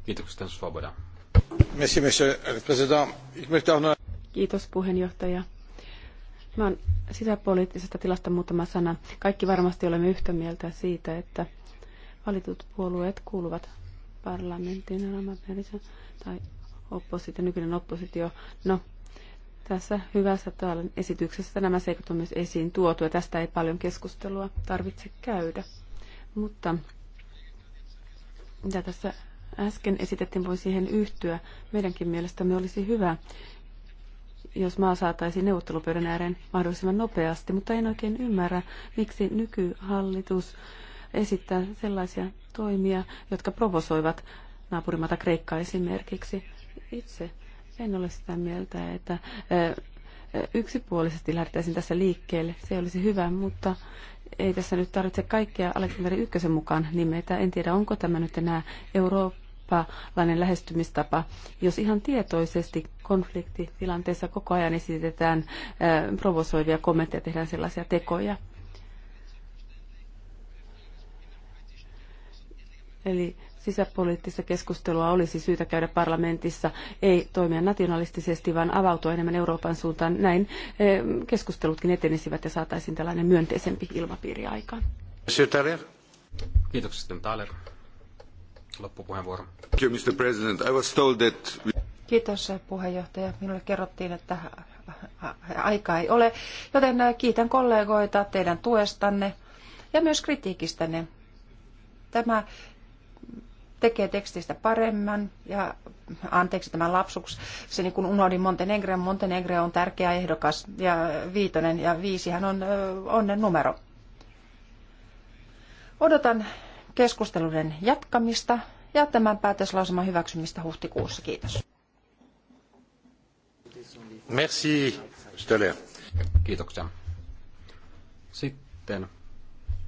Kiitoksia, Svoboda. Merci, monsieur le président. Kiitos puheenjohtaja. Mä oon sisäpoliittisesta tilasta muutama sana. Kaikki varmasti olemme yhtä mieltä siitä, että valitut puolueet kuuluvat parlamenttiin tai oppositio, nykyinen oppositio. No, tässä hyvässä esityksessä nämä seikat on myös esiin tuotu ja tästä ei paljon keskustelua tarvitse käydä. Mutta mitä tässä äsken esitettiin, voi siihen yhtyä. Meidänkin mielestämme olisi hyvä, jos maa saataisiin neuvottelupöydän ääreen mahdollisimman nopeasti, mutta en oikein ymmärrä, miksi nykyhallitus esittää sellaisia toimia, jotka provosoivat naapurimata Kreikkaa esimerkiksi. Itse en ole sitä mieltä, että yksipuolisesti lähdettäisiin tässä liikkeelle. Se olisi hyvä, mutta ei tässä nyt tarvitse kaikkia Aleksanteri Ykkösen mukaan nimetä. En tiedä, onko tämä nyt enää Eurooppa eurooppalainen lähestymistapa, jos ihan tietoisesti konfliktitilanteessa koko ajan esitetään provosoivia kommentteja, tehdään sellaisia tekoja. Eli sisäpoliittista keskustelua olisi syytä käydä parlamentissa, ei toimia nationalistisesti, vaan avautua enemmän Euroopan suuntaan. Näin keskustelutkin etenisivät ja saataisiin tällainen myönteisempi ilmapiiri aikaan. Kiitoksia, Taler loppupuheenvuoro. Kiitos puheenjohtaja. Minulle kerrottiin, että aikaa ei ole, joten kiitän kollegoita teidän tuestanne ja myös kritiikistänne. Tämä tekee tekstistä paremman ja anteeksi tämän lapsuksi, se niin kuin unohdin Montenegren. Montenegro on tärkeä ehdokas ja viitonen ja viisihän on onnen numero. Odotan keskusteluiden jatkamista ja tämän päätöslauselman hyväksymistä huhtikuussa. Kiitos. Merci, Stöller. Kiitoksia. Sitten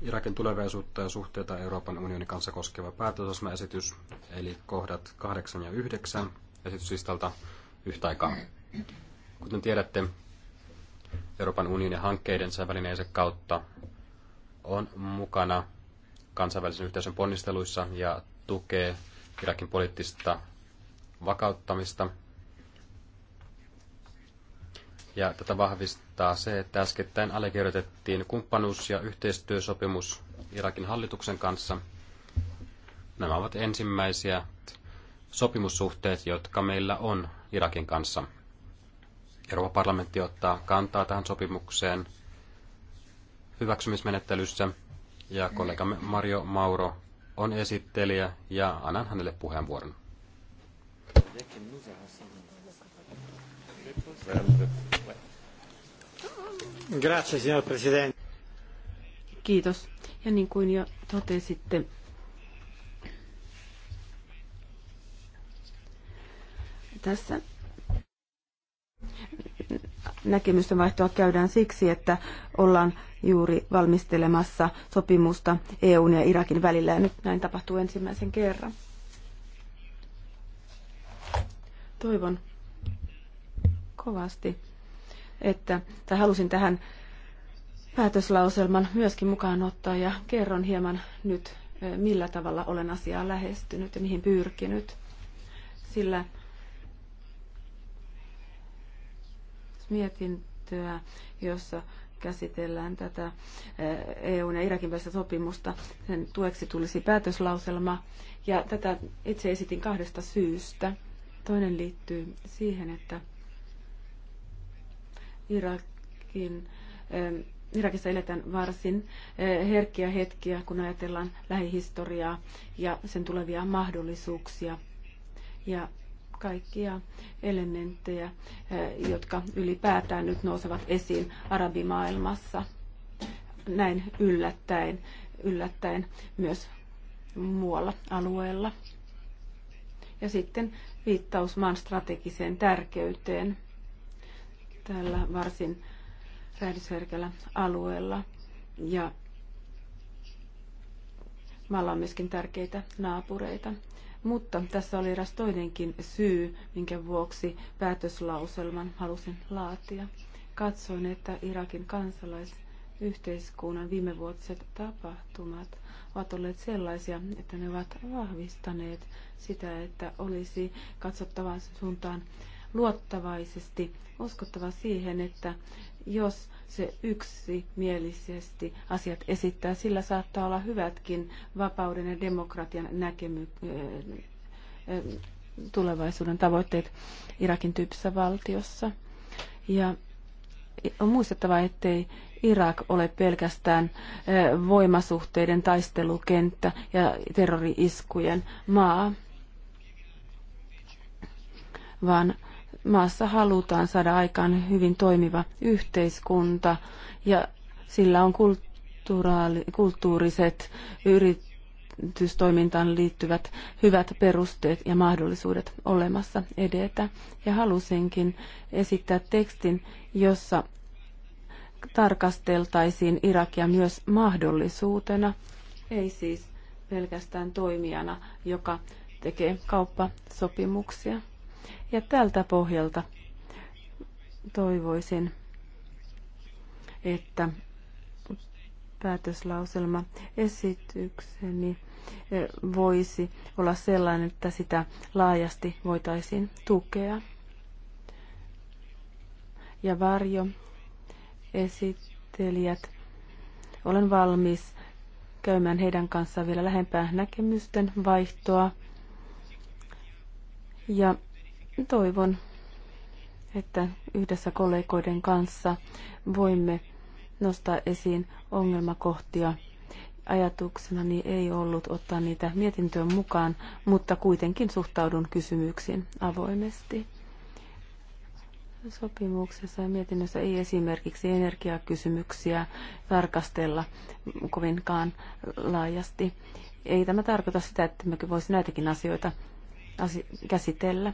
Irakin tulevaisuutta ja suhteita Euroopan unionin kanssa koskeva päätösosmaesitys, eli kohdat 8 ja 9 esityslistalta yhtä aikaa. Kuten tiedätte, Euroopan unionin hankkeiden välineensä kautta on mukana kansainvälisen yhteisön ponnisteluissa ja tukee Irakin poliittista vakauttamista. Ja tätä vahvistaa se, että äskettäin allekirjoitettiin kumppanuus- ja yhteistyösopimus Irakin hallituksen kanssa. Nämä ovat ensimmäisiä sopimussuhteet, jotka meillä on Irakin kanssa. Euroopan parlamentti ottaa kantaa tähän sopimukseen hyväksymismenettelyssä – ja kollegamme Mario Mauro on esittelijä ja annan hänelle puheenvuoron. Grazie, signor Presidente. Kiitos. Ja niin kuin jo totesitte, tässä näkemysten vaihtoa käydään siksi, että ollaan juuri valmistelemassa sopimusta EUn ja Irakin välillä ja nyt näin tapahtuu ensimmäisen kerran. Toivon kovasti, että tai halusin tähän päätöslauselman myöskin mukaan ottaa ja kerron hieman nyt, eh, millä tavalla olen asiaa lähestynyt ja mihin pyrkinyt. Sillä mietintöä, jossa käsitellään tätä eh, EUn ja Irakin välistä sopimusta. Sen tueksi tulisi päätöslauselma. Ja tätä itse esitin kahdesta syystä. Toinen liittyy siihen, että Irakin, eh, Irakissa eletään varsin eh, herkkiä hetkiä, kun ajatellaan lähihistoriaa ja sen tulevia mahdollisuuksia. Ja kaikkia elementtejä, eh, jotka ylipäätään nyt nousevat esiin arabimaailmassa. Näin yllättäen, yllättäen myös muualla alueella. Ja sitten viittaus maan strategiseen tärkeyteen tällä varsin räjähdysherkällä alueella. Ja maalla on myöskin tärkeitä naapureita. Mutta tässä oli eräs toinenkin syy, minkä vuoksi päätöslauselman halusin laatia. Katsoin, että Irakin kansalaisyhteiskunnan viimevuotiset tapahtumat ovat olleet sellaisia, että ne ovat vahvistaneet sitä, että olisi katsottava suuntaan luottavaisesti, uskottava siihen, että jos se yksimielisesti asiat esittää. Sillä saattaa olla hyvätkin vapauden ja demokratian näkemy, eh, eh, tulevaisuuden tavoitteet Irakin tyyppisessä valtiossa. Ja on muistettava, ettei Irak ole pelkästään eh, voimasuhteiden taistelukenttä ja terrori-iskujen maa, vaan maassa halutaan saada aikaan hyvin toimiva yhteiskunta ja sillä on kulttuuriset yritystoimintaan liittyvät hyvät perusteet ja mahdollisuudet olemassa edetä. Ja halusinkin esittää tekstin, jossa tarkasteltaisiin Irakia myös mahdollisuutena, ei siis pelkästään toimijana, joka tekee kauppasopimuksia. Ja tältä pohjalta toivoisin, että päätöslauselma esitykseni eh, voisi olla sellainen, että sitä laajasti voitaisiin tukea. Ja varjo esittelijät, olen valmis käymään heidän kanssaan vielä lähempää näkemysten vaihtoa. Ja Toivon, että yhdessä kollegoiden kanssa voimme nostaa esiin ongelmakohtia. Ajatuksenani ei ollut ottaa niitä mietintöön mukaan, mutta kuitenkin suhtaudun kysymyksiin avoimesti. Sopimuksessa ja mietinnössä ei esimerkiksi energiakysymyksiä tarkastella kovinkaan laajasti. Ei tämä tarkoita sitä, että me voisi näitäkin asioita käsitellä.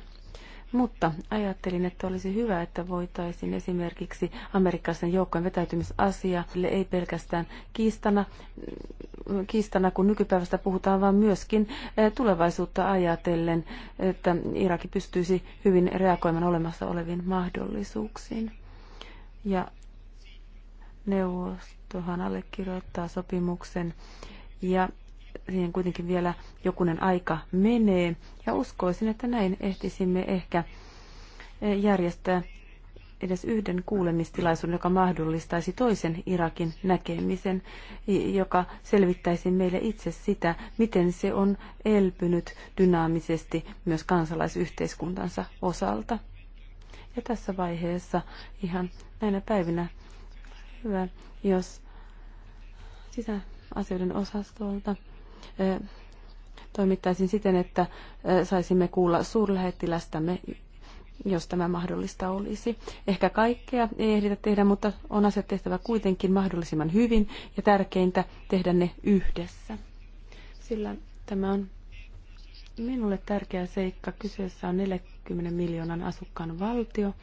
Mutta ajattelin, että olisi hyvä, että voitaisiin esimerkiksi amerikkalaisen joukkojen vetäytymisasia, sille ei pelkästään kiistana, kiistana, kun nykypäivästä puhutaan, vaan myöskin eh, tulevaisuutta ajatellen, että Iraki pystyisi hyvin reagoimaan olemassa oleviin mahdollisuuksiin. Ja neuvostohan allekirjoittaa sopimuksen ja siihen kuitenkin vielä jokunen aika menee. Ja uskoisin, että näin ehtisimme ehkä e, järjestää edes yhden kuulemistilaisuuden, joka mahdollistaisi toisen Irakin näkemisen, joka selvittäisi meille itse sitä, miten se on elpynyt dynaamisesti myös kansalaisyhteiskuntansa osalta. Ja tässä vaiheessa ihan näinä päivinä hyvä, jos sisäasioiden osastolta toimittaisin siten, että saisimme kuulla suurlähettilästämme, jos tämä mahdollista olisi. Ehkä kaikkea ei ehditä tehdä, mutta on asiat tehtävä kuitenkin mahdollisimman hyvin ja tärkeintä tehdä ne yhdessä. Sillä tämä on minulle tärkeä seikka. Kyseessä on 40 miljoonan asukkaan valtio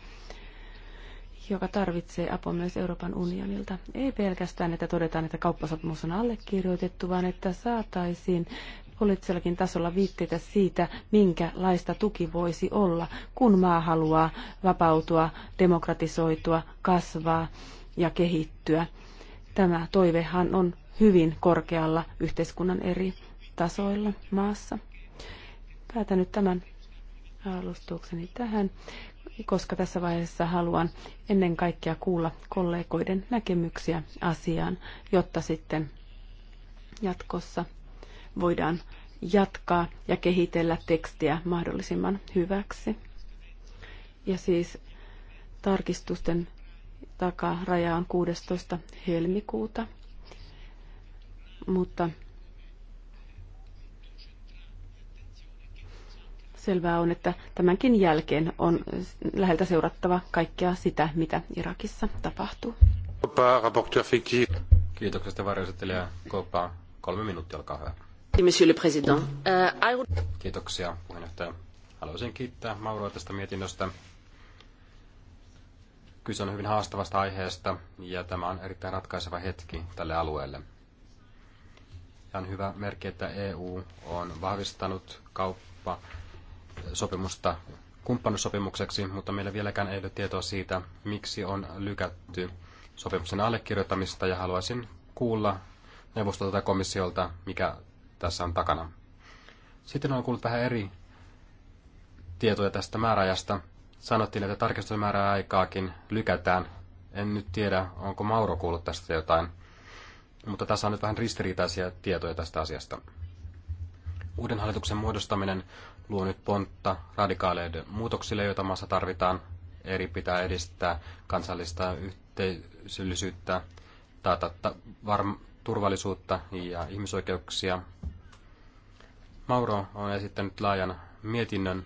joka tarvitsee apua myös Euroopan unionilta. Ei pelkästään, että todetaan, että kauppasopimus on allekirjoitettu, vaan että saataisiin poliittisellakin tasolla viitteitä siitä, minkälaista tuki voisi olla, kun maa haluaa vapautua, demokratisoitua, kasvaa ja kehittyä. Tämä toivehan on hyvin korkealla yhteiskunnan eri tasoilla maassa. Päätän nyt tämän alustukseni tähän koska tässä vaiheessa haluan ennen kaikkea kuulla kollegoiden näkemyksiä asiaan, jotta sitten jatkossa voidaan jatkaa ja kehitellä tekstiä mahdollisimman hyväksi. Ja siis tarkistusten takaraja on 16. helmikuuta, mutta Selvää on, että tämänkin jälkeen on läheltä seurattava kaikkea sitä, mitä Irakissa tapahtuu. Kiitokset varjoisettelijä Kopa. Kolme minuuttia, olkaa hyvä. Monsieur le Président. Euh, Kiitoksia puheenjohtaja. Haluaisin kiittää Mauroa tästä mietinnöstä. Kyse on hyvin haastavasta aiheesta ja tämä on erittäin ratkaiseva hetki tälle alueelle. Ja on hyvä merkki, että EU on vahvistanut kauppa sopimusta kumppanussopimukseksi, mutta meillä vieläkään ei ole tietoa siitä, miksi on lykätty sopimuksen allekirjoittamista ja haluaisin kuulla neuvostolta tai komissiolta, mikä tässä on takana. Sitten on kuullut vähän eri tietoja tästä määräajasta. Sanottiin, että tarkistusmääräaikaakin lykätään. En nyt tiedä, onko Mauro kuullut tästä jotain, mutta tässä on nyt vähän ristiriitaisia tietoja tästä asiasta. Uuden hallituksen muodostaminen luo nyt pontta radikaaleiden muutoksille, joita maassa tarvitaan. Eri pitää edistää kansallista yhteisöllisyyttä, taata varm- turvallisuutta ja ihmisoikeuksia. Mauro on esittänyt laajan mietinnön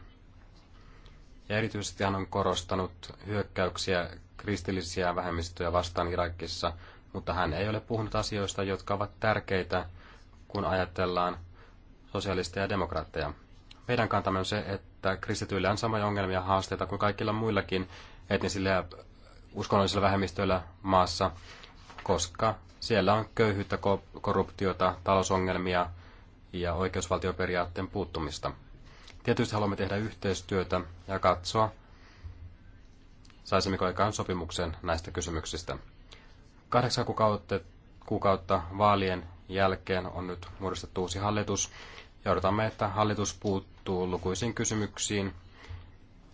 ja erityisesti hän on korostanut hyökkäyksiä kristillisiä vähemmistöjä vastaan Irakissa, mutta hän ei ole puhunut asioista, jotka ovat tärkeitä, kun ajatellaan sosialisteja ja demokraatteja. Meidän kantamme on se, että kristityillä on samoja ongelmia ja haasteita kuin kaikilla muillakin etnisillä ja uskonnollisilla vähemmistöillä maassa, koska siellä on köyhyyttä, korruptiota, talousongelmia ja oikeusvaltioperiaatteen puuttumista. Tietysti haluamme tehdä yhteistyötä ja katsoa, saisimmeko aikaan sopimuksen näistä kysymyksistä. Kahdeksan kuukautta, kuukautta vaalien jälkeen on nyt muodostettu uusi hallitus, ja odotamme, että hallitus puuttuu lukuisiin kysymyksiin.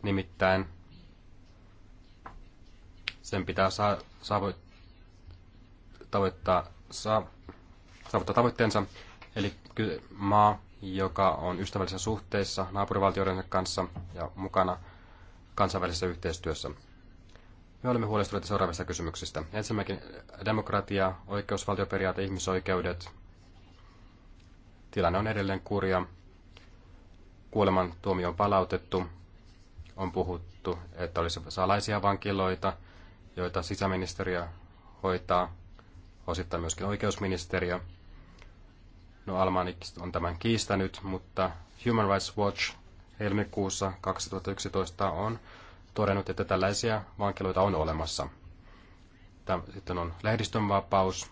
Nimittäin sen pitää saa, saavo, tavoittaa, saa, saavuttaa tavoitteensa, eli maa, joka on ystävällisessä suhteessa naapurivaltioiden kanssa ja mukana kansainvälisessä yhteistyössä. Me olemme huolestuneita seuraavista kysymyksistä. Ensinnäkin demokratia, oikeusvaltioperiaate, ihmisoikeudet, Tilanne on edelleen kurja. Kuolemantuomio on palautettu. On puhuttu, että olisi salaisia vankiloita, joita sisäministeriö hoitaa, osittain myöskin oikeusministeriö. No Almanik on tämän kiistänyt, mutta Human Rights Watch helmikuussa 2011 on todennut, että tällaisia vankiloita on olemassa. Sitten on lehdistönvapaus,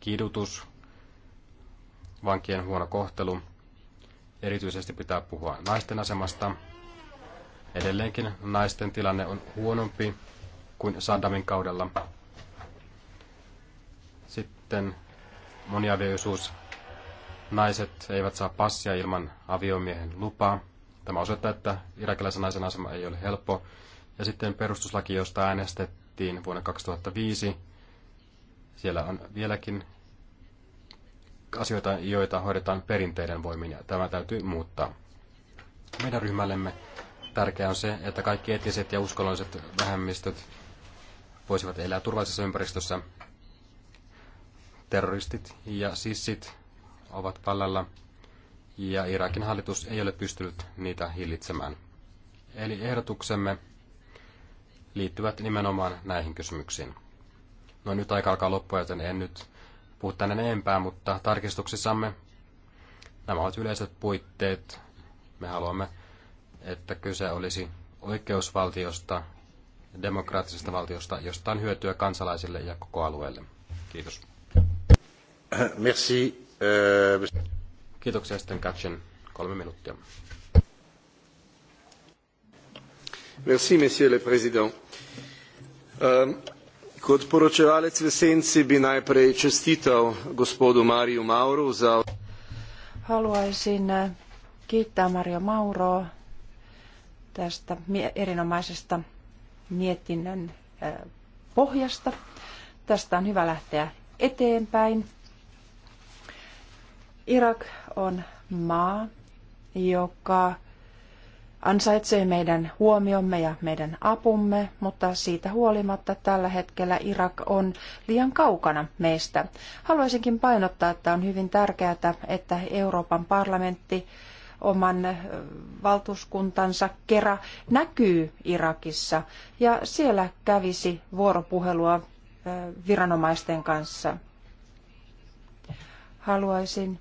kidutus, vankien huono kohtelu. Erityisesti pitää puhua naisten asemasta. Edelleenkin naisten tilanne on huonompi kuin Saddamin kaudella. Sitten moniavioisuus. Naiset eivät saa passia ilman aviomiehen lupaa. Tämä osoittaa, että irakilaisen naisen asema ei ole helppo. Ja sitten perustuslaki, josta äänestettiin vuonna 2005. Siellä on vieläkin asioita, joita hoidetaan perinteiden voimin, ja tämä täytyy muuttaa. Meidän ryhmällemme tärkeää on se, että kaikki etniset ja uskonnolliset vähemmistöt voisivat elää turvallisessa ympäristössä. Terroristit ja sissit ovat vallalla, ja Irakin hallitus ei ole pystynyt niitä hillitsemään. Eli ehdotuksemme liittyvät nimenomaan näihin kysymyksiin. No nyt aika alkaa loppua, joten en nyt puhu tänne enempää, mutta tarkistuksissamme nämä ovat yleiset puitteet. Me haluamme, että kyse olisi oikeusvaltiosta, demokraattisesta valtiosta, josta on hyötyä kansalaisille ja koko alueelle. Kiitos. Merci. Euh, Kiitoksia sitten Katsin. Kolme minuuttia. Merci, monsieur le président. Euh, Kot poročevalec v Senci bi najprej čestital gospodu Mariju Mauru za... Haluaisin eh, kiittää Mario Mauroa tästä erinomaisesta mietinnön eh, pohjasta. Tästä on hyvä lähteä eteenpäin. Irak on maa, joka ansaitsee meidän huomiomme ja meidän apumme, mutta siitä huolimatta tällä hetkellä Irak on liian kaukana meistä. Haluaisinkin painottaa, että on hyvin tärkeää, että Euroopan parlamentti oman valtuuskuntansa kera näkyy Irakissa ja siellä kävisi vuoropuhelua viranomaisten kanssa. Haluaisin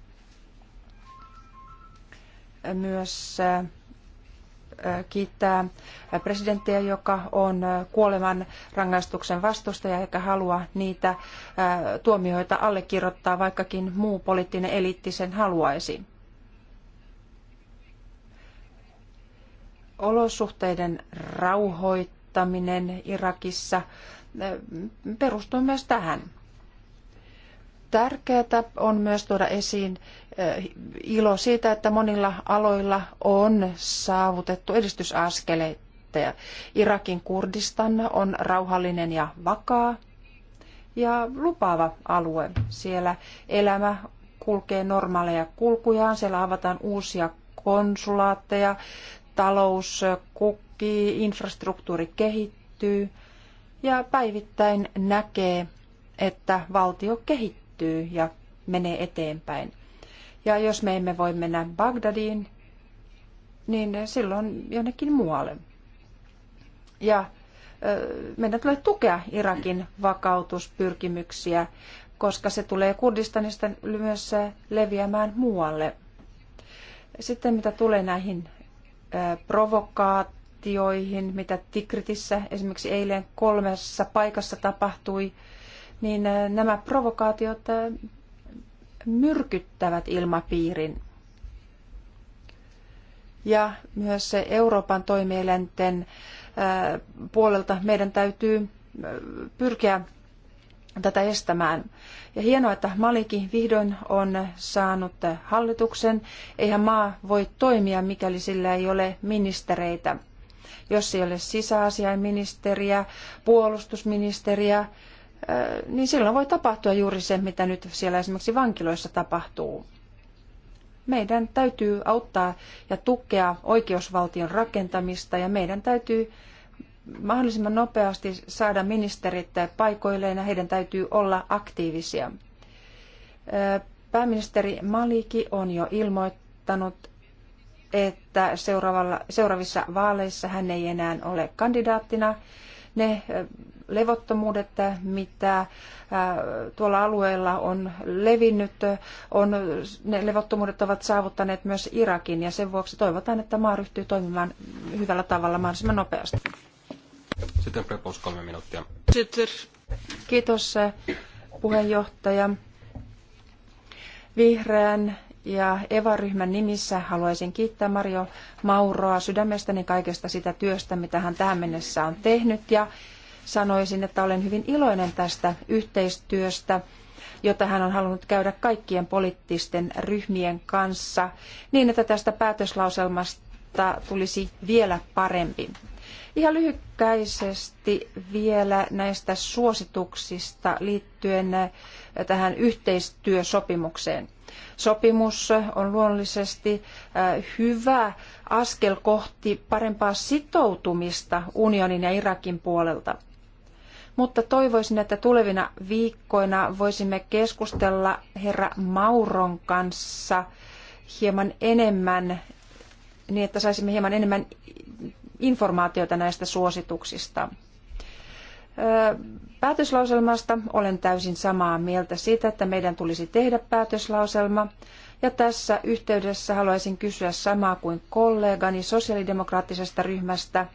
myös Äh, kiittää presidenttiä, joka on äh, kuoleman rangaistuksen vastustaja eikä halua niitä äh, tuomioita allekirjoittaa, vaikkakin muu poliittinen eliitti sen haluaisi. Olosuhteiden rauhoittaminen Irakissa perustuu myös tähän. Tärkeää on myös tuoda esiin ilo siitä, että monilla aloilla on saavutettu edistysaskeleita. Irakin Kurdistan on rauhallinen ja vakaa ja lupaava alue. Siellä elämä kulkee normaaleja kulkujaan, siellä avataan uusia konsulaatteja, talous kukkii, infrastruktuuri kehittyy ja päivittäin näkee, että valtio kehittyy kehittyy ja menee eteenpäin. Ja jos me emme voi mennä Bagdadiin, niin silloin jonnekin muualle. Ja meidän tulee tukea Irakin vakautuspyrkimyksiä, koska se tulee Kurdistanista myös leviämään muualle. Sitten mitä tulee näihin provokaatioihin, mitä Tikritissä esimerkiksi eilen kolmessa paikassa tapahtui, niin äh, nämä provokaatiot äh, myrkyttävät ilmapiirin. Ja myös se Euroopan toimielinten äh, puolelta meidän täytyy pyrkiä tätä estämään. Ja hienoa, että Maliki vihdoin on saanut hallituksen. Eihän maa voi toimia, mikäli sillä ei ole ministereitä. Jos ei ole sisäasiainministeriä, puolustusministeriä, niin silloin voi tapahtua juuri se, mitä nyt siellä esimerkiksi vankiloissa tapahtuu. Meidän täytyy auttaa ja tukea oikeusvaltion rakentamista ja meidän täytyy mahdollisimman nopeasti saada ministerit paikoilleen ja heidän täytyy olla aktiivisia. Pääministeri Maliki on jo ilmoittanut, että seuraavissa vaaleissa hän ei enää ole kandidaattina. Ne levottomuudet, mitä äh, tuolla alueella on levinnyt, on, ne levottomuudet ovat saavuttaneet myös Irakin ja sen vuoksi toivotaan, että maa ryhtyy toimimaan hyvällä tavalla mahdollisimman nopeasti. Sitten Prepos kolme minuuttia. Sitten. Kiitos äh, puheenjohtaja. Vihreän ja EVA-ryhmän nimissä haluaisin kiittää Mario Mauroa sydämestäni kaikesta sitä työstä, mitä hän tähän mennessä on tehnyt ja sanoisin, että olen hyvin iloinen tästä yhteistyöstä, jota hän on halunnut käydä kaikkien poliittisten ryhmien kanssa, niin että tästä päätöslauselmasta tulisi vielä parempi. Ihan lyhykäisesti vielä näistä suosituksista liittyen äh, tähän yhteistyösopimukseen. Sopimus on luonnollisesti äh, hyvä askel kohti parempaa sitoutumista unionin ja Irakin puolelta. Mutta toivoisin, että tulevina viikkoina voisimme keskustella herra Mauron kanssa hieman enemmän, niin että saisimme hieman enemmän informaatiota näistä suosituksista. Päätöslauselmasta olen täysin samaa mieltä siitä, että meidän tulisi tehdä päätöslauselma. Ja tässä yhteydessä haluaisin kysyä samaa kuin kollegani sosiaalidemokraattisesta ryhmästä,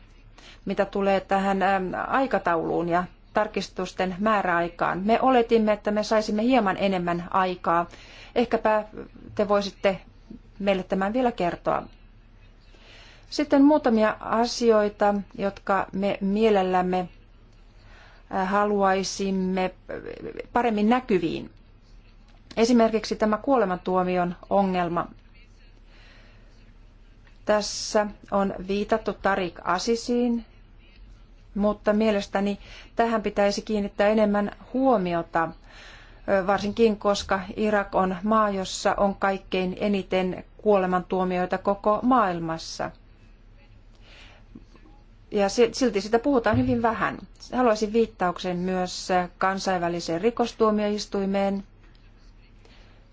mitä tulee tähän aikatauluun ja tarkistusten määräaikaan. Me oletimme, että me saisimme hieman enemmän aikaa. Ehkäpä te voisitte meille tämän vielä kertoa. Sitten muutamia asioita, jotka me mielellämme äh, haluaisimme paremmin näkyviin. Esimerkiksi tämä kuolemantuomion ongelma. Tässä on viitattu Tarik Asisiin, mutta mielestäni tähän pitäisi kiinnittää enemmän huomiota, varsinkin koska Irak on maa, jossa on kaikkein eniten kuolemantuomioita koko maailmassa. Ja silti sitä puhutaan hyvin vähän. Haluaisin viittauksen myös kansainväliseen rikostuomioistuimeen.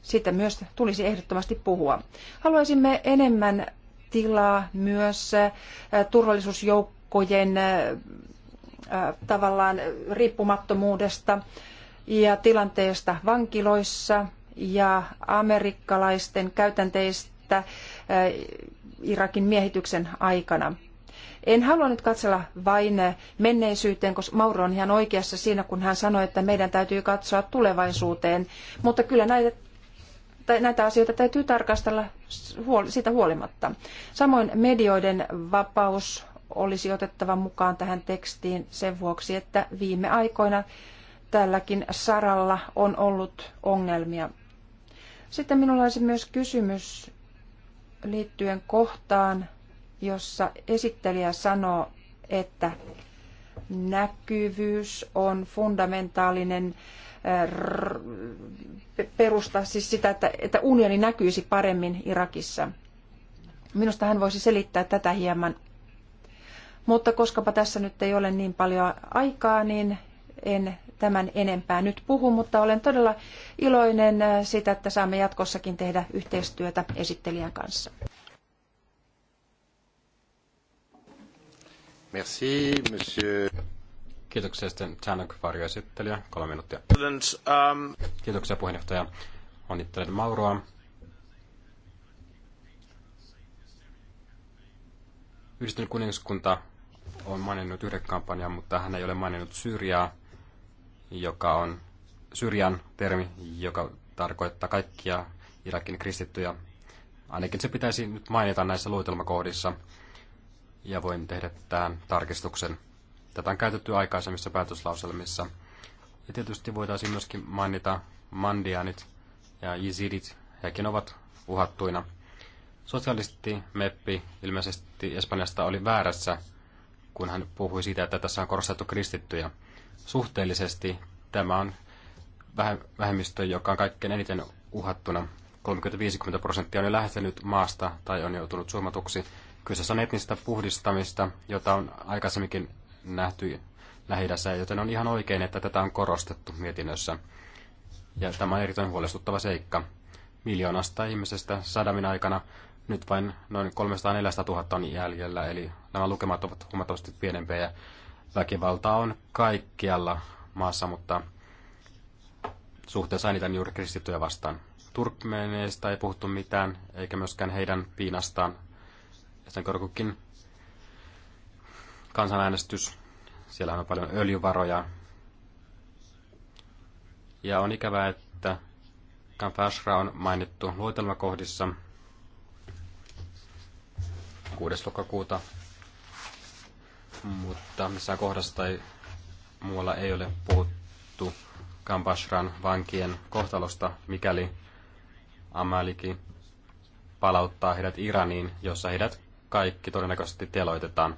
Siitä myös tulisi ehdottomasti puhua. Haluaisimme enemmän tilaa myös turvallisuusjoukkojen tavallaan riippumattomuudesta ja tilanteesta vankiloissa ja amerikkalaisten käytänteistä Irakin miehityksen aikana. En halua nyt katsella vain menneisyyteen, koska Mauro on ihan oikeassa siinä, kun hän sanoi, että meidän täytyy katsoa tulevaisuuteen, mutta kyllä näitä, näitä asioita täytyy tarkastella huol, siitä huolimatta. Samoin medioiden vapaus olisi otettava mukaan tähän tekstiin sen vuoksi, että viime aikoina tälläkin saralla on ollut ongelmia. Sitten minulla olisi myös kysymys liittyen kohtaan, jossa esittelijä sanoo, että näkyvyys on fundamentaalinen perusta, siis sitä, että, että unioni näkyisi paremmin Irakissa. Minusta hän voisi selittää tätä hieman mutta koskapa tässä nyt ei ole niin paljon aikaa, niin en tämän enempää nyt puhu, mutta olen todella iloinen äh, siitä, että saamme jatkossakin tehdä yhteistyötä esittelijän kanssa. Merci, monsieur. Kiitoksia sitten Chanak varjoesittelijä, kolme minuuttia. Um, Kiitoksia puheenjohtaja. Onnittelen Mauroa. Yhdistynyt kuningaskunta on maininnut yhden kampanjan, mutta hän ei ole maininnut syrjää, joka on Syrjan termi, joka tarkoittaa kaikkia Irakin kristittyjä. Ainakin se pitäisi nyt mainita näissä luetelmakohdissa, ja voin tehdä tähän tarkistuksen. Tätä on käytetty aikaisemmissa päätöslauselmissa. Ja tietysti voitaisiin myöskin mainita mandianit ja jizidit, hekin ovat uhattuina. Sosialisti Meppi ilmeisesti Espanjasta oli väärässä kun hän puhui siitä, että tässä on korostettu kristittyjä. Suhteellisesti tämä on vähemmistö, joka on kaikkein eniten uhattuna. 30-50 prosenttia on jo lähtenyt maasta tai on joutunut suomatuksi. Kyseessä on etnistä puhdistamista, jota on aikaisemminkin nähty lähi joten on ihan oikein, että tätä on korostettu mietinnössä. Ja tämä on erittäin huolestuttava seikka. Miljoonasta ihmisestä sadamin aikana nyt vain noin 300-400 000 on jäljellä, eli nämä lukemat ovat huomattavasti pienempiä ja väkivaltaa on kaikkialla maassa, mutta suhteessa eniten juuri kristittyjä vastaan. Turkmeneista ei puhuttu mitään, eikä myöskään heidän piinastaan. Ja sen korkukin kansanäänestys. Siellä on paljon öljyvaroja. Ja on ikävää, että Kanfashra on mainittu luetelmakohdissa, 6. lokakuuta, mutta missä kohdassa tai muualla ei ole puhuttu Kampashran vankien kohtalosta, mikäli Amaliki palauttaa heidät Iraniin, jossa heidät kaikki todennäköisesti teloitetaan.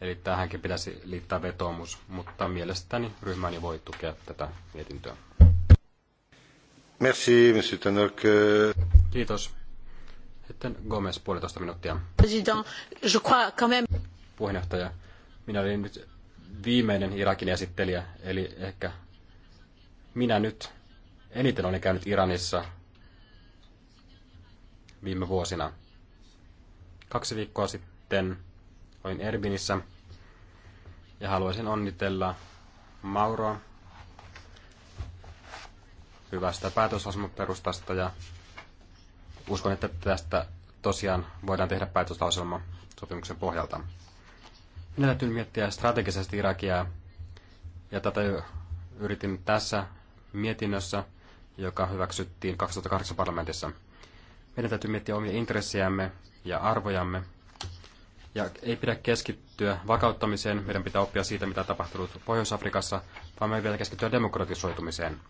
Eli tähänkin pitäisi liittää vetoomus, mutta mielestäni ryhmäni voi tukea tätä mietintöä. Merci, Kiitos. Sitten Gomez, puolitoista minuuttia. Puheenjohtaja, minä olin nyt viimeinen Irakin esittelijä, eli ehkä minä nyt eniten olen käynyt Iranissa viime vuosina. Kaksi viikkoa sitten olin Erbinissä ja haluaisin onnitella Mauroa hyvästä päätösasmuperustasta ja uskon, että tästä tosiaan voidaan tehdä päätöslauselma sopimuksen pohjalta. Minä täytyy miettiä strategisesti Irakia, ja tätä yritin tässä mietinnössä, joka hyväksyttiin 2008 parlamentissa. Meidän täytyy miettiä omia intressejämme ja arvojamme, ja ei pidä keskittyä vakauttamiseen, meidän pitää oppia siitä, mitä on tapahtunut Pohjois-Afrikassa, vaan meidän pitää keskittyä demokratisoitumiseen.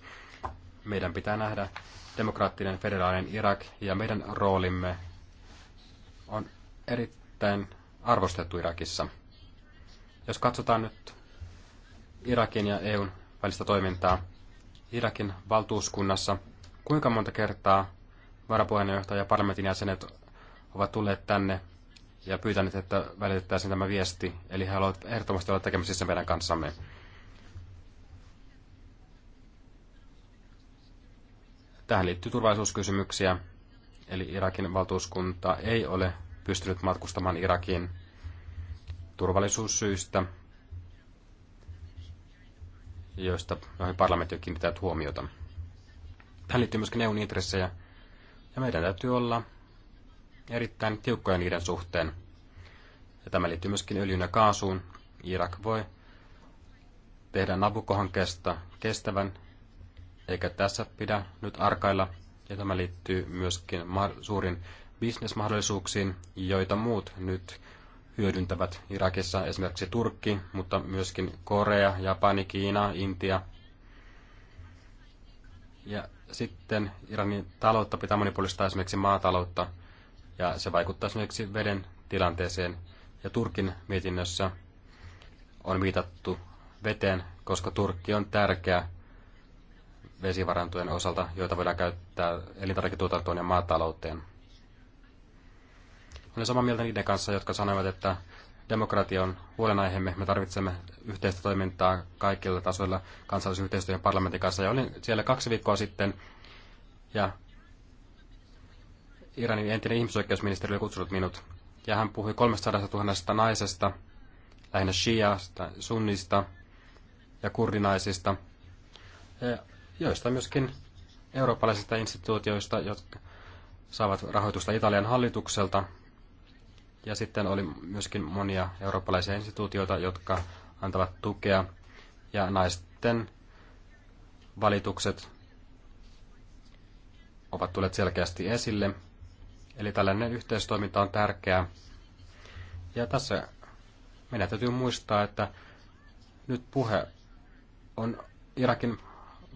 Meidän pitää nähdä demokraattinen federaalinen Irak ja meidän roolimme on erittäin arvostettu Irakissa. Jos katsotaan nyt Irakin ja EUn välistä toimintaa Irakin valtuuskunnassa, kuinka monta kertaa varapuheenjohtaja ja parlamentin jäsenet ovat tulleet tänne ja pyytäneet, että välitettäisiin tämä viesti, eli he haluavat ehdottomasti olla tekemisissä meidän kanssamme. Tähän liittyy turvallisuuskysymyksiä, eli Irakin valtuuskunta ei ole pystynyt matkustamaan Irakiin turvallisuussyistä, joista noihin parlamentti on kiinnittänyt huomiota. Tähän liittyy myöskin EUn intressejä, ja meidän täytyy olla erittäin tiukkoja niiden suhteen. Ja tämä liittyy myöskin öljyn ja kaasuun. Irak voi tehdä Nabukohankkeesta kestävän eikä tässä pidä nyt arkailla, ja tämä liittyy myöskin suurin bisnesmahdollisuuksiin, joita muut nyt hyödyntävät Irakissa, esimerkiksi Turkki, mutta myöskin Korea, Japani, Kiina, Intia. Ja sitten Iranin taloutta pitää monipuolistaa esimerkiksi maataloutta, ja se vaikuttaa esimerkiksi veden tilanteeseen. Ja Turkin mietinnössä on viitattu veteen, koska Turkki on tärkeä vesivarantojen osalta, joita voidaan käyttää elintarviketuotantoon ja maatalouteen. Olen samaa mieltä niiden kanssa, jotka sanovat, että demokratia on huolenaiheemme. Me tarvitsemme yhteistä toimintaa kaikilla tasoilla kansallisyhteistyön ja parlamentin kanssa. Ja olin siellä kaksi viikkoa sitten ja Iranin entinen ihmisoikeusministeri oli kutsunut minut. Ja hän puhui 300 000 naisesta, lähinnä shiasta, sunnista ja kurdinaisista joista myöskin eurooppalaisista instituutioista, jotka saavat rahoitusta Italian hallitukselta. Ja sitten oli myöskin monia eurooppalaisia instituutioita, jotka antavat tukea. Ja naisten valitukset ovat tulleet selkeästi esille. Eli tällainen yhteistoiminta on tärkeää. Ja tässä meidän täytyy muistaa, että nyt puhe on Irakin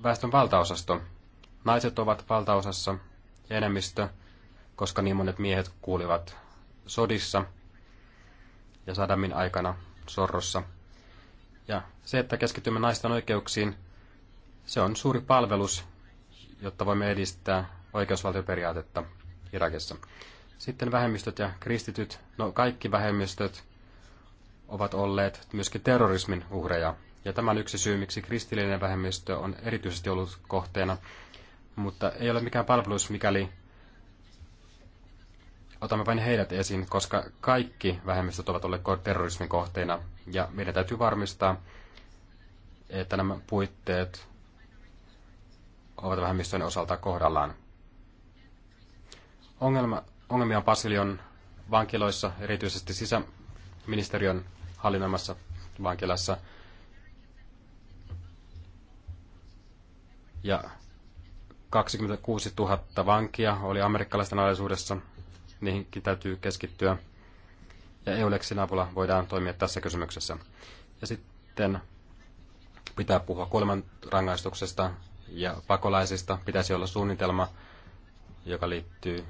väestön valtaosasto. Naiset ovat valtaosassa enemmistö, koska niin monet miehet kuulivat sodissa ja Sadamin aikana sorrossa. Ja se, että keskitymme naisten oikeuksiin, se on suuri palvelus, jotta voimme edistää oikeusvaltioperiaatetta Irakissa. Sitten vähemmistöt ja kristityt, no kaikki vähemmistöt ovat olleet myöskin terrorismin uhreja ja tämä on yksi syy, miksi kristillinen vähemmistö on erityisesti ollut kohteena. Mutta ei ole mikään palvelus, mikäli otamme vain heidät esiin, koska kaikki vähemmistöt ovat olleet terrorismin kohteena. Ja meidän täytyy varmistaa, että nämä puitteet ovat vähemmistöjen osalta kohdallaan. Ongelma, ongelmia on Basilion vankiloissa, erityisesti sisäministeriön hallinnoimassa vankilassa. ja 26 000 vankia oli amerikkalaisten alaisuudessa. Niihinkin täytyy keskittyä. Ja EULEXin avulla voidaan toimia tässä kysymyksessä. Ja sitten pitää puhua kuoleman rangaistuksesta ja pakolaisista. Pitäisi olla suunnitelma, joka liittyy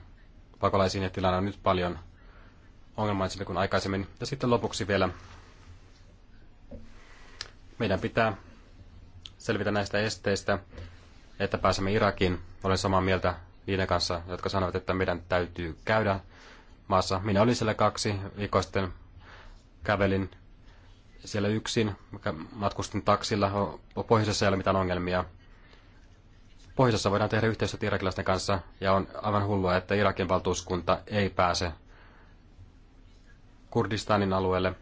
pakolaisiin ja tilanne on nyt paljon ongelmaisempi kuin aikaisemmin. Ja sitten lopuksi vielä meidän pitää selvitä näistä esteistä että pääsemme Irakiin. Olen samaa mieltä niiden kanssa, jotka sanovat, että meidän täytyy käydä maassa. Minä olin siellä kaksi viikkoa sitten, kävelin siellä yksin, matkustin taksilla, pohjoisessa ei ole mitään ongelmia. Pohjoisessa voidaan tehdä yhteistyötä irakilaisten kanssa ja on aivan hullua, että Irakin valtuuskunta ei pääse Kurdistanin alueelle.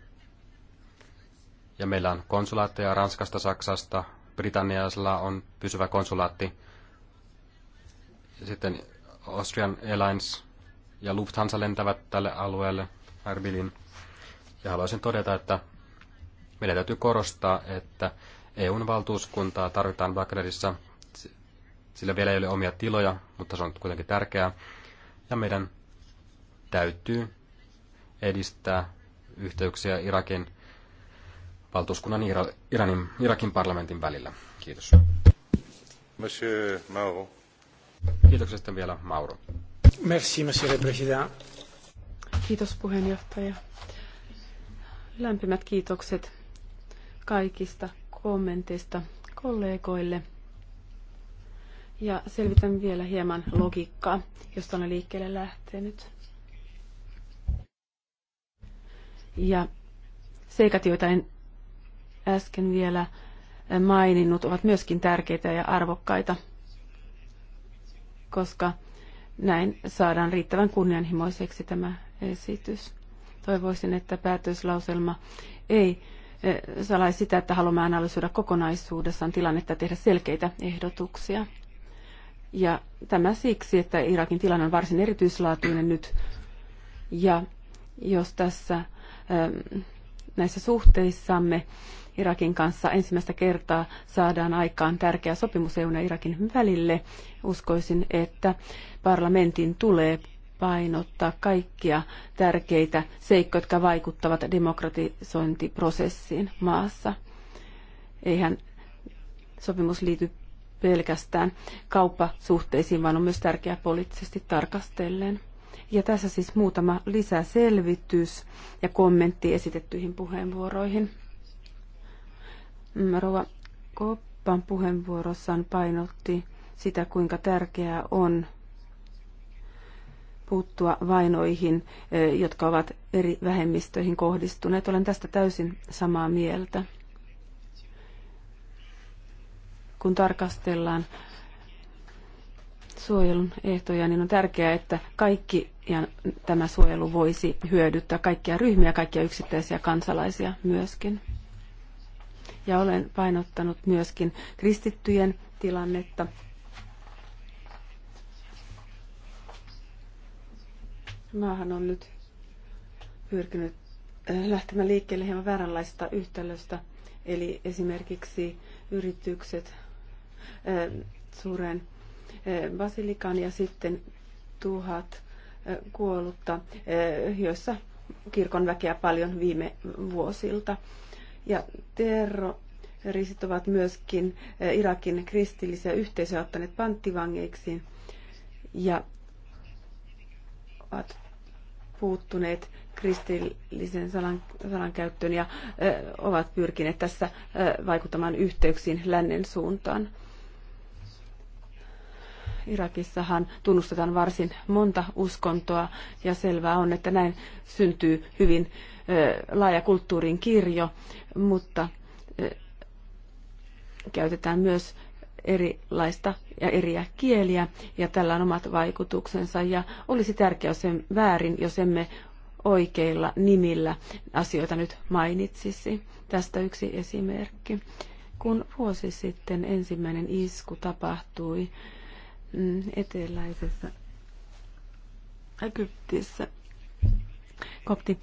Ja meillä on konsulaatteja Ranskasta, Saksasta, Britannialla on pysyvä konsulaatti. Sitten Austrian Airlines ja Lufthansa lentävät tälle alueelle, Erbilin. Ja haluaisin todeta, että meidän täytyy korostaa, että EUn valtuuskuntaa tarvitaan Bagdadissa. Sillä vielä ei ole omia tiloja, mutta se on kuitenkin tärkeää. Ja meidän täytyy edistää yhteyksiä Irakin valtuuskunnan Iranin, Irakin parlamentin välillä. Kiitos. Monsieur Mauro. Kiitoksia sitten vielä Mauro. Merci, monsieur le président. Kiitos puheenjohtaja. Lämpimät kiitokset kaikista kommenteista kollegoille. Ja selvitän vielä hieman logiikkaa, josta on liikkeelle lähtenyt. Ja seikat, joita en äsken vielä maininnut, ovat myöskin tärkeitä ja arvokkaita, koska näin saadaan riittävän kunnianhimoiseksi tämä esitys. Toivoisin, että päätöslauselma ei salaisi sitä, että haluamme analysoida kokonaisuudessaan tilannetta ja tehdä selkeitä ehdotuksia. Ja tämä siksi, että Irakin tilanne on varsin erityislaatuinen nyt. Ja jos tässä näissä suhteissamme Irakin kanssa ensimmäistä kertaa saadaan aikaan tärkeä sopimus EUn ja Irakin välille. Uskoisin, että parlamentin tulee painottaa kaikkia tärkeitä seikkoja, jotka vaikuttavat demokratisointiprosessiin maassa. Eihän sopimus liity pelkästään kauppasuhteisiin, vaan on myös tärkeää poliittisesti tarkastellen. Ja tässä siis muutama lisäselvitys ja kommentti esitettyihin puheenvuoroihin. Mm, Rova Koppan puheenvuorossaan painotti sitä, kuinka tärkeää on puuttua vainoihin, e, jotka ovat eri vähemmistöihin kohdistuneet. Olen tästä täysin samaa mieltä. Kun tarkastellaan suojelun ehtoja, niin on tärkeää, että kaikki ja tämä suojelu voisi hyödyttää kaikkia ryhmiä, kaikkia yksittäisiä kansalaisia myöskin ja olen painottanut myöskin kristittyjen tilannetta. Maahan on nyt pyrkinyt äh, lähtemään liikkeelle hieman vääränlaista yhtälöstä. Eli esimerkiksi yritykset äh, suuren äh, basilikan ja sitten tuhat kuollutta, joissa kirkon väkeä paljon viime vuosilta. Ja terroristit ovat myöskin eh, Irakin kristillisiä yhteisöjä ottaneet panttivangeiksi ja ovat puuttuneet kristillisen salan, salankäyttöön ja ö, eh, ovat pyrkineet tässä ö, eh, vaikuttamaan yhteyksiin lännen suuntaan. Irakissahan tunnustetaan varsin monta uskontoa ja selvää on, että näin syntyy hyvin laaja kulttuurin kirjo, mutta käytetään myös erilaista ja eriä kieliä ja tällä on omat vaikutuksensa ja olisi tärkeää, sen väärin, jos emme oikeilla nimillä asioita nyt mainitsisi. Tästä yksi esimerkki. Kun vuosi sitten ensimmäinen isku tapahtui, Mm, eteläisessä Egyptissä kopti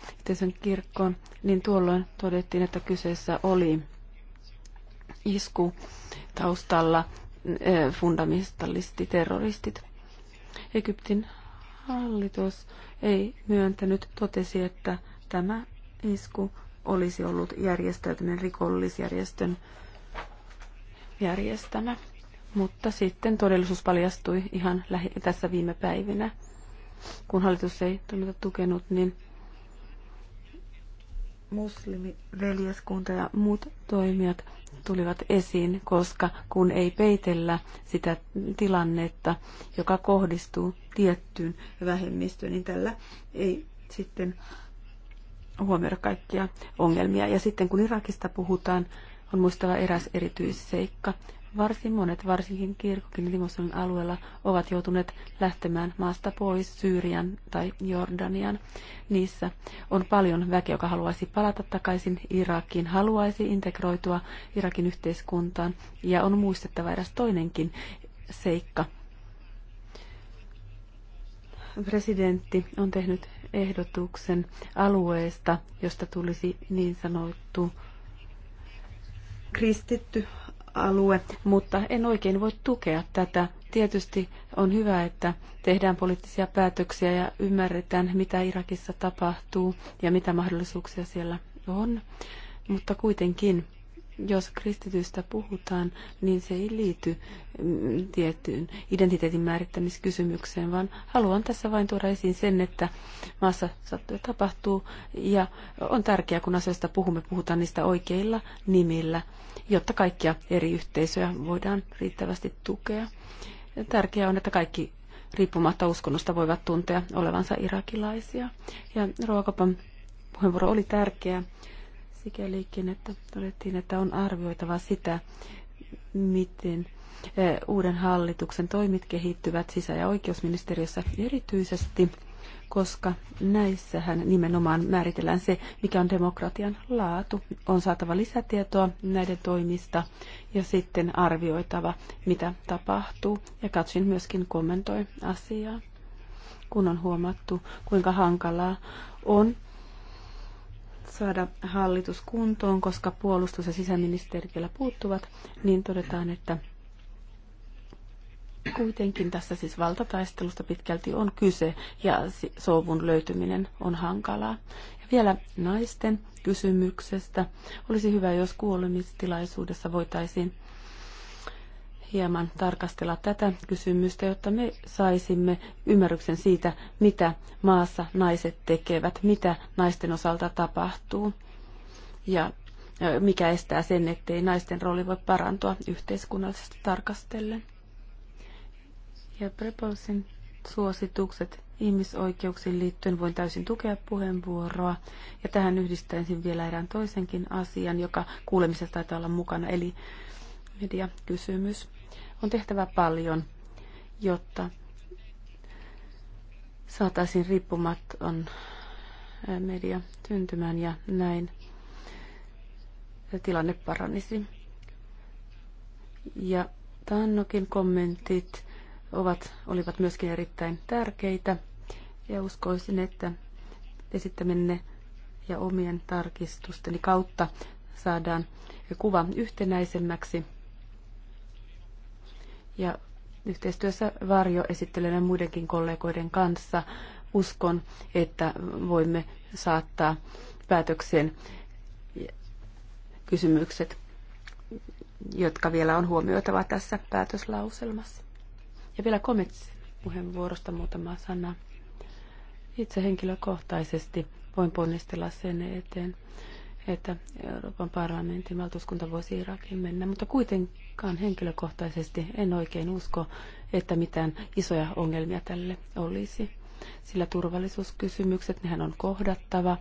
kirkkoon, niin tuolloin todettiin, että kyseessä oli isku taustalla eh, fundamentalisti terroristit. Egyptin hallitus ei myöntänyt, totesi, että tämä isku olisi ollut järjestäytyneen rikollisjärjestön järjestämä. Mutta sitten todellisuus paljastui ihan lähi- tässä viime päivinä, kun hallitus ei toiminta tukenut, niin muslimiveljeskunta ja muut toimijat tulivat esiin, koska kun ei peitellä sitä tilannetta, joka kohdistuu tiettyyn vähemmistöön, niin tällä ei sitten huomioida kaikkia ongelmia. Ja sitten kun Irakista puhutaan, on muistava eräs erityisseikka. Varsin monet, varsinkin kirkokin Limassolin alueella, ovat joutuneet lähtemään maasta pois Syyrian tai Jordanian. Niissä on paljon väkeä, joka haluaisi palata takaisin Irakiin, haluaisi integroitua Irakin yhteiskuntaan. Ja on muistettava eräs toinenkin seikka. Presidentti on tehnyt ehdotuksen alueesta, josta tulisi niin sanottu kristitty alue, mutta en oikein voi tukea tätä. Tietysti on hyvä, että tehdään poliittisia päätöksiä ja ymmärretään, mitä Irakissa tapahtuu ja mitä mahdollisuuksia siellä on, mutta kuitenkin jos kristitystä puhutaan, niin se ei liity mm, tiettyyn identiteetin määrittämiskysymykseen, vaan haluan tässä vain tuoda esiin sen, että maassa sattuu tapahtuu ja on tärkeää, kun asioista puhumme, puhutaan niistä oikeilla nimillä, jotta kaikkia eri yhteisöjä voidaan riittävästi tukea. Tärkeää on, että kaikki riippumatta uskonnosta voivat tuntea olevansa irakilaisia. Ja ruokapan puheenvuoro oli tärkeä sikälikin, että todettiin, että on arvioitava sitä, miten uuden hallituksen toimit kehittyvät sisä- ja oikeusministeriössä erityisesti, koska näissähän nimenomaan määritellään se, mikä on demokratian laatu. On saatava lisätietoa näiden toimista ja sitten arvioitava, mitä tapahtuu. Ja Katsin myöskin kommentoi asiaa, kun on huomattu, kuinka hankalaa on saada hallitus kuntoon, koska puolustus- ja sisäministeri vielä puuttuvat, niin todetaan, että kuitenkin tässä siis valtataistelusta pitkälti on kyse ja sovun löytyminen on hankalaa. Ja vielä naisten kysymyksestä. Olisi hyvä, jos kuolemistilaisuudessa voitaisiin hieman tarkastella tätä kysymystä, jotta me saisimme ymmärryksen siitä, mitä maassa naiset tekevät, mitä naisten osalta tapahtuu ja mikä estää sen, ettei naisten rooli voi parantua yhteiskunnallisesti tarkastellen. Ja Prepolsin suositukset ihmisoikeuksiin liittyen voin täysin tukea puheenvuoroa. Ja tähän yhdistäisin vielä erään toisenkin asian, joka kuulemisessa taitaa olla mukana, eli mediakysymys on tehtävä paljon, jotta saataisiin riippumaton media syntymään ja näin tilanne paranisi. Ja Tannokin kommentit ovat, olivat myöskin erittäin tärkeitä ja uskoisin, että esittämenne ja omien tarkistusteni kautta saadaan kuva yhtenäisemmäksi ja yhteistyössä varjoesittelijän muidenkin kollegoiden kanssa uskon, että voimme saattaa päätökseen kysymykset, jotka vielä on huomioitava tässä päätöslauselmassa. Ja vielä kommentsi puheenvuorosta muutama sana. Itse henkilökohtaisesti voin ponnistella sen eteen, että Euroopan parlamentin valtuuskunta voisi Irakiin mennä, mutta kuitenkin Ainakaan henkilökohtaisesti en oikein usko, että mitään isoja ongelmia tälle olisi. Sillä turvallisuuskysymykset, nehän on kohdattava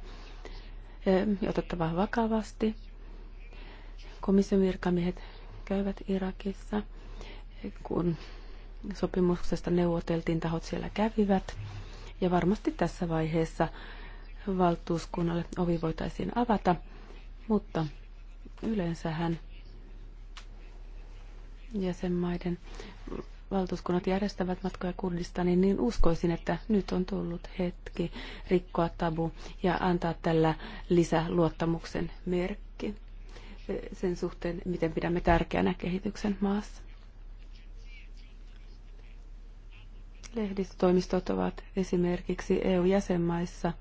ja otettava vakavasti. Komission virkamiehet käyvät Irakissa, kun sopimuksesta neuvoteltiin, tahot siellä kävivät. Ja varmasti tässä vaiheessa valtuuskunnalle ovi voitaisiin avata, mutta yleensähän jäsenmaiden valtuuskunnat järjestävät matkoja Kurdistaniin, niin uskoisin, että nyt on tullut hetki rikkoa tabu ja antaa tällä lisäluottamuksen merkki sen suhteen, miten pidämme tärkeänä kehityksen maassa. Lehdistötoimistot ovat esimerkiksi EU-jäsenmaissa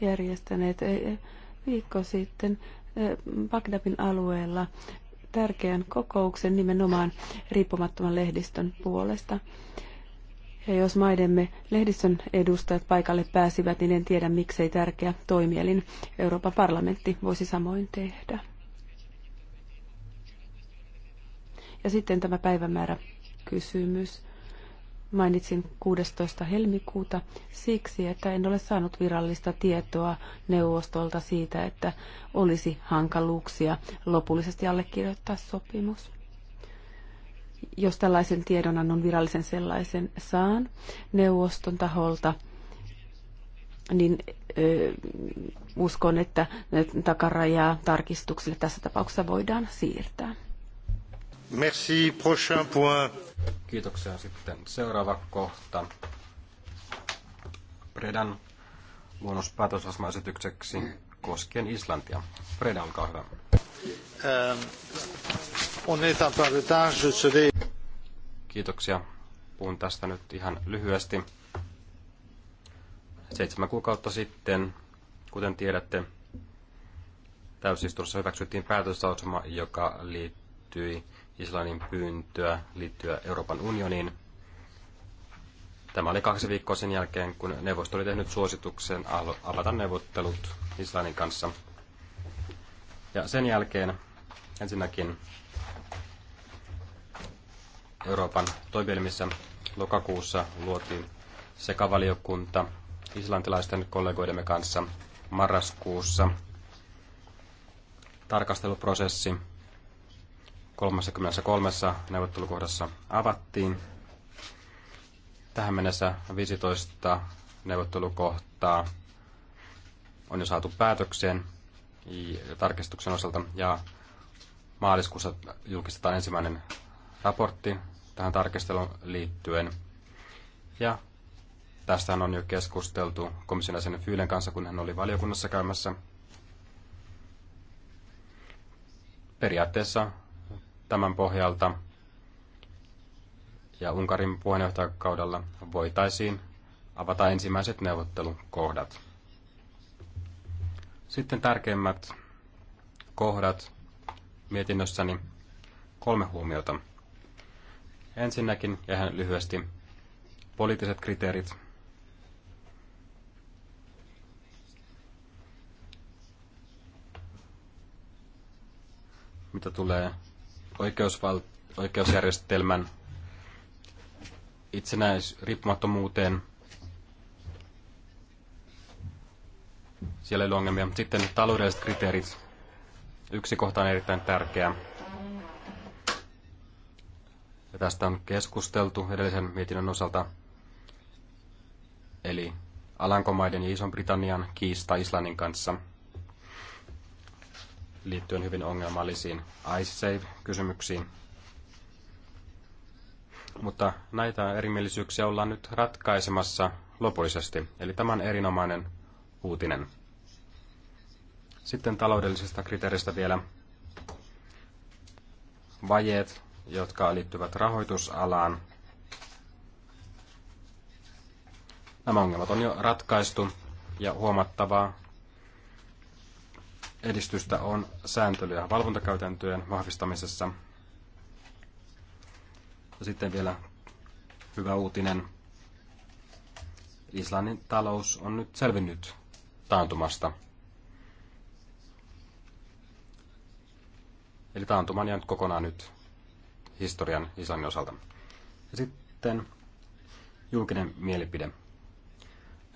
järjestäneet eh, eh, viikko sitten eh, Bagdadin alueella tärkeän kokouksen nimenomaan riippumattoman lehdistön puolesta. Ja jos maidemme lehdistön edustajat paikalle pääsivät, niin en tiedä miksei tärkeä toimielin Euroopan parlamentti voisi samoin tehdä. Ja sitten tämä päivämäärä kysymys mainitsin 16. helmikuuta siksi, että en ole saanut virallista tietoa neuvostolta siitä, että olisi hankaluuksia lopullisesti allekirjoittaa sopimus. Jos tällaisen tiedonannon virallisen sellaisen saan neuvoston taholta, niin ö, uskon, että takarajaa tarkistuksille tässä tapauksessa voidaan siirtää. Merci, prochain point. Kiitoksia sitten. Seuraava kohta. Predan luonnos päätösasmaesitykseksi koskien Islantia. Preda, olkaa hyvä. Euh, Kiitoksia. Puhun tästä nyt ihan lyhyesti. Seitsemän kuukautta sitten, kuten tiedätte, täysistunnossa hyväksyttiin päätöslausuma, joka liittyi Islannin pyyntöä liittyä Euroopan unioniin. Tämä oli kaksi viikkoa sen jälkeen, kun neuvosto oli tehnyt suosituksen avata neuvottelut Islannin kanssa. Ja sen jälkeen ensinnäkin Euroopan toimielimissä lokakuussa luotiin sekavaliokunta islantilaisten kollegoidemme kanssa marraskuussa tarkasteluprosessi 33 neuvottelukohdassa avattiin. Tähän mennessä 15 neuvottelukohtaa on jo saatu päätökseen tarkistuksen osalta ja maaliskuussa julkistetaan ensimmäinen raportti tähän tarkisteluun liittyen. Ja tästähän on jo keskusteltu komission jäsenen Fyylen kanssa, kun hän oli valiokunnassa käymässä. Periaatteessa tämän pohjalta ja Unkarin puheenjohtajakaudella voitaisiin avata ensimmäiset neuvottelukohdat. Sitten tärkeimmät kohdat mietinnössäni kolme huomiota. Ensinnäkin, ja ihan lyhyesti, poliittiset kriteerit. Mitä tulee oikeusval- oikeusjärjestelmän itsenäisriippumattomuuteen. riippumattomuuteen. Siellä ei ole ongelmia. Sitten taloudelliset kriteerit. Yksi kohta on erittäin tärkeä. Ja tästä on keskusteltu edellisen mietinnön osalta. Eli Alankomaiden ja Ison-Britannian kiista Islannin kanssa – liittyen hyvin ongelmallisiin iSave-kysymyksiin. Mutta näitä erimielisyyksiä ollaan nyt ratkaisemassa lopullisesti, eli tämä on erinomainen uutinen. Sitten taloudellisista kriteeristä vielä vajeet, jotka liittyvät rahoitusalaan. Nämä ongelmat on jo ratkaistu ja huomattavaa edistystä on sääntely- ja valvontakäytäntöjen vahvistamisessa. Ja sitten vielä hyvä uutinen. Islannin talous on nyt selvinnyt taantumasta. Eli taantuma on jäänyt kokonaan nyt historian Islannin osalta. Ja sitten julkinen mielipide.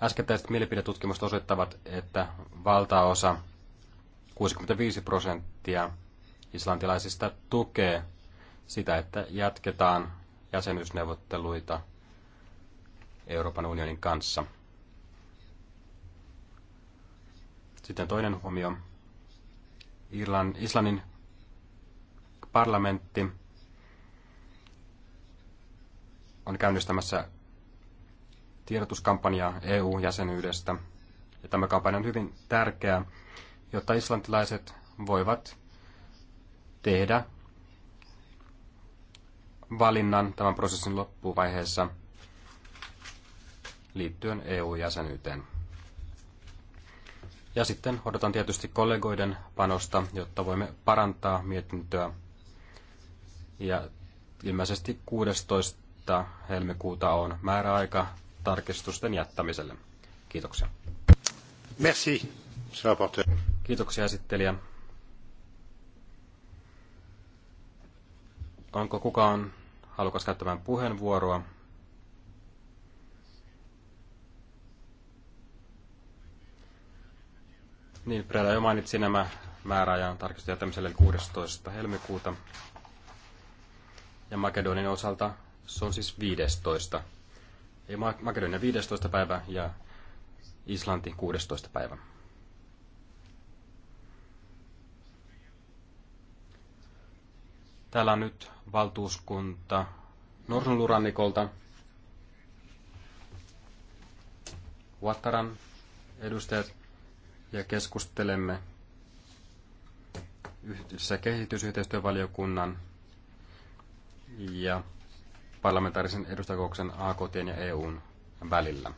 Äskettäiset mielipidetutkimukset osoittavat, että valtaosa 65 prosenttia islantilaisista tukee sitä, että jatketaan jäsenyysneuvotteluita Euroopan unionin kanssa. Sitten toinen huomio. Irlann, Islannin parlamentti on käynnistämässä tiedotuskampanjaa EU-jäsenyydestä. Ja tämä kampanja on hyvin tärkeä, jotta islantilaiset voivat tehdä valinnan tämän prosessin loppuvaiheessa liittyen EU-jäsenyyteen. Ja sitten odotan tietysti kollegoiden panosta, jotta voimme parantaa mietintöä. Ja ilmeisesti 16. helmikuuta on määräaika tarkistusten jättämiselle. Kiitoksia. Merci, Kiitoksia esittelijä. Onko kukaan halukas käyttämään puheenvuoroa? Niin, Prela jo mainitsi nämä määräajan tarkistus tämmöiselle 16. helmikuuta. Ja Makedonin osalta se on siis 15. Ei Makedonia 15. päivä ja Islanti 16. päivä. Täällä on nyt valtuuskunta Norsunlurannikolta. Vattaran edustajat ja keskustelemme yhdessä kehitysyhteistyövaliokunnan ja parlamentaarisen edustakouksen AKT ja EUn välillä.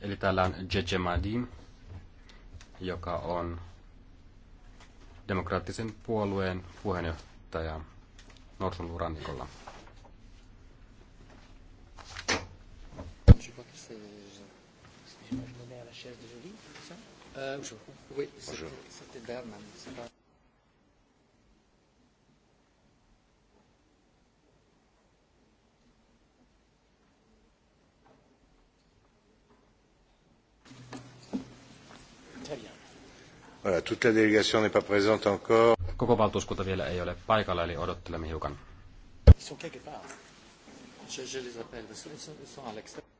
Eli täällä on Jeje Madim, joka on demokraattisen puolueen puheenjohtaja Norsunluurannikolla. Bonjour. oui, c'était Berman. Euh, toute la délégation n'est pas présente encore. Koko valtuuskunta vielä ei ole paikalla, eli odottelemme hiukan. Ils sont quelque part. Je, je les appelle. Ils sont, sont à l'extérieur.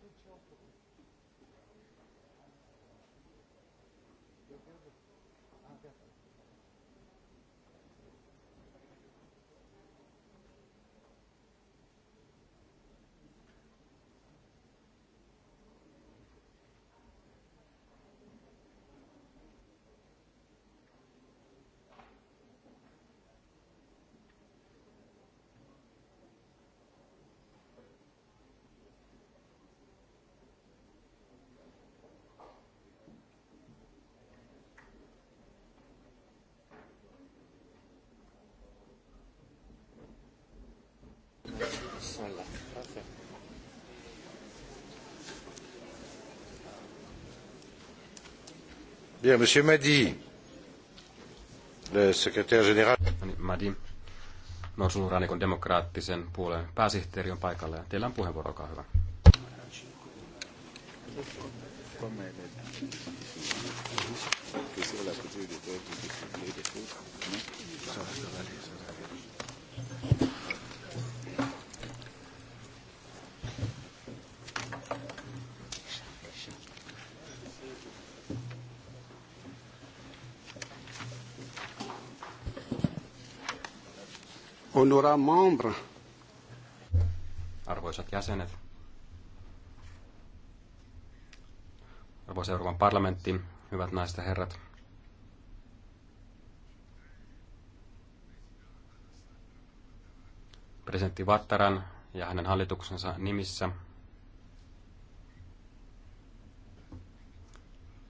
Gracias. Bien, Monsieur Madi, le secrétaire général. No niin, Madi, Nousurannikon demokraattisen puolen pääsihteeri on paikalla ja teillä on puheenvuoro, olkaa hyvä. Kyllä, Arvoisat jäsenet, arvoisa Euroopan parlamentti, hyvät naiset ja herrat, presidentti Vattaran ja hänen hallituksensa nimissä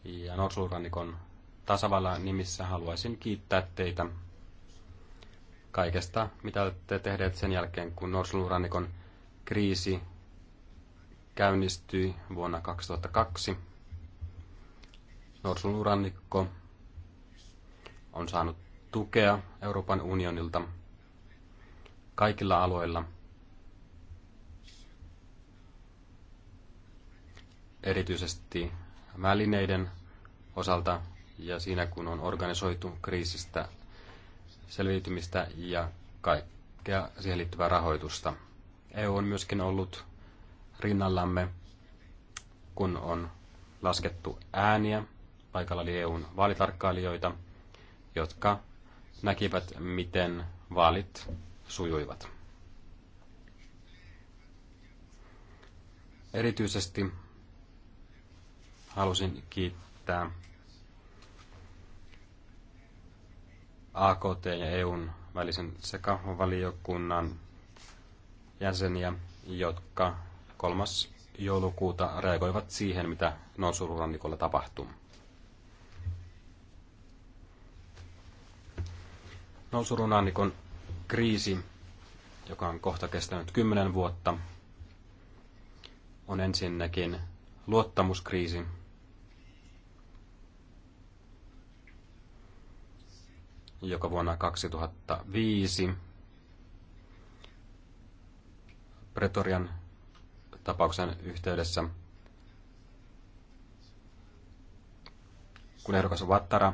ja Norsulrannikon tasavallan nimissä haluaisin kiittää teitä kaikesta, mitä olette tehneet sen jälkeen, kun norsulurannikon kriisi käynnistyi vuonna 2002. Norsulurannikko on saanut tukea Euroopan unionilta kaikilla aloilla, erityisesti välineiden osalta ja siinä kun on organisoitu kriisistä selviytymistä ja kaikkea siihen liittyvää rahoitusta. EU on myöskin ollut rinnallamme, kun on laskettu ääniä. Paikalla oli EUn vaalitarkkailijoita, jotka näkivät, miten vaalit sujuivat. Erityisesti halusin kiittää AKT ja EUn välisen sekavaliokunnan jäseniä, jotka 3. joulukuuta reagoivat siihen, mitä Norsurannikolla tapahtuu. Norsurannikon kriisi, joka on kohta kestänyt 10 vuotta, on ensinnäkin luottamuskriisi joka vuonna 2005 Pretorian tapauksen yhteydessä, kun ehdokas Vattara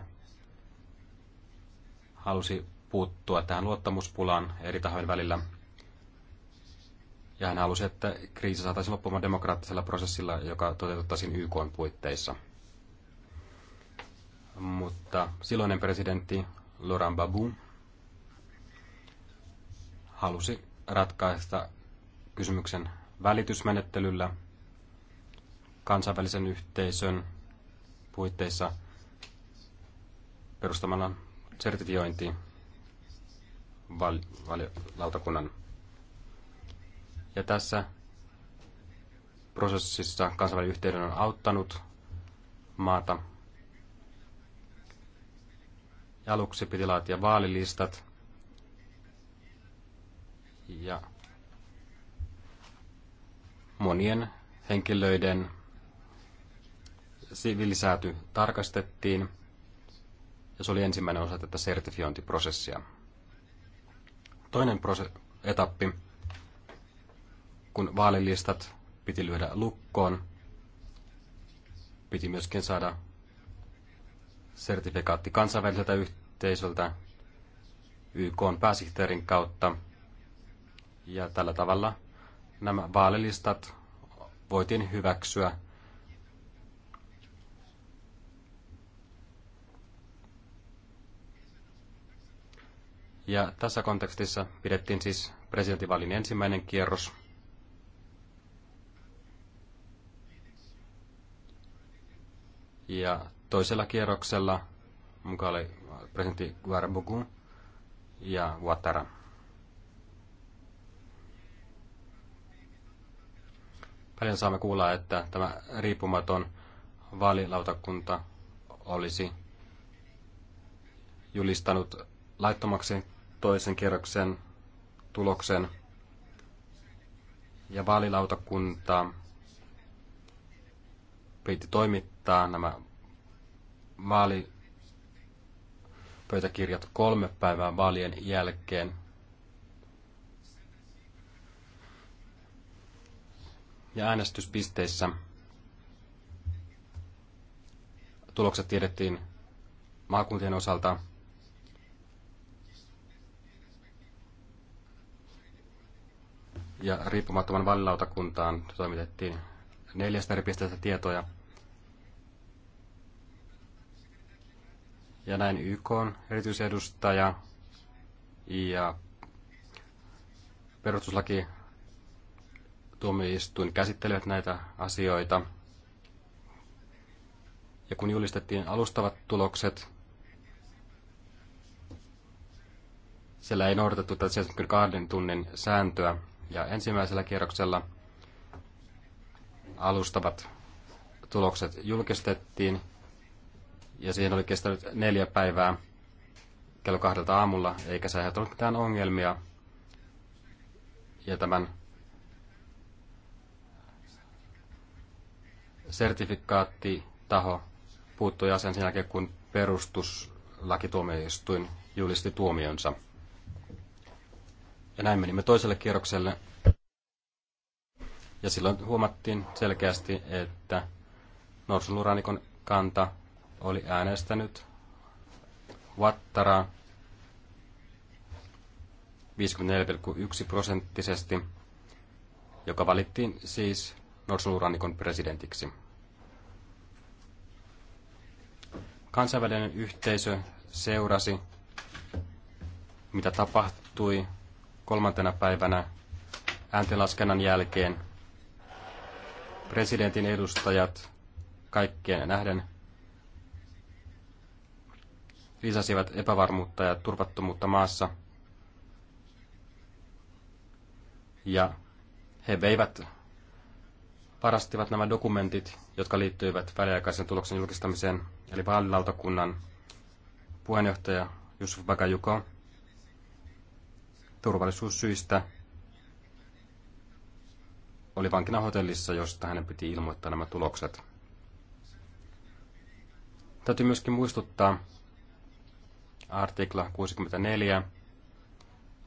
halusi puuttua tähän luottamuspulaan eri tahojen välillä. Ja hän halusi, että kriisi saataisiin loppumaan demokraattisella prosessilla, joka toteutettaisiin YK puitteissa. Mutta silloinen presidentti Loran Babu halusi ratkaista kysymyksen välitysmenettelyllä kansainvälisen yhteisön puitteissa perustamalla sertifiointi val- val- lautakunnan. Ja tässä prosessissa kansainvälinen yhteisö on auttanut maata Aluksi piti laatia vaalilistat. Ja monien henkilöiden sivilisääty tarkastettiin. Ja se oli ensimmäinen osa tätä sertifiointiprosessia. Toinen prose- etappi, kun vaalilistat piti lyödä lukkoon, piti myöskin saada sertifikaatti kansainväliseltä yhteisöltä YK pääsihteerin kautta. Ja tällä tavalla nämä vaalilistat voitiin hyväksyä Ja tässä kontekstissa pidettiin siis presidentinvaalin ensimmäinen kierros. Ja Toisella kierroksella mukaan oli presidentti Guarabugu ja Ouattara. Paljon saamme kuulla, että tämä riippumaton vaalilautakunta olisi julistanut laittomaksi toisen kierroksen tuloksen ja vaalilautakunta piti toimittaa nämä vaalipöytäkirjat kolme päivää vaalien jälkeen. Ja äänestyspisteissä tulokset tiedettiin maakuntien osalta. Ja riippumattoman vaalilautakuntaan toimitettiin neljästä eri pisteestä tietoja. Ja näin YK on erityisedustaja ja perustuslaki tuomioistuin käsittelevät näitä asioita. Ja kun julistettiin alustavat tulokset, siellä ei noudatettu tätä 72 tunnin sääntöä. Ja ensimmäisellä kierroksella alustavat tulokset julkistettiin ja siihen oli kestänyt neljä päivää kello kahdelta aamulla, eikä se aiheuttanut mitään ongelmia. Ja tämän sertifikaattitaho puuttui asian sen jälkeen, kun perustuslakituomioistuin julisti tuomionsa. Ja näin menimme toiselle kierrokselle. Ja silloin huomattiin selkeästi, että norsunluurannikon kanta oli äänestänyt Vattara 54,1 prosenttisesti, joka valittiin siis Norsunluurannikon presidentiksi. Kansainvälinen yhteisö seurasi, mitä tapahtui kolmantena päivänä ääntenlaskennan jälkeen. Presidentin edustajat kaikkien nähden lisäsivät epävarmuutta ja turvattomuutta maassa. Ja he veivät, varastivat nämä dokumentit, jotka liittyivät väliaikaisen tuloksen julkistamiseen, eli vaalilautakunnan puheenjohtaja Yusuf Bakajuko turvallisuussyistä oli vankina hotellissa, josta hänen piti ilmoittaa nämä tulokset. Täytyy myöskin muistuttaa, artikla 64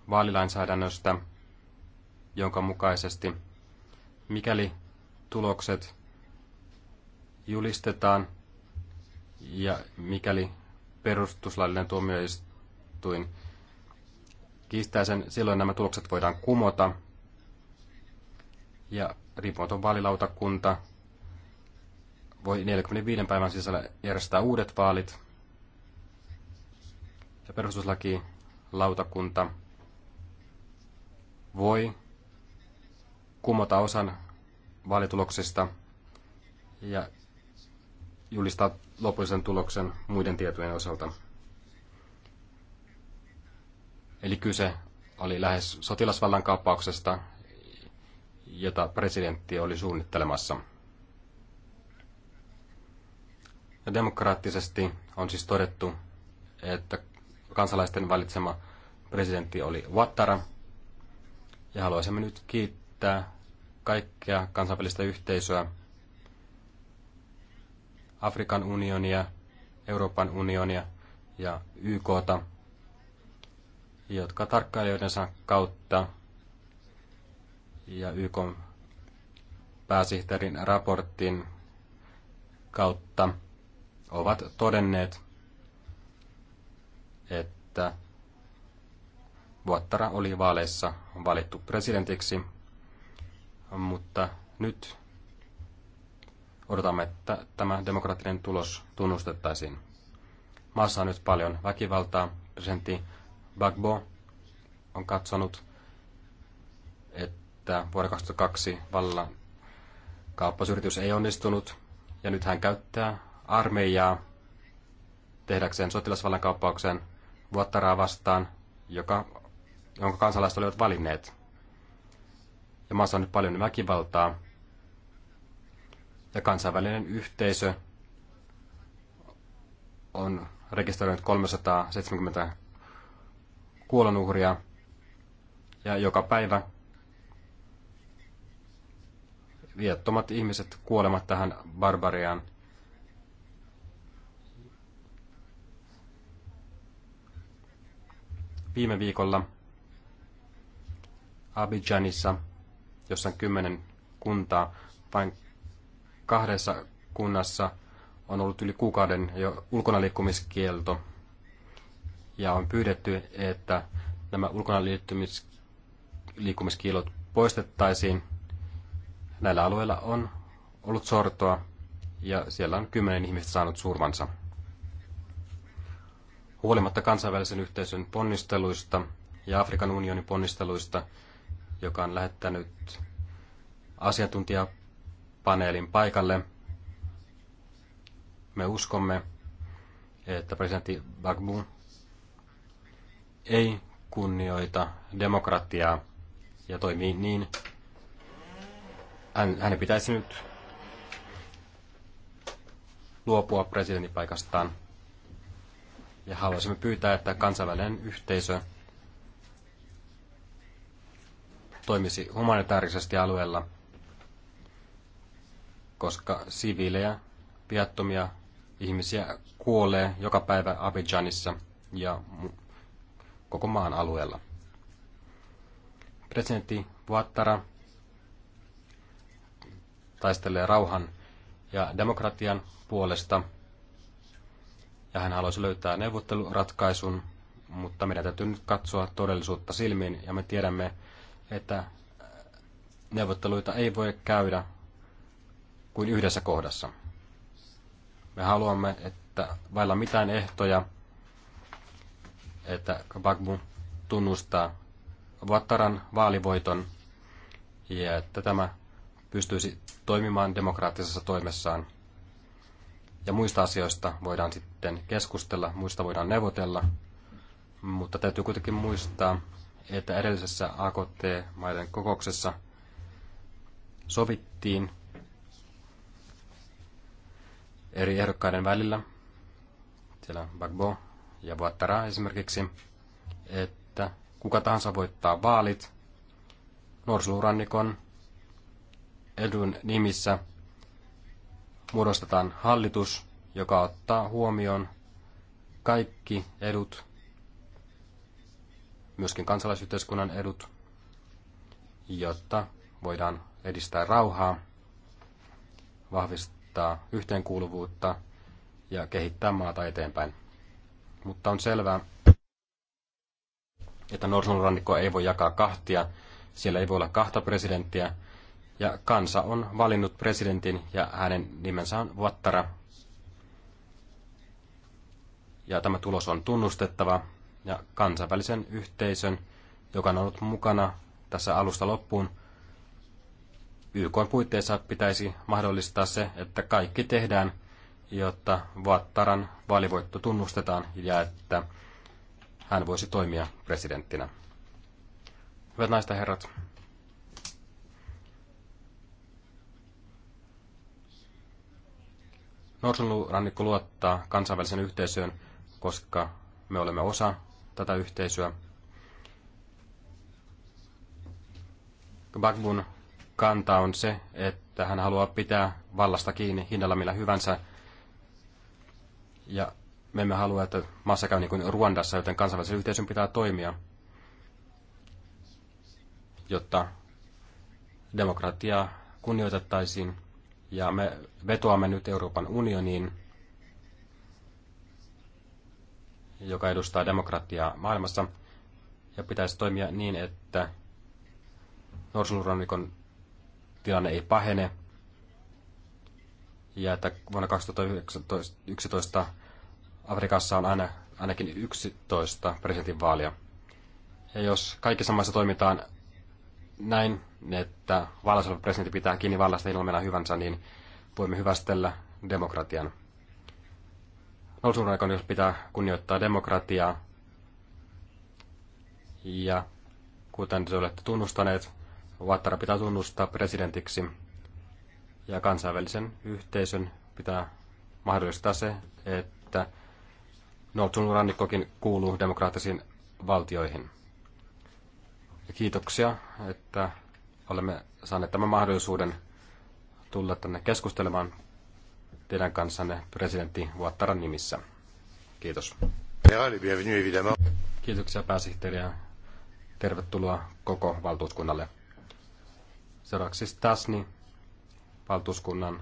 vaalilainsäädännöstä, jonka mukaisesti mikäli tulokset julistetaan ja mikäli perustuslaillinen tuomioistuin kiistää sen, silloin nämä tulokset voidaan kumota ja riippumaton vaalilautakunta voi 45 päivän sisällä järjestää uudet vaalit perustuslaki lautakunta voi kumota osan vaalituloksesta ja julistaa lopullisen tuloksen muiden tietojen osalta. Eli kyse oli lähes sotilasvallan kaappauksesta, jota presidentti oli suunnittelemassa. Ja demokraattisesti on siis todettu, että kansalaisten valitsema presidentti oli Wattara. Ja haluaisimme nyt kiittää kaikkea kansainvälistä yhteisöä, Afrikan unionia, Euroopan unionia ja YKta, jotka tarkkailijoidensa kautta ja YK pääsihteerin raportin kautta ovat todenneet, että Vuottara oli vaaleissa valittu presidentiksi, mutta nyt odotamme, että tämä demokraattinen tulos tunnustettaisiin. Maassa on nyt paljon väkivaltaa. Presidentti Bagbo on katsonut, että vuoden 2002 vallan kauppasyritys ei onnistunut, ja nyt hän käyttää armeijaa tehdäkseen sotilasvallan kauppauksen vuottaraa vastaan, joka, jonka kansalaiset olivat valinneet. Ja maassa on nyt paljon väkivaltaa. Ja kansainvälinen yhteisö on rekisteröinyt 370 kuolonuhria. Ja joka päivä viettomat ihmiset kuolemat tähän barbariaan – viime viikolla Abidjanissa, jossa on kymmenen kuntaa, vain kahdessa kunnassa on ollut yli kuukauden jo ulkonaliikkumiskielto. Ja on pyydetty, että nämä ulkonaliikkumiskielot poistettaisiin. Näillä alueilla on ollut sortoa ja siellä on kymmenen ihmistä saanut surmansa. Huolimatta kansainvälisen yhteisön ponnisteluista ja Afrikan unionin ponnisteluista, joka on lähettänyt asiantuntijapaneelin paikalle, me uskomme, että presidentti Bagbu ei kunnioita demokratiaa ja toimii niin. Hän, hänen pitäisi nyt luopua presidentin paikastaan ja haluaisimme pyytää, että kansainvälinen yhteisö toimisi humanitaarisesti alueella, koska siviilejä, viattomia ihmisiä kuolee joka päivä Abidjanissa ja koko maan alueella. Presidentti Vuattara taistelee rauhan ja demokratian puolesta – ja hän haluaisi löytää neuvotteluratkaisun, mutta meidän täytyy nyt katsoa todellisuutta silmiin ja me tiedämme, että äh, neuvotteluita ei voi käydä kuin yhdessä kohdassa. Me haluamme, että vailla mitään ehtoja, että Bagbu tunnustaa Vattaran vaalivoiton ja että tämä pystyisi toimimaan demokraattisessa toimessaan – ja muista asioista voidaan sitten keskustella, muista voidaan neuvotella, mutta täytyy kuitenkin muistaa, että edellisessä AKT-maiden kokouksessa sovittiin eri ehdokkaiden välillä, siellä Bagbo ja Boattara esimerkiksi, että kuka tahansa voittaa vaalit Norsulurannikon edun nimissä – muodostetaan hallitus, joka ottaa huomioon kaikki edut, myöskin kansalaisyhteiskunnan edut, jotta voidaan edistää rauhaa, vahvistaa yhteenkuuluvuutta ja kehittää maata eteenpäin. Mutta on selvää, että Norsunrannikko ei voi jakaa kahtia. Siellä ei voi olla kahta presidenttiä, ja kansa on valinnut presidentin ja hänen nimensä on Vattara. Ja tämä tulos on tunnustettava ja kansainvälisen yhteisön, joka on ollut mukana tässä alusta loppuun, YK puitteissa pitäisi mahdollistaa se, että kaikki tehdään, jotta Vattaran vaalivoitto tunnustetaan ja että hän voisi toimia presidenttinä. Hyvät naiset ja herrat, Norsunluurannikko luottaa kansainvälisen yhteisöön, koska me olemme osa tätä yhteisöä. Bagbun kanta on se, että hän haluaa pitää vallasta kiinni hinnalla millä hyvänsä. Ja me emme halua, että maassa käy niin kuin Ruandassa, joten kansainvälisen yhteisön pitää toimia, jotta demokratiaa kunnioitettaisiin ja me vetoamme nyt Euroopan unioniin, joka edustaa demokratiaa maailmassa, ja pitäisi toimia niin, että norsunurannikon tilanne ei pahene, ja että vuonna 2011 Afrikassa on aina, ainakin 11 presidentinvaalia. Ja jos kaikki samassa toimitaan näin, että vallassa oleva presidentti pitää kiinni vallasta ilmena hyvänsä, niin voimme hyvästellä demokratian. Nousuun aikana, jos pitää kunnioittaa demokratiaa, ja kuten te olette tunnustaneet, Vattara pitää tunnustaa presidentiksi, ja kansainvälisen yhteisön pitää mahdollistaa se, että Nootsun rannikkokin kuuluu demokraattisiin valtioihin. Ja kiitoksia, että olemme saaneet tämän mahdollisuuden tulla tänne keskustelemaan teidän kanssanne presidentti Vuottaran nimissä. Kiitos. Kiitoksia pääsihteeriä. Tervetuloa koko valtuuskunnalle. Seuraavaksi Stasni, valtuuskunnan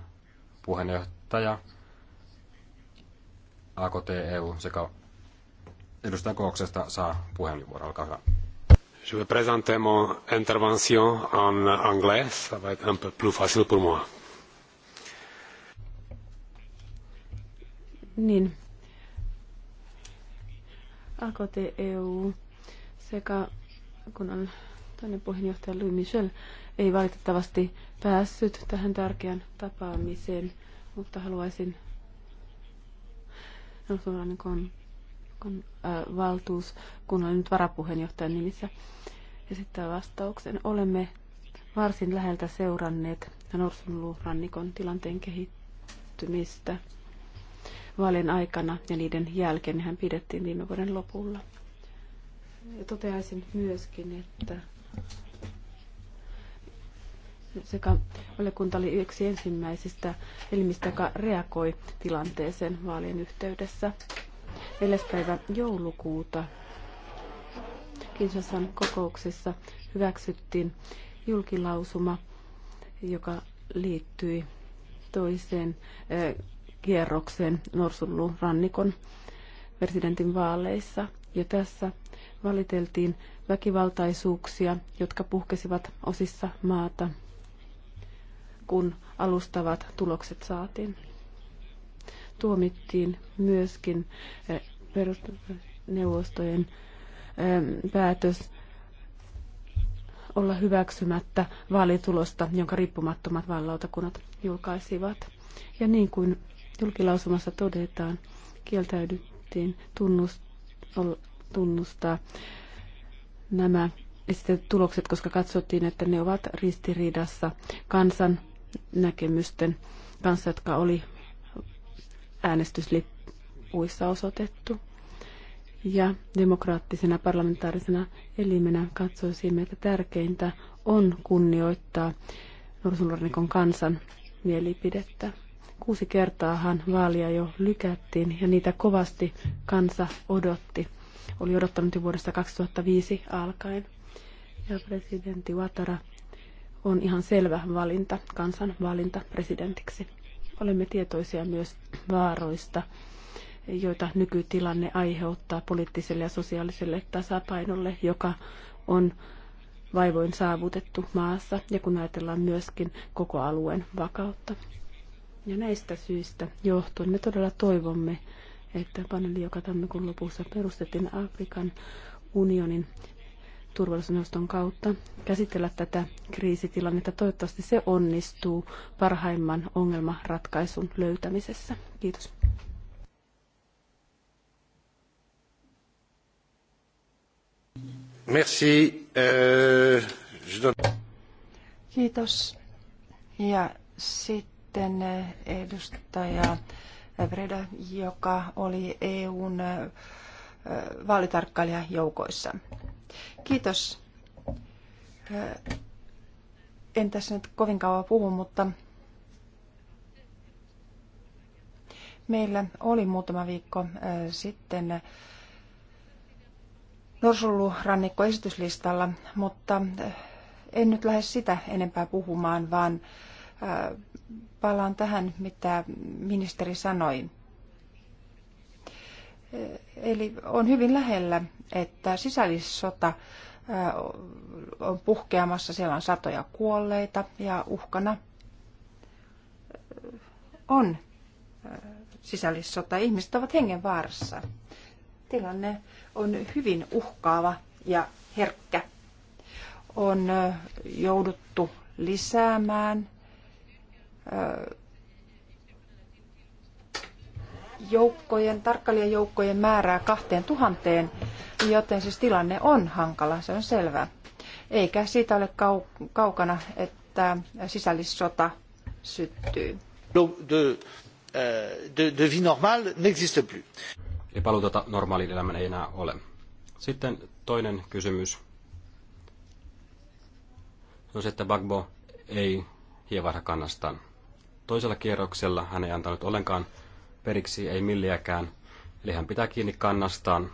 puheenjohtaja, AKT EU sekä edustajakouksesta saa puheenvuoron. Olkaa hyvä. Je vais présenter mon intervention en anglais, ça va être un peu plus facile pour moi. Niin. AKT EU sekä kunnan toinen puheenjohtaja Louis Michel ei valitettavasti päässyt tähän tärkeään tapaamiseen, mutta haluaisin no, kun, äh, olen nyt varapuheenjohtajan nimissä esittää vastauksen. Olemme varsin läheltä seuranneet Norsunluurannikon tilanteen kehittymistä vaalien aikana ja niiden jälkeen. Hän pidettiin viime vuoden lopulla. Ja toteaisin myöskin, että sekä valiokunta oli yksi ensimmäisistä elimistä, joka reagoi tilanteeseen vaalien yhteydessä. 4. päivä joulukuuta Kinsasan kokouksessa hyväksyttiin julkilausuma, joka liittyi toiseen eh, kierrokseen Norsunluun rannikon presidentin vaaleissa. Ja tässä valiteltiin väkivaltaisuuksia, jotka puhkesivat osissa maata, kun alustavat tulokset saatiin tuomittiin myöskin eh, perusneuvostojen eh, päätös olla hyväksymättä vaalitulosta, jonka riippumattomat vallautakunnat julkaisivat. Ja niin kuin julkilausumassa todetaan, kieltäydyttiin tunnustaa nämä esitetyt tulokset, koska katsottiin, että ne ovat ristiriidassa kansan näkemysten kanssa, jotka oli äänestyslippuissa osoitettu. Ja demokraattisena parlamentaarisena elimenä katsoisimme, että tärkeintä on kunnioittaa Norsunrannikon kansan mielipidettä. Kuusi kertaahan vaalia jo lykättiin ja niitä kovasti kansa odotti. Oli odottanut jo vuodesta 2005 alkaen. Ja presidentti Watara on ihan selvä valinta, kansan valinta presidentiksi. Olemme tietoisia myös vaaroista, joita nykytilanne aiheuttaa poliittiselle ja sosiaaliselle tasapainolle, joka on vaivoin saavutettu maassa ja kun ajatellaan myöskin koko alueen vakautta. Ja näistä syistä johtuen me todella toivomme, että paneeli, joka tammikuun lopussa perustettiin Afrikan unionin turvallisuusneuvoston kautta käsitellä tätä kriisitilannetta. Toivottavasti se onnistuu parhaimman ongelmanratkaisun löytämisessä. Kiitos. Merci. Euh, Kiitos. Ja sitten eh, edustaja Vreda, joka oli EUn eh, vaalitarkkailijajoukoissa. Kiitos. En tässä nyt kovin kauan puhu, mutta meillä oli muutama viikko sitten norsullurannikko esityslistalla, mutta en nyt lähde sitä enempää puhumaan, vaan palaan tähän, mitä ministeri sanoi. Eli on hyvin lähellä, että sisällissota on puhkeamassa, siellä on satoja kuolleita ja uhkana on sisällissota. Ihmiset ovat hengenvaarassa. Tilanne on hyvin uhkaava ja herkkä. On jouduttu lisäämään joukkojen, tarkkailijajoukkojen määrää kahteen tuhanteen, joten siis tilanne on hankala, se on selvää. Eikä siitä ole kau- kaukana, että sisällissota syttyy. De, euh, de, de vie normale n'existe plus. Eli paluuta normaaliin elämään ei enää ole. Sitten toinen kysymys. No se, että Bagbo ei hievahda kannastaan. Toisella kierroksella hän ei antanut ollenkaan periksi, ei milliäkään. Eli hän pitää kiinni kannastaan.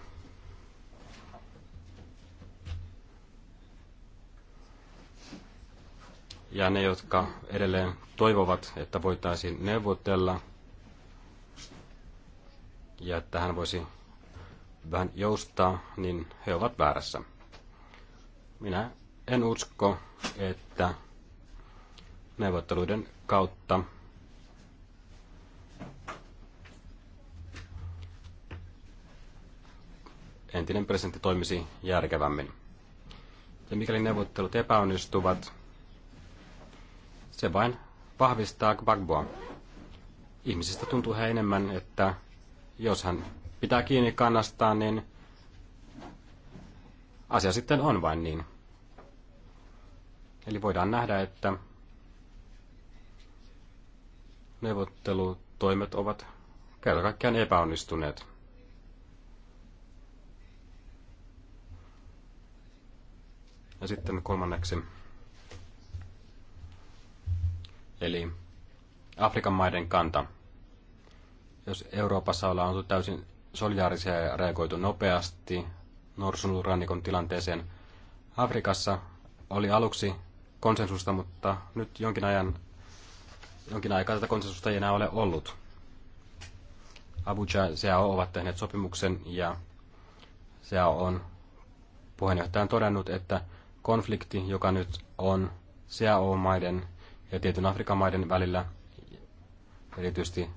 Ja ne, jotka edelleen toivovat, että voitaisiin neuvotella ja että hän voisi vähän joustaa, niin he ovat väärässä. Minä en usko, että neuvotteluiden kautta entinen presidentti toimisi järkevämmin. Ja mikäli neuvottelut epäonnistuvat, se vain vahvistaa Gbagboa. Ihmisistä tuntuu hän enemmän, että jos hän pitää kiinni kannastaan, niin asia sitten on vain niin. Eli voidaan nähdä, että neuvottelutoimet ovat kerta kaikkiaan epäonnistuneet. Ja sitten kolmanneksi, eli Afrikan maiden kanta. Jos Euroopassa ollaan oltu täysin solidaarisia ja reagoitu nopeasti norsunluurannikon tilanteeseen, Afrikassa oli aluksi konsensusta, mutta nyt jonkin ajan jonkin aikaa tätä konsensusta ei enää ole ollut. Abuja ja CAO ovat tehneet sopimuksen ja CAO on puheenjohtajan todennut, että konflikti, joka nyt on CAO-maiden ja tietyn Afrikan maiden välillä, erityisesti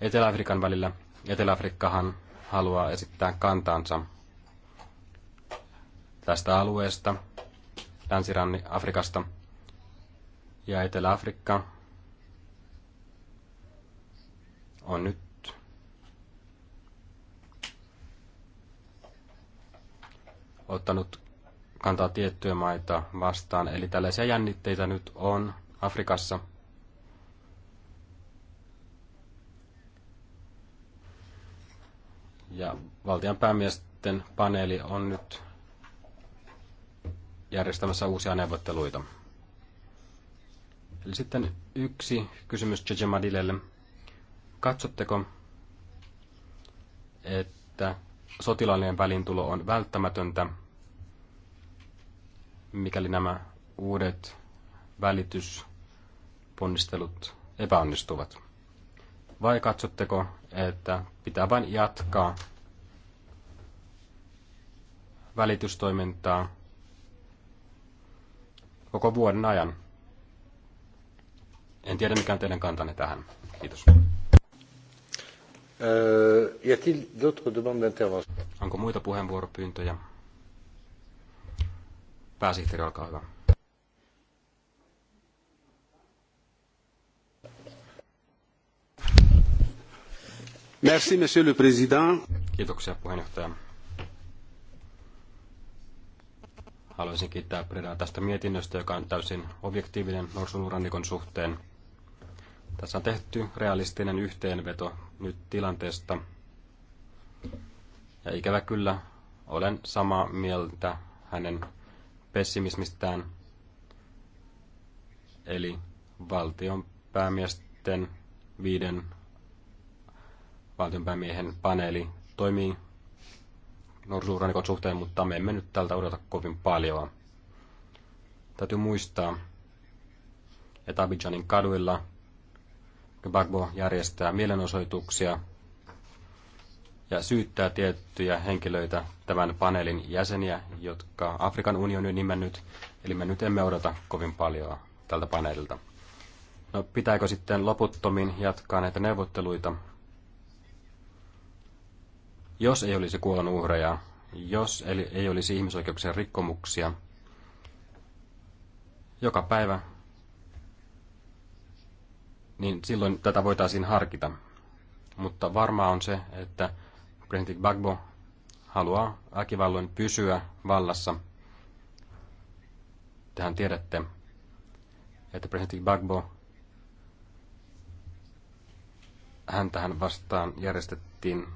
Etelä-Afrikan välillä. Etelä-Afrikkahan haluaa esittää kantaansa tästä alueesta, Länsiranni-Afrikasta ja Etelä-Afrikka on nyt ottanut kantaa tiettyjä maita vastaan. Eli tällaisia jännitteitä nyt on Afrikassa. Ja valtion päämiesten paneeli on nyt järjestämässä uusia neuvotteluita. Eli sitten yksi kysymys Chechemadilelle. Katsotteko, että sotilaallinen välintulo on välttämätöntä mikäli nämä uudet välitysponnistelut epäonnistuvat? Vai katsotteko, että pitää vain jatkaa välitystoimintaa koko vuoden ajan? En tiedä, mikä on teidän kantanne tähän. Kiitos. Euh, Onko muita puheenvuoropyyntöjä? Pääsihteeri, olkaa hyvä. Merci, monsieur le président. Kiitoksia puheenjohtaja. Haluaisin kiittää Predaa tästä mietinnöstä, joka on täysin objektiivinen norsunluurannikon suhteen. Tässä on tehty realistinen yhteenveto nyt tilanteesta. Ja ikävä kyllä olen samaa mieltä hänen pessimismistään, eli valtion päämiesten viiden valtionpäämiehen paneeli toimii norsuurannikon suhteen, mutta me emme nyt tältä odota kovin paljon. Täytyy muistaa, että Abidjanin kaduilla Gbagbo järjestää mielenosoituksia ja syyttää tiettyjä henkilöitä, tämän paneelin jäseniä, jotka Afrikan unioni on nimennyt, eli me nyt emme odota kovin paljon tältä paneelilta. No, pitääkö sitten loputtomin jatkaa näitä neuvotteluita? Jos ei olisi uhreja, jos ei olisi ihmisoikeuksien rikkomuksia, joka päivä, niin silloin tätä voitaisiin harkita. Mutta varmaa on se, että presidentti Gbagbo haluaa väkivalloin pysyä vallassa. Tähän tiedätte, että presidentti Gbagbo häntähän vastaan järjestettiin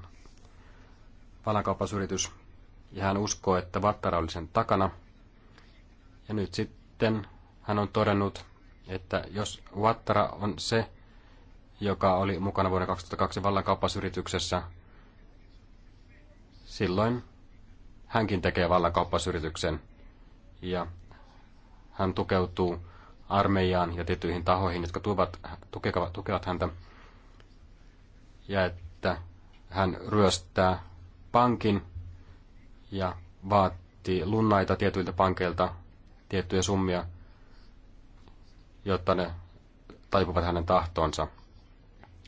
valankauppausyritys ja hän uskoo, että Vattara oli sen takana. Ja nyt sitten hän on todennut, että jos Vattara on se, joka oli mukana vuoden 2002 vallankauppausyrityksessä, silloin hänkin tekee vallankauppasyrityksen ja hän tukeutuu armeijaan ja tiettyihin tahoihin, jotka tuovat, tukevat, tukevat häntä ja että hän ryöstää pankin ja vaatii lunnaita tietyiltä pankeilta tiettyjä summia, jotta ne taipuvat hänen tahtoonsa.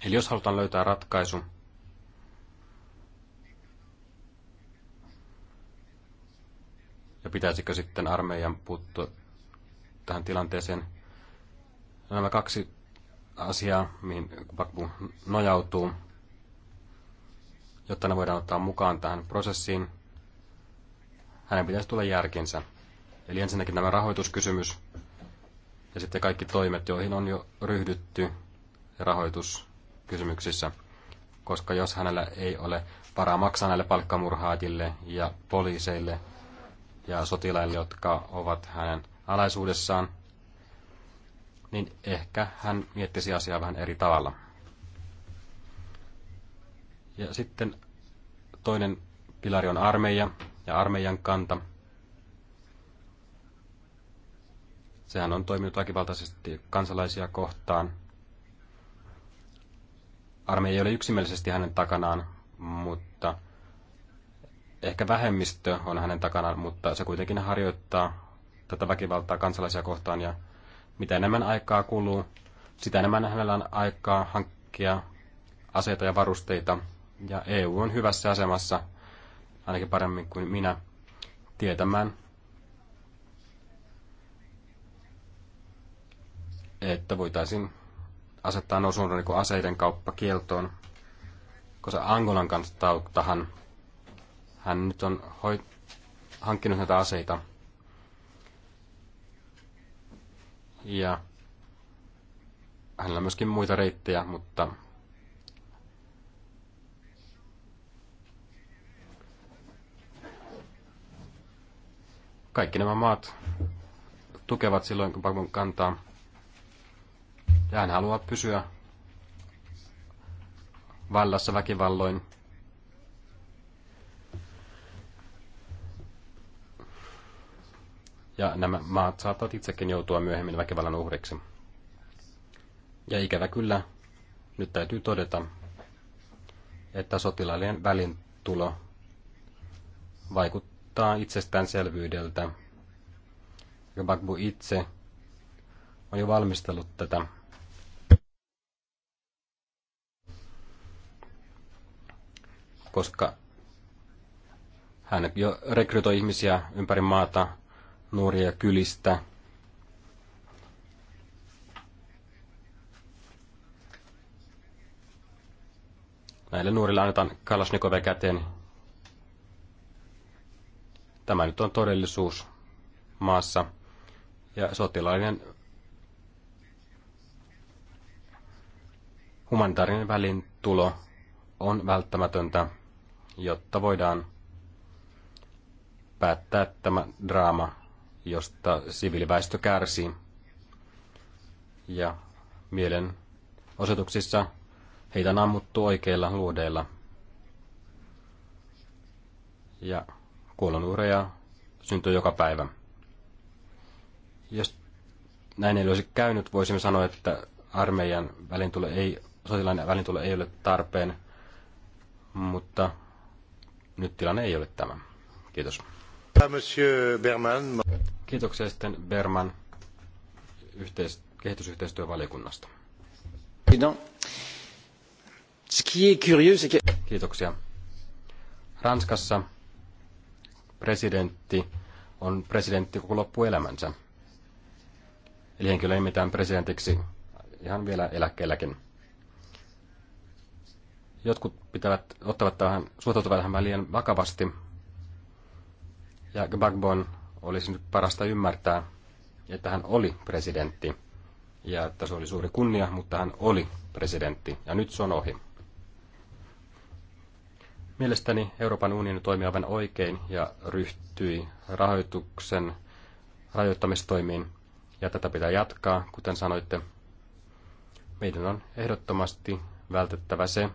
Eli jos halutaan löytää ratkaisu, ja pitäisikö sitten armeijan puuttua tähän tilanteeseen. No, nämä kaksi asiaa, mihin Bakbu nojautuu, jotta ne voidaan ottaa mukaan tähän prosessiin, hänen pitäisi tulla järkinsä. Eli ensinnäkin tämä rahoituskysymys ja sitten kaikki toimet, joihin on jo ryhdytty rahoituskysymyksissä. Koska jos hänellä ei ole varaa maksaa näille palkkamurhaajille ja poliiseille ja sotilaille, jotka ovat hänen alaisuudessaan, niin ehkä hän miettisi asiaa vähän eri tavalla. Ja sitten toinen pilari on armeija ja armeijan kanta. Sehän on toiminut väkivaltaisesti kansalaisia kohtaan. Armeija ei ole yksimielisesti hänen takanaan, mutta ehkä vähemmistö on hänen takanaan, mutta se kuitenkin harjoittaa tätä väkivaltaa kansalaisia kohtaan ja mitä enemmän aikaa kuluu, sitä enemmän hänellä on aikaa hankkia aseita ja varusteita. Ja EU on hyvässä asemassa, ainakin paremmin kuin minä, tietämään, että voitaisiin asettaa nousuun niin aseiden kauppa kieltoon, koska Angolan kanssa tauttahan hän nyt on hoi- hankkinut näitä aseita. Ja hänellä on myöskin muita reittejä, mutta kaikki nämä maat tukevat silloin, kun Bagmon kantaa. Ja hän haluaa pysyä vallassa väkivalloin ja nämä maat saattavat itsekin joutua myöhemmin väkivallan uhriksi. Ja ikävä kyllä, nyt täytyy todeta, että sotilaallinen välintulo vaikuttaa itsestäänselvyydeltä. Ja Bagbu itse on jo valmistellut tätä. Koska hän jo rekrytoi ihmisiä ympäri maata nuoria kylistä. Näille nuorille annetaan Kalashnikove käteen. Tämä nyt on todellisuus maassa. Ja sotilaallinen humanitaarinen välintulo on välttämätöntä, jotta voidaan päättää tämä draama josta siviiliväestö kärsii. Ja mielen osoituksissa heitä on ammuttu oikeilla luodeilla. Ja kuolonuhreja syntyy joka päivä. Jos näin ei olisi käynyt, voisimme sanoa, että armeijan välintulo ei, sotilainen välintulo ei ole tarpeen, mutta nyt tilanne ei ole tämä. Kiitos. Monsieur Berman. Kiitoksia sitten Berman yhteis- kehitysyhteistyövaliokunnasta. Kiitoksia. Ranskassa presidentti on presidentti koko loppuelämänsä. Eli henkilö nimetään presidentiksi ihan vielä eläkkeelläkin. Jotkut pitävät, ottavat tähän, suhtautuvat vähän liian vakavasti. Ja Gbagbon olisi nyt parasta ymmärtää, että hän oli presidentti ja että se oli suuri kunnia, mutta hän oli presidentti ja nyt se on ohi. Mielestäni Euroopan unioni toimi aivan oikein ja ryhtyi rahoituksen rajoittamistoimiin ja tätä pitää jatkaa, kuten sanoitte. Meidän on ehdottomasti vältettävä se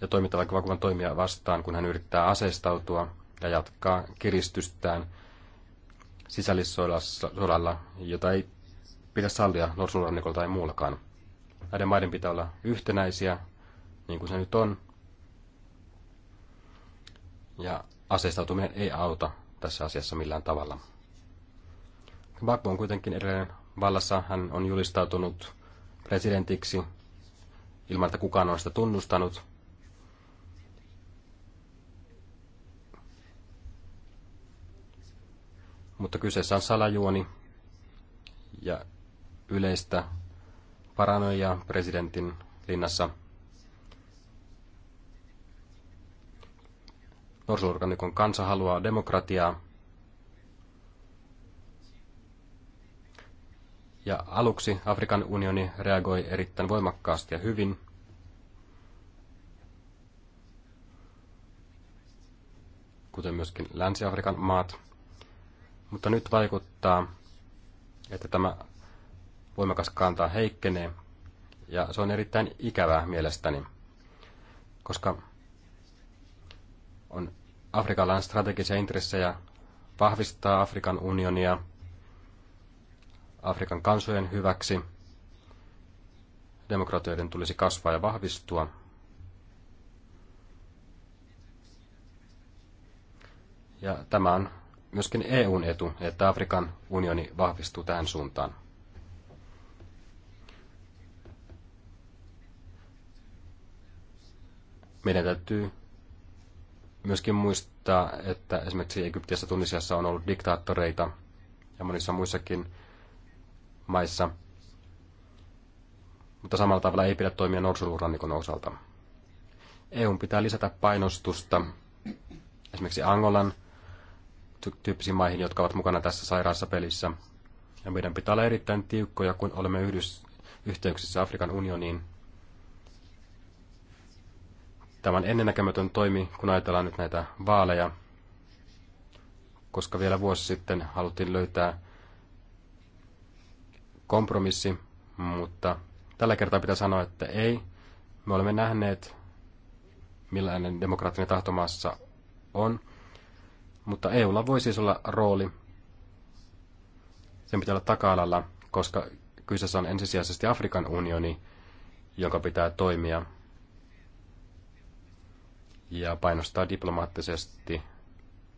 ja toimittava kuvan toimia vastaan, kun hän yrittää aseistautua ja jatkaa kiristystään sisällissodalla, jota ei pidä sallia norsulannikolla tai muullakaan. Näiden maiden pitää olla yhtenäisiä, niin kuin se nyt on. Ja aseistautuminen ei auta tässä asiassa millään tavalla. Bakbo on kuitenkin edelleen vallassa. Hän on julistautunut presidentiksi ilman, että kukaan on sitä tunnustanut. mutta kyseessä on salajuoni ja yleistä paranoja presidentin linnassa. Norsulurkanikon kansa haluaa demokratiaa. Ja aluksi Afrikan unioni reagoi erittäin voimakkaasti ja hyvin. Kuten myöskin Länsi-Afrikan maat mutta nyt vaikuttaa, että tämä voimakas kanta heikkenee, ja se on erittäin ikävää mielestäni, koska on Afrikalla on strategisia intressejä vahvistaa Afrikan unionia Afrikan kansojen hyväksi. Demokratioiden tulisi kasvaa ja vahvistua. Ja tämä on myöskin EUn etu, että Afrikan unioni vahvistuu tähän suuntaan. Meidän täytyy myöskin muistaa, että esimerkiksi Egyptissä Tunisiassa on ollut diktaattoreita ja monissa muissakin maissa, mutta samalla tavalla ei pidä toimia norsulurrannikon osalta. EUn pitää lisätä painostusta esimerkiksi Angolan tyyppisiin maihin, jotka ovat mukana tässä sairaassa pelissä. Ja meidän pitää olla erittäin tiukkoja, kun olemme yhdys, yhteyksissä Afrikan unioniin. Tämä on ennennäkemätön toimi, kun ajatellaan nyt näitä vaaleja, koska vielä vuosi sitten haluttiin löytää kompromissi, mutta tällä kertaa pitää sanoa, että ei. Me olemme nähneet, millainen demokraattinen tahtomaassa on. Mutta EUlla voi siis olla rooli. Sen pitää olla taka-alalla, koska kyseessä on ensisijaisesti Afrikan unioni, jonka pitää toimia ja painostaa diplomaattisesti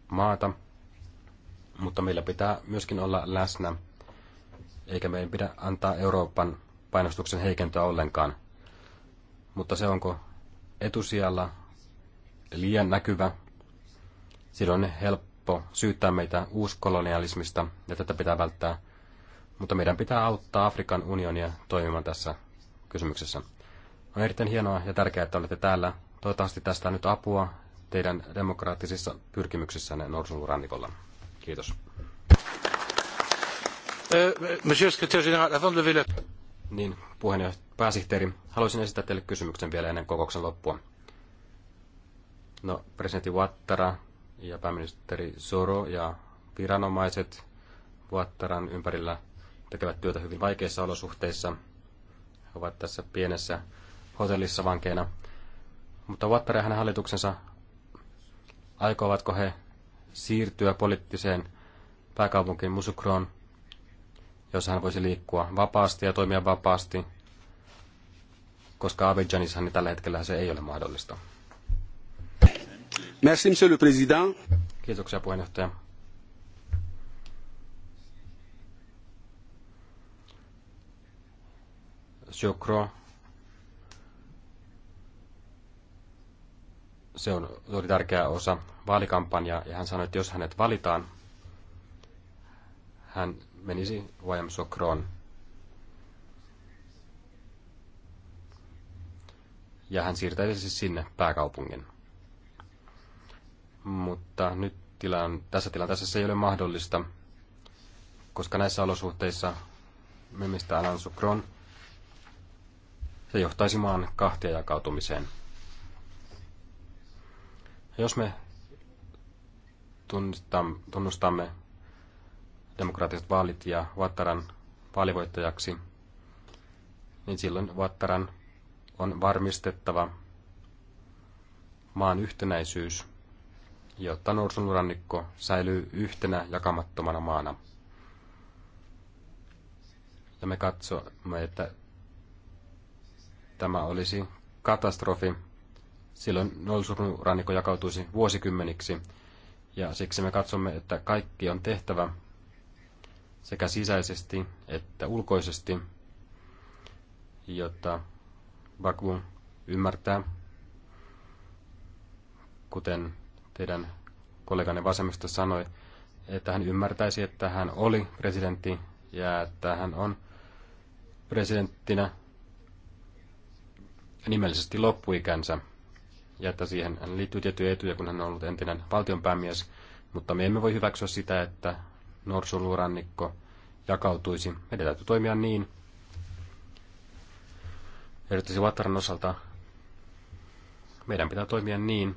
maata, mutta meillä pitää myöskin olla läsnä, eikä meidän pidä antaa Euroopan painostuksen heikentyä ollenkaan. Mutta se onko etusijalla liian näkyvä Silloin on helppo syyttää meitä uuskolonialismista, ja tätä pitää välttää. Mutta meidän pitää auttaa Afrikan unionia toimimaan tässä kysymyksessä. On erittäin hienoa ja tärkeää, että olette täällä. Toivottavasti tästä nyt apua teidän demokraattisissa pyrkimyksissänne Norsulurannikolla. Kiitos. Euh, monsieur secrétaire général, avant de lever Niin, puheenjohtaja, pääsihteeri, haluaisin esittää teille kysymyksen vielä ennen kokouksen loppua. No, presidentti Wattara ja pääministeri Soro ja viranomaiset Vuottaran ympärillä tekevät työtä hyvin vaikeissa olosuhteissa. He ovat tässä pienessä hotellissa vankeina. Mutta Vuottara ja hänen hallituksensa, aikovatko he siirtyä poliittiseen pääkaupunkiin Musukroon, jossa hän voisi liikkua vapaasti ja toimia vapaasti, koska Abidjanissahan niin tällä hetkellä se ei ole mahdollista monsieur le président. Kiitoksia puheenjohtaja. Se on, oli tärkeä osa vaalikampanjaa ja hän sanoi, että jos hänet valitaan, hän menisi YM Sokroon. Ja hän siirtäisi siis sinne pääkaupungin mutta nyt tilan, tässä tilanteessa se ei ole mahdollista, koska näissä olosuhteissa myymistä alan sukron se johtaisi maan kahtia jakautumiseen. Jos me tunnustamme demokraattiset vaalit ja Vattaran vaalivoittajaksi, niin silloin Vattaran on varmistettava maan yhtenäisyys jotta norsunurannikko säilyy yhtenä jakamattomana maana. Ja me katsomme, että tämä olisi katastrofi. Silloin norsunurannikko jakautuisi vuosikymmeniksi, ja siksi me katsomme, että kaikki on tehtävä sekä sisäisesti että ulkoisesti, jotta Baku ymmärtää, kuten teidän kolleganne vasemmista sanoi, että hän ymmärtäisi, että hän oli presidentti ja että hän on presidenttinä nimellisesti loppuikänsä ja että siihen hän liittyy tiettyjä etuja, kun hän on ollut entinen valtionpäämies, mutta me emme voi hyväksyä sitä, että norsuluurannikko jakautuisi. Meidän täytyy toimia niin, erityisesti Vataran osalta, meidän pitää toimia niin,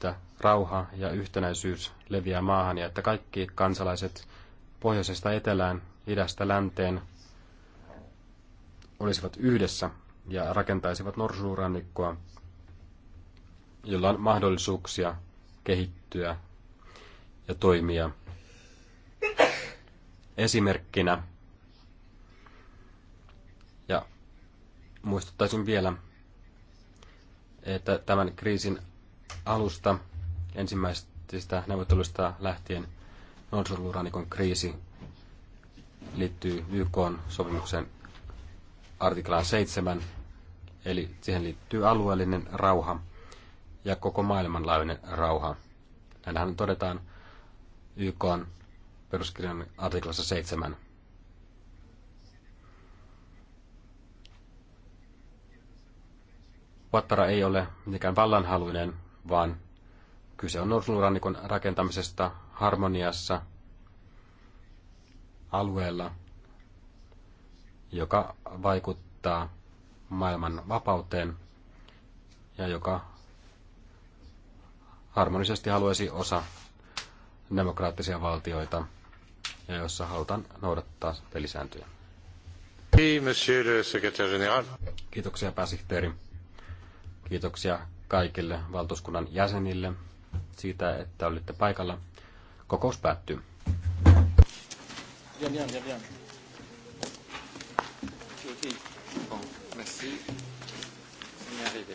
että rauha ja yhtenäisyys leviää maahan ja että kaikki kansalaiset pohjoisesta etelään, idästä länteen olisivat yhdessä ja rakentaisivat norsuurannikkoa, jolla on mahdollisuuksia kehittyä ja toimia. Esimerkkinä ja muistuttaisin vielä, että tämän kriisin alusta ensimmäisistä neuvotteluista lähtien Norsuluranikon kriisi liittyy YK sopimuksen artiklaan 7, eli siihen liittyy alueellinen rauha ja koko maailmanlaajuinen rauha. Näinhän todetaan YK peruskirjan artiklassa 7. Vattara ei ole mitenkään vallanhaluinen vaan kyse on norsunurannikon rakentamisesta harmoniassa alueella, joka vaikuttaa maailman vapauteen ja joka harmonisesti haluaisi osa demokraattisia valtioita ja jossa halutaan noudattaa pelisääntöjä. Kiitoksia pääsihteeri. Kiitoksia kaikille valtuuskunnan jäsenille siitä, että olitte paikalla. Kokous päättyy. Bien, bien, bien, bien. Okay, okay. Bon, merci. On est arrivé.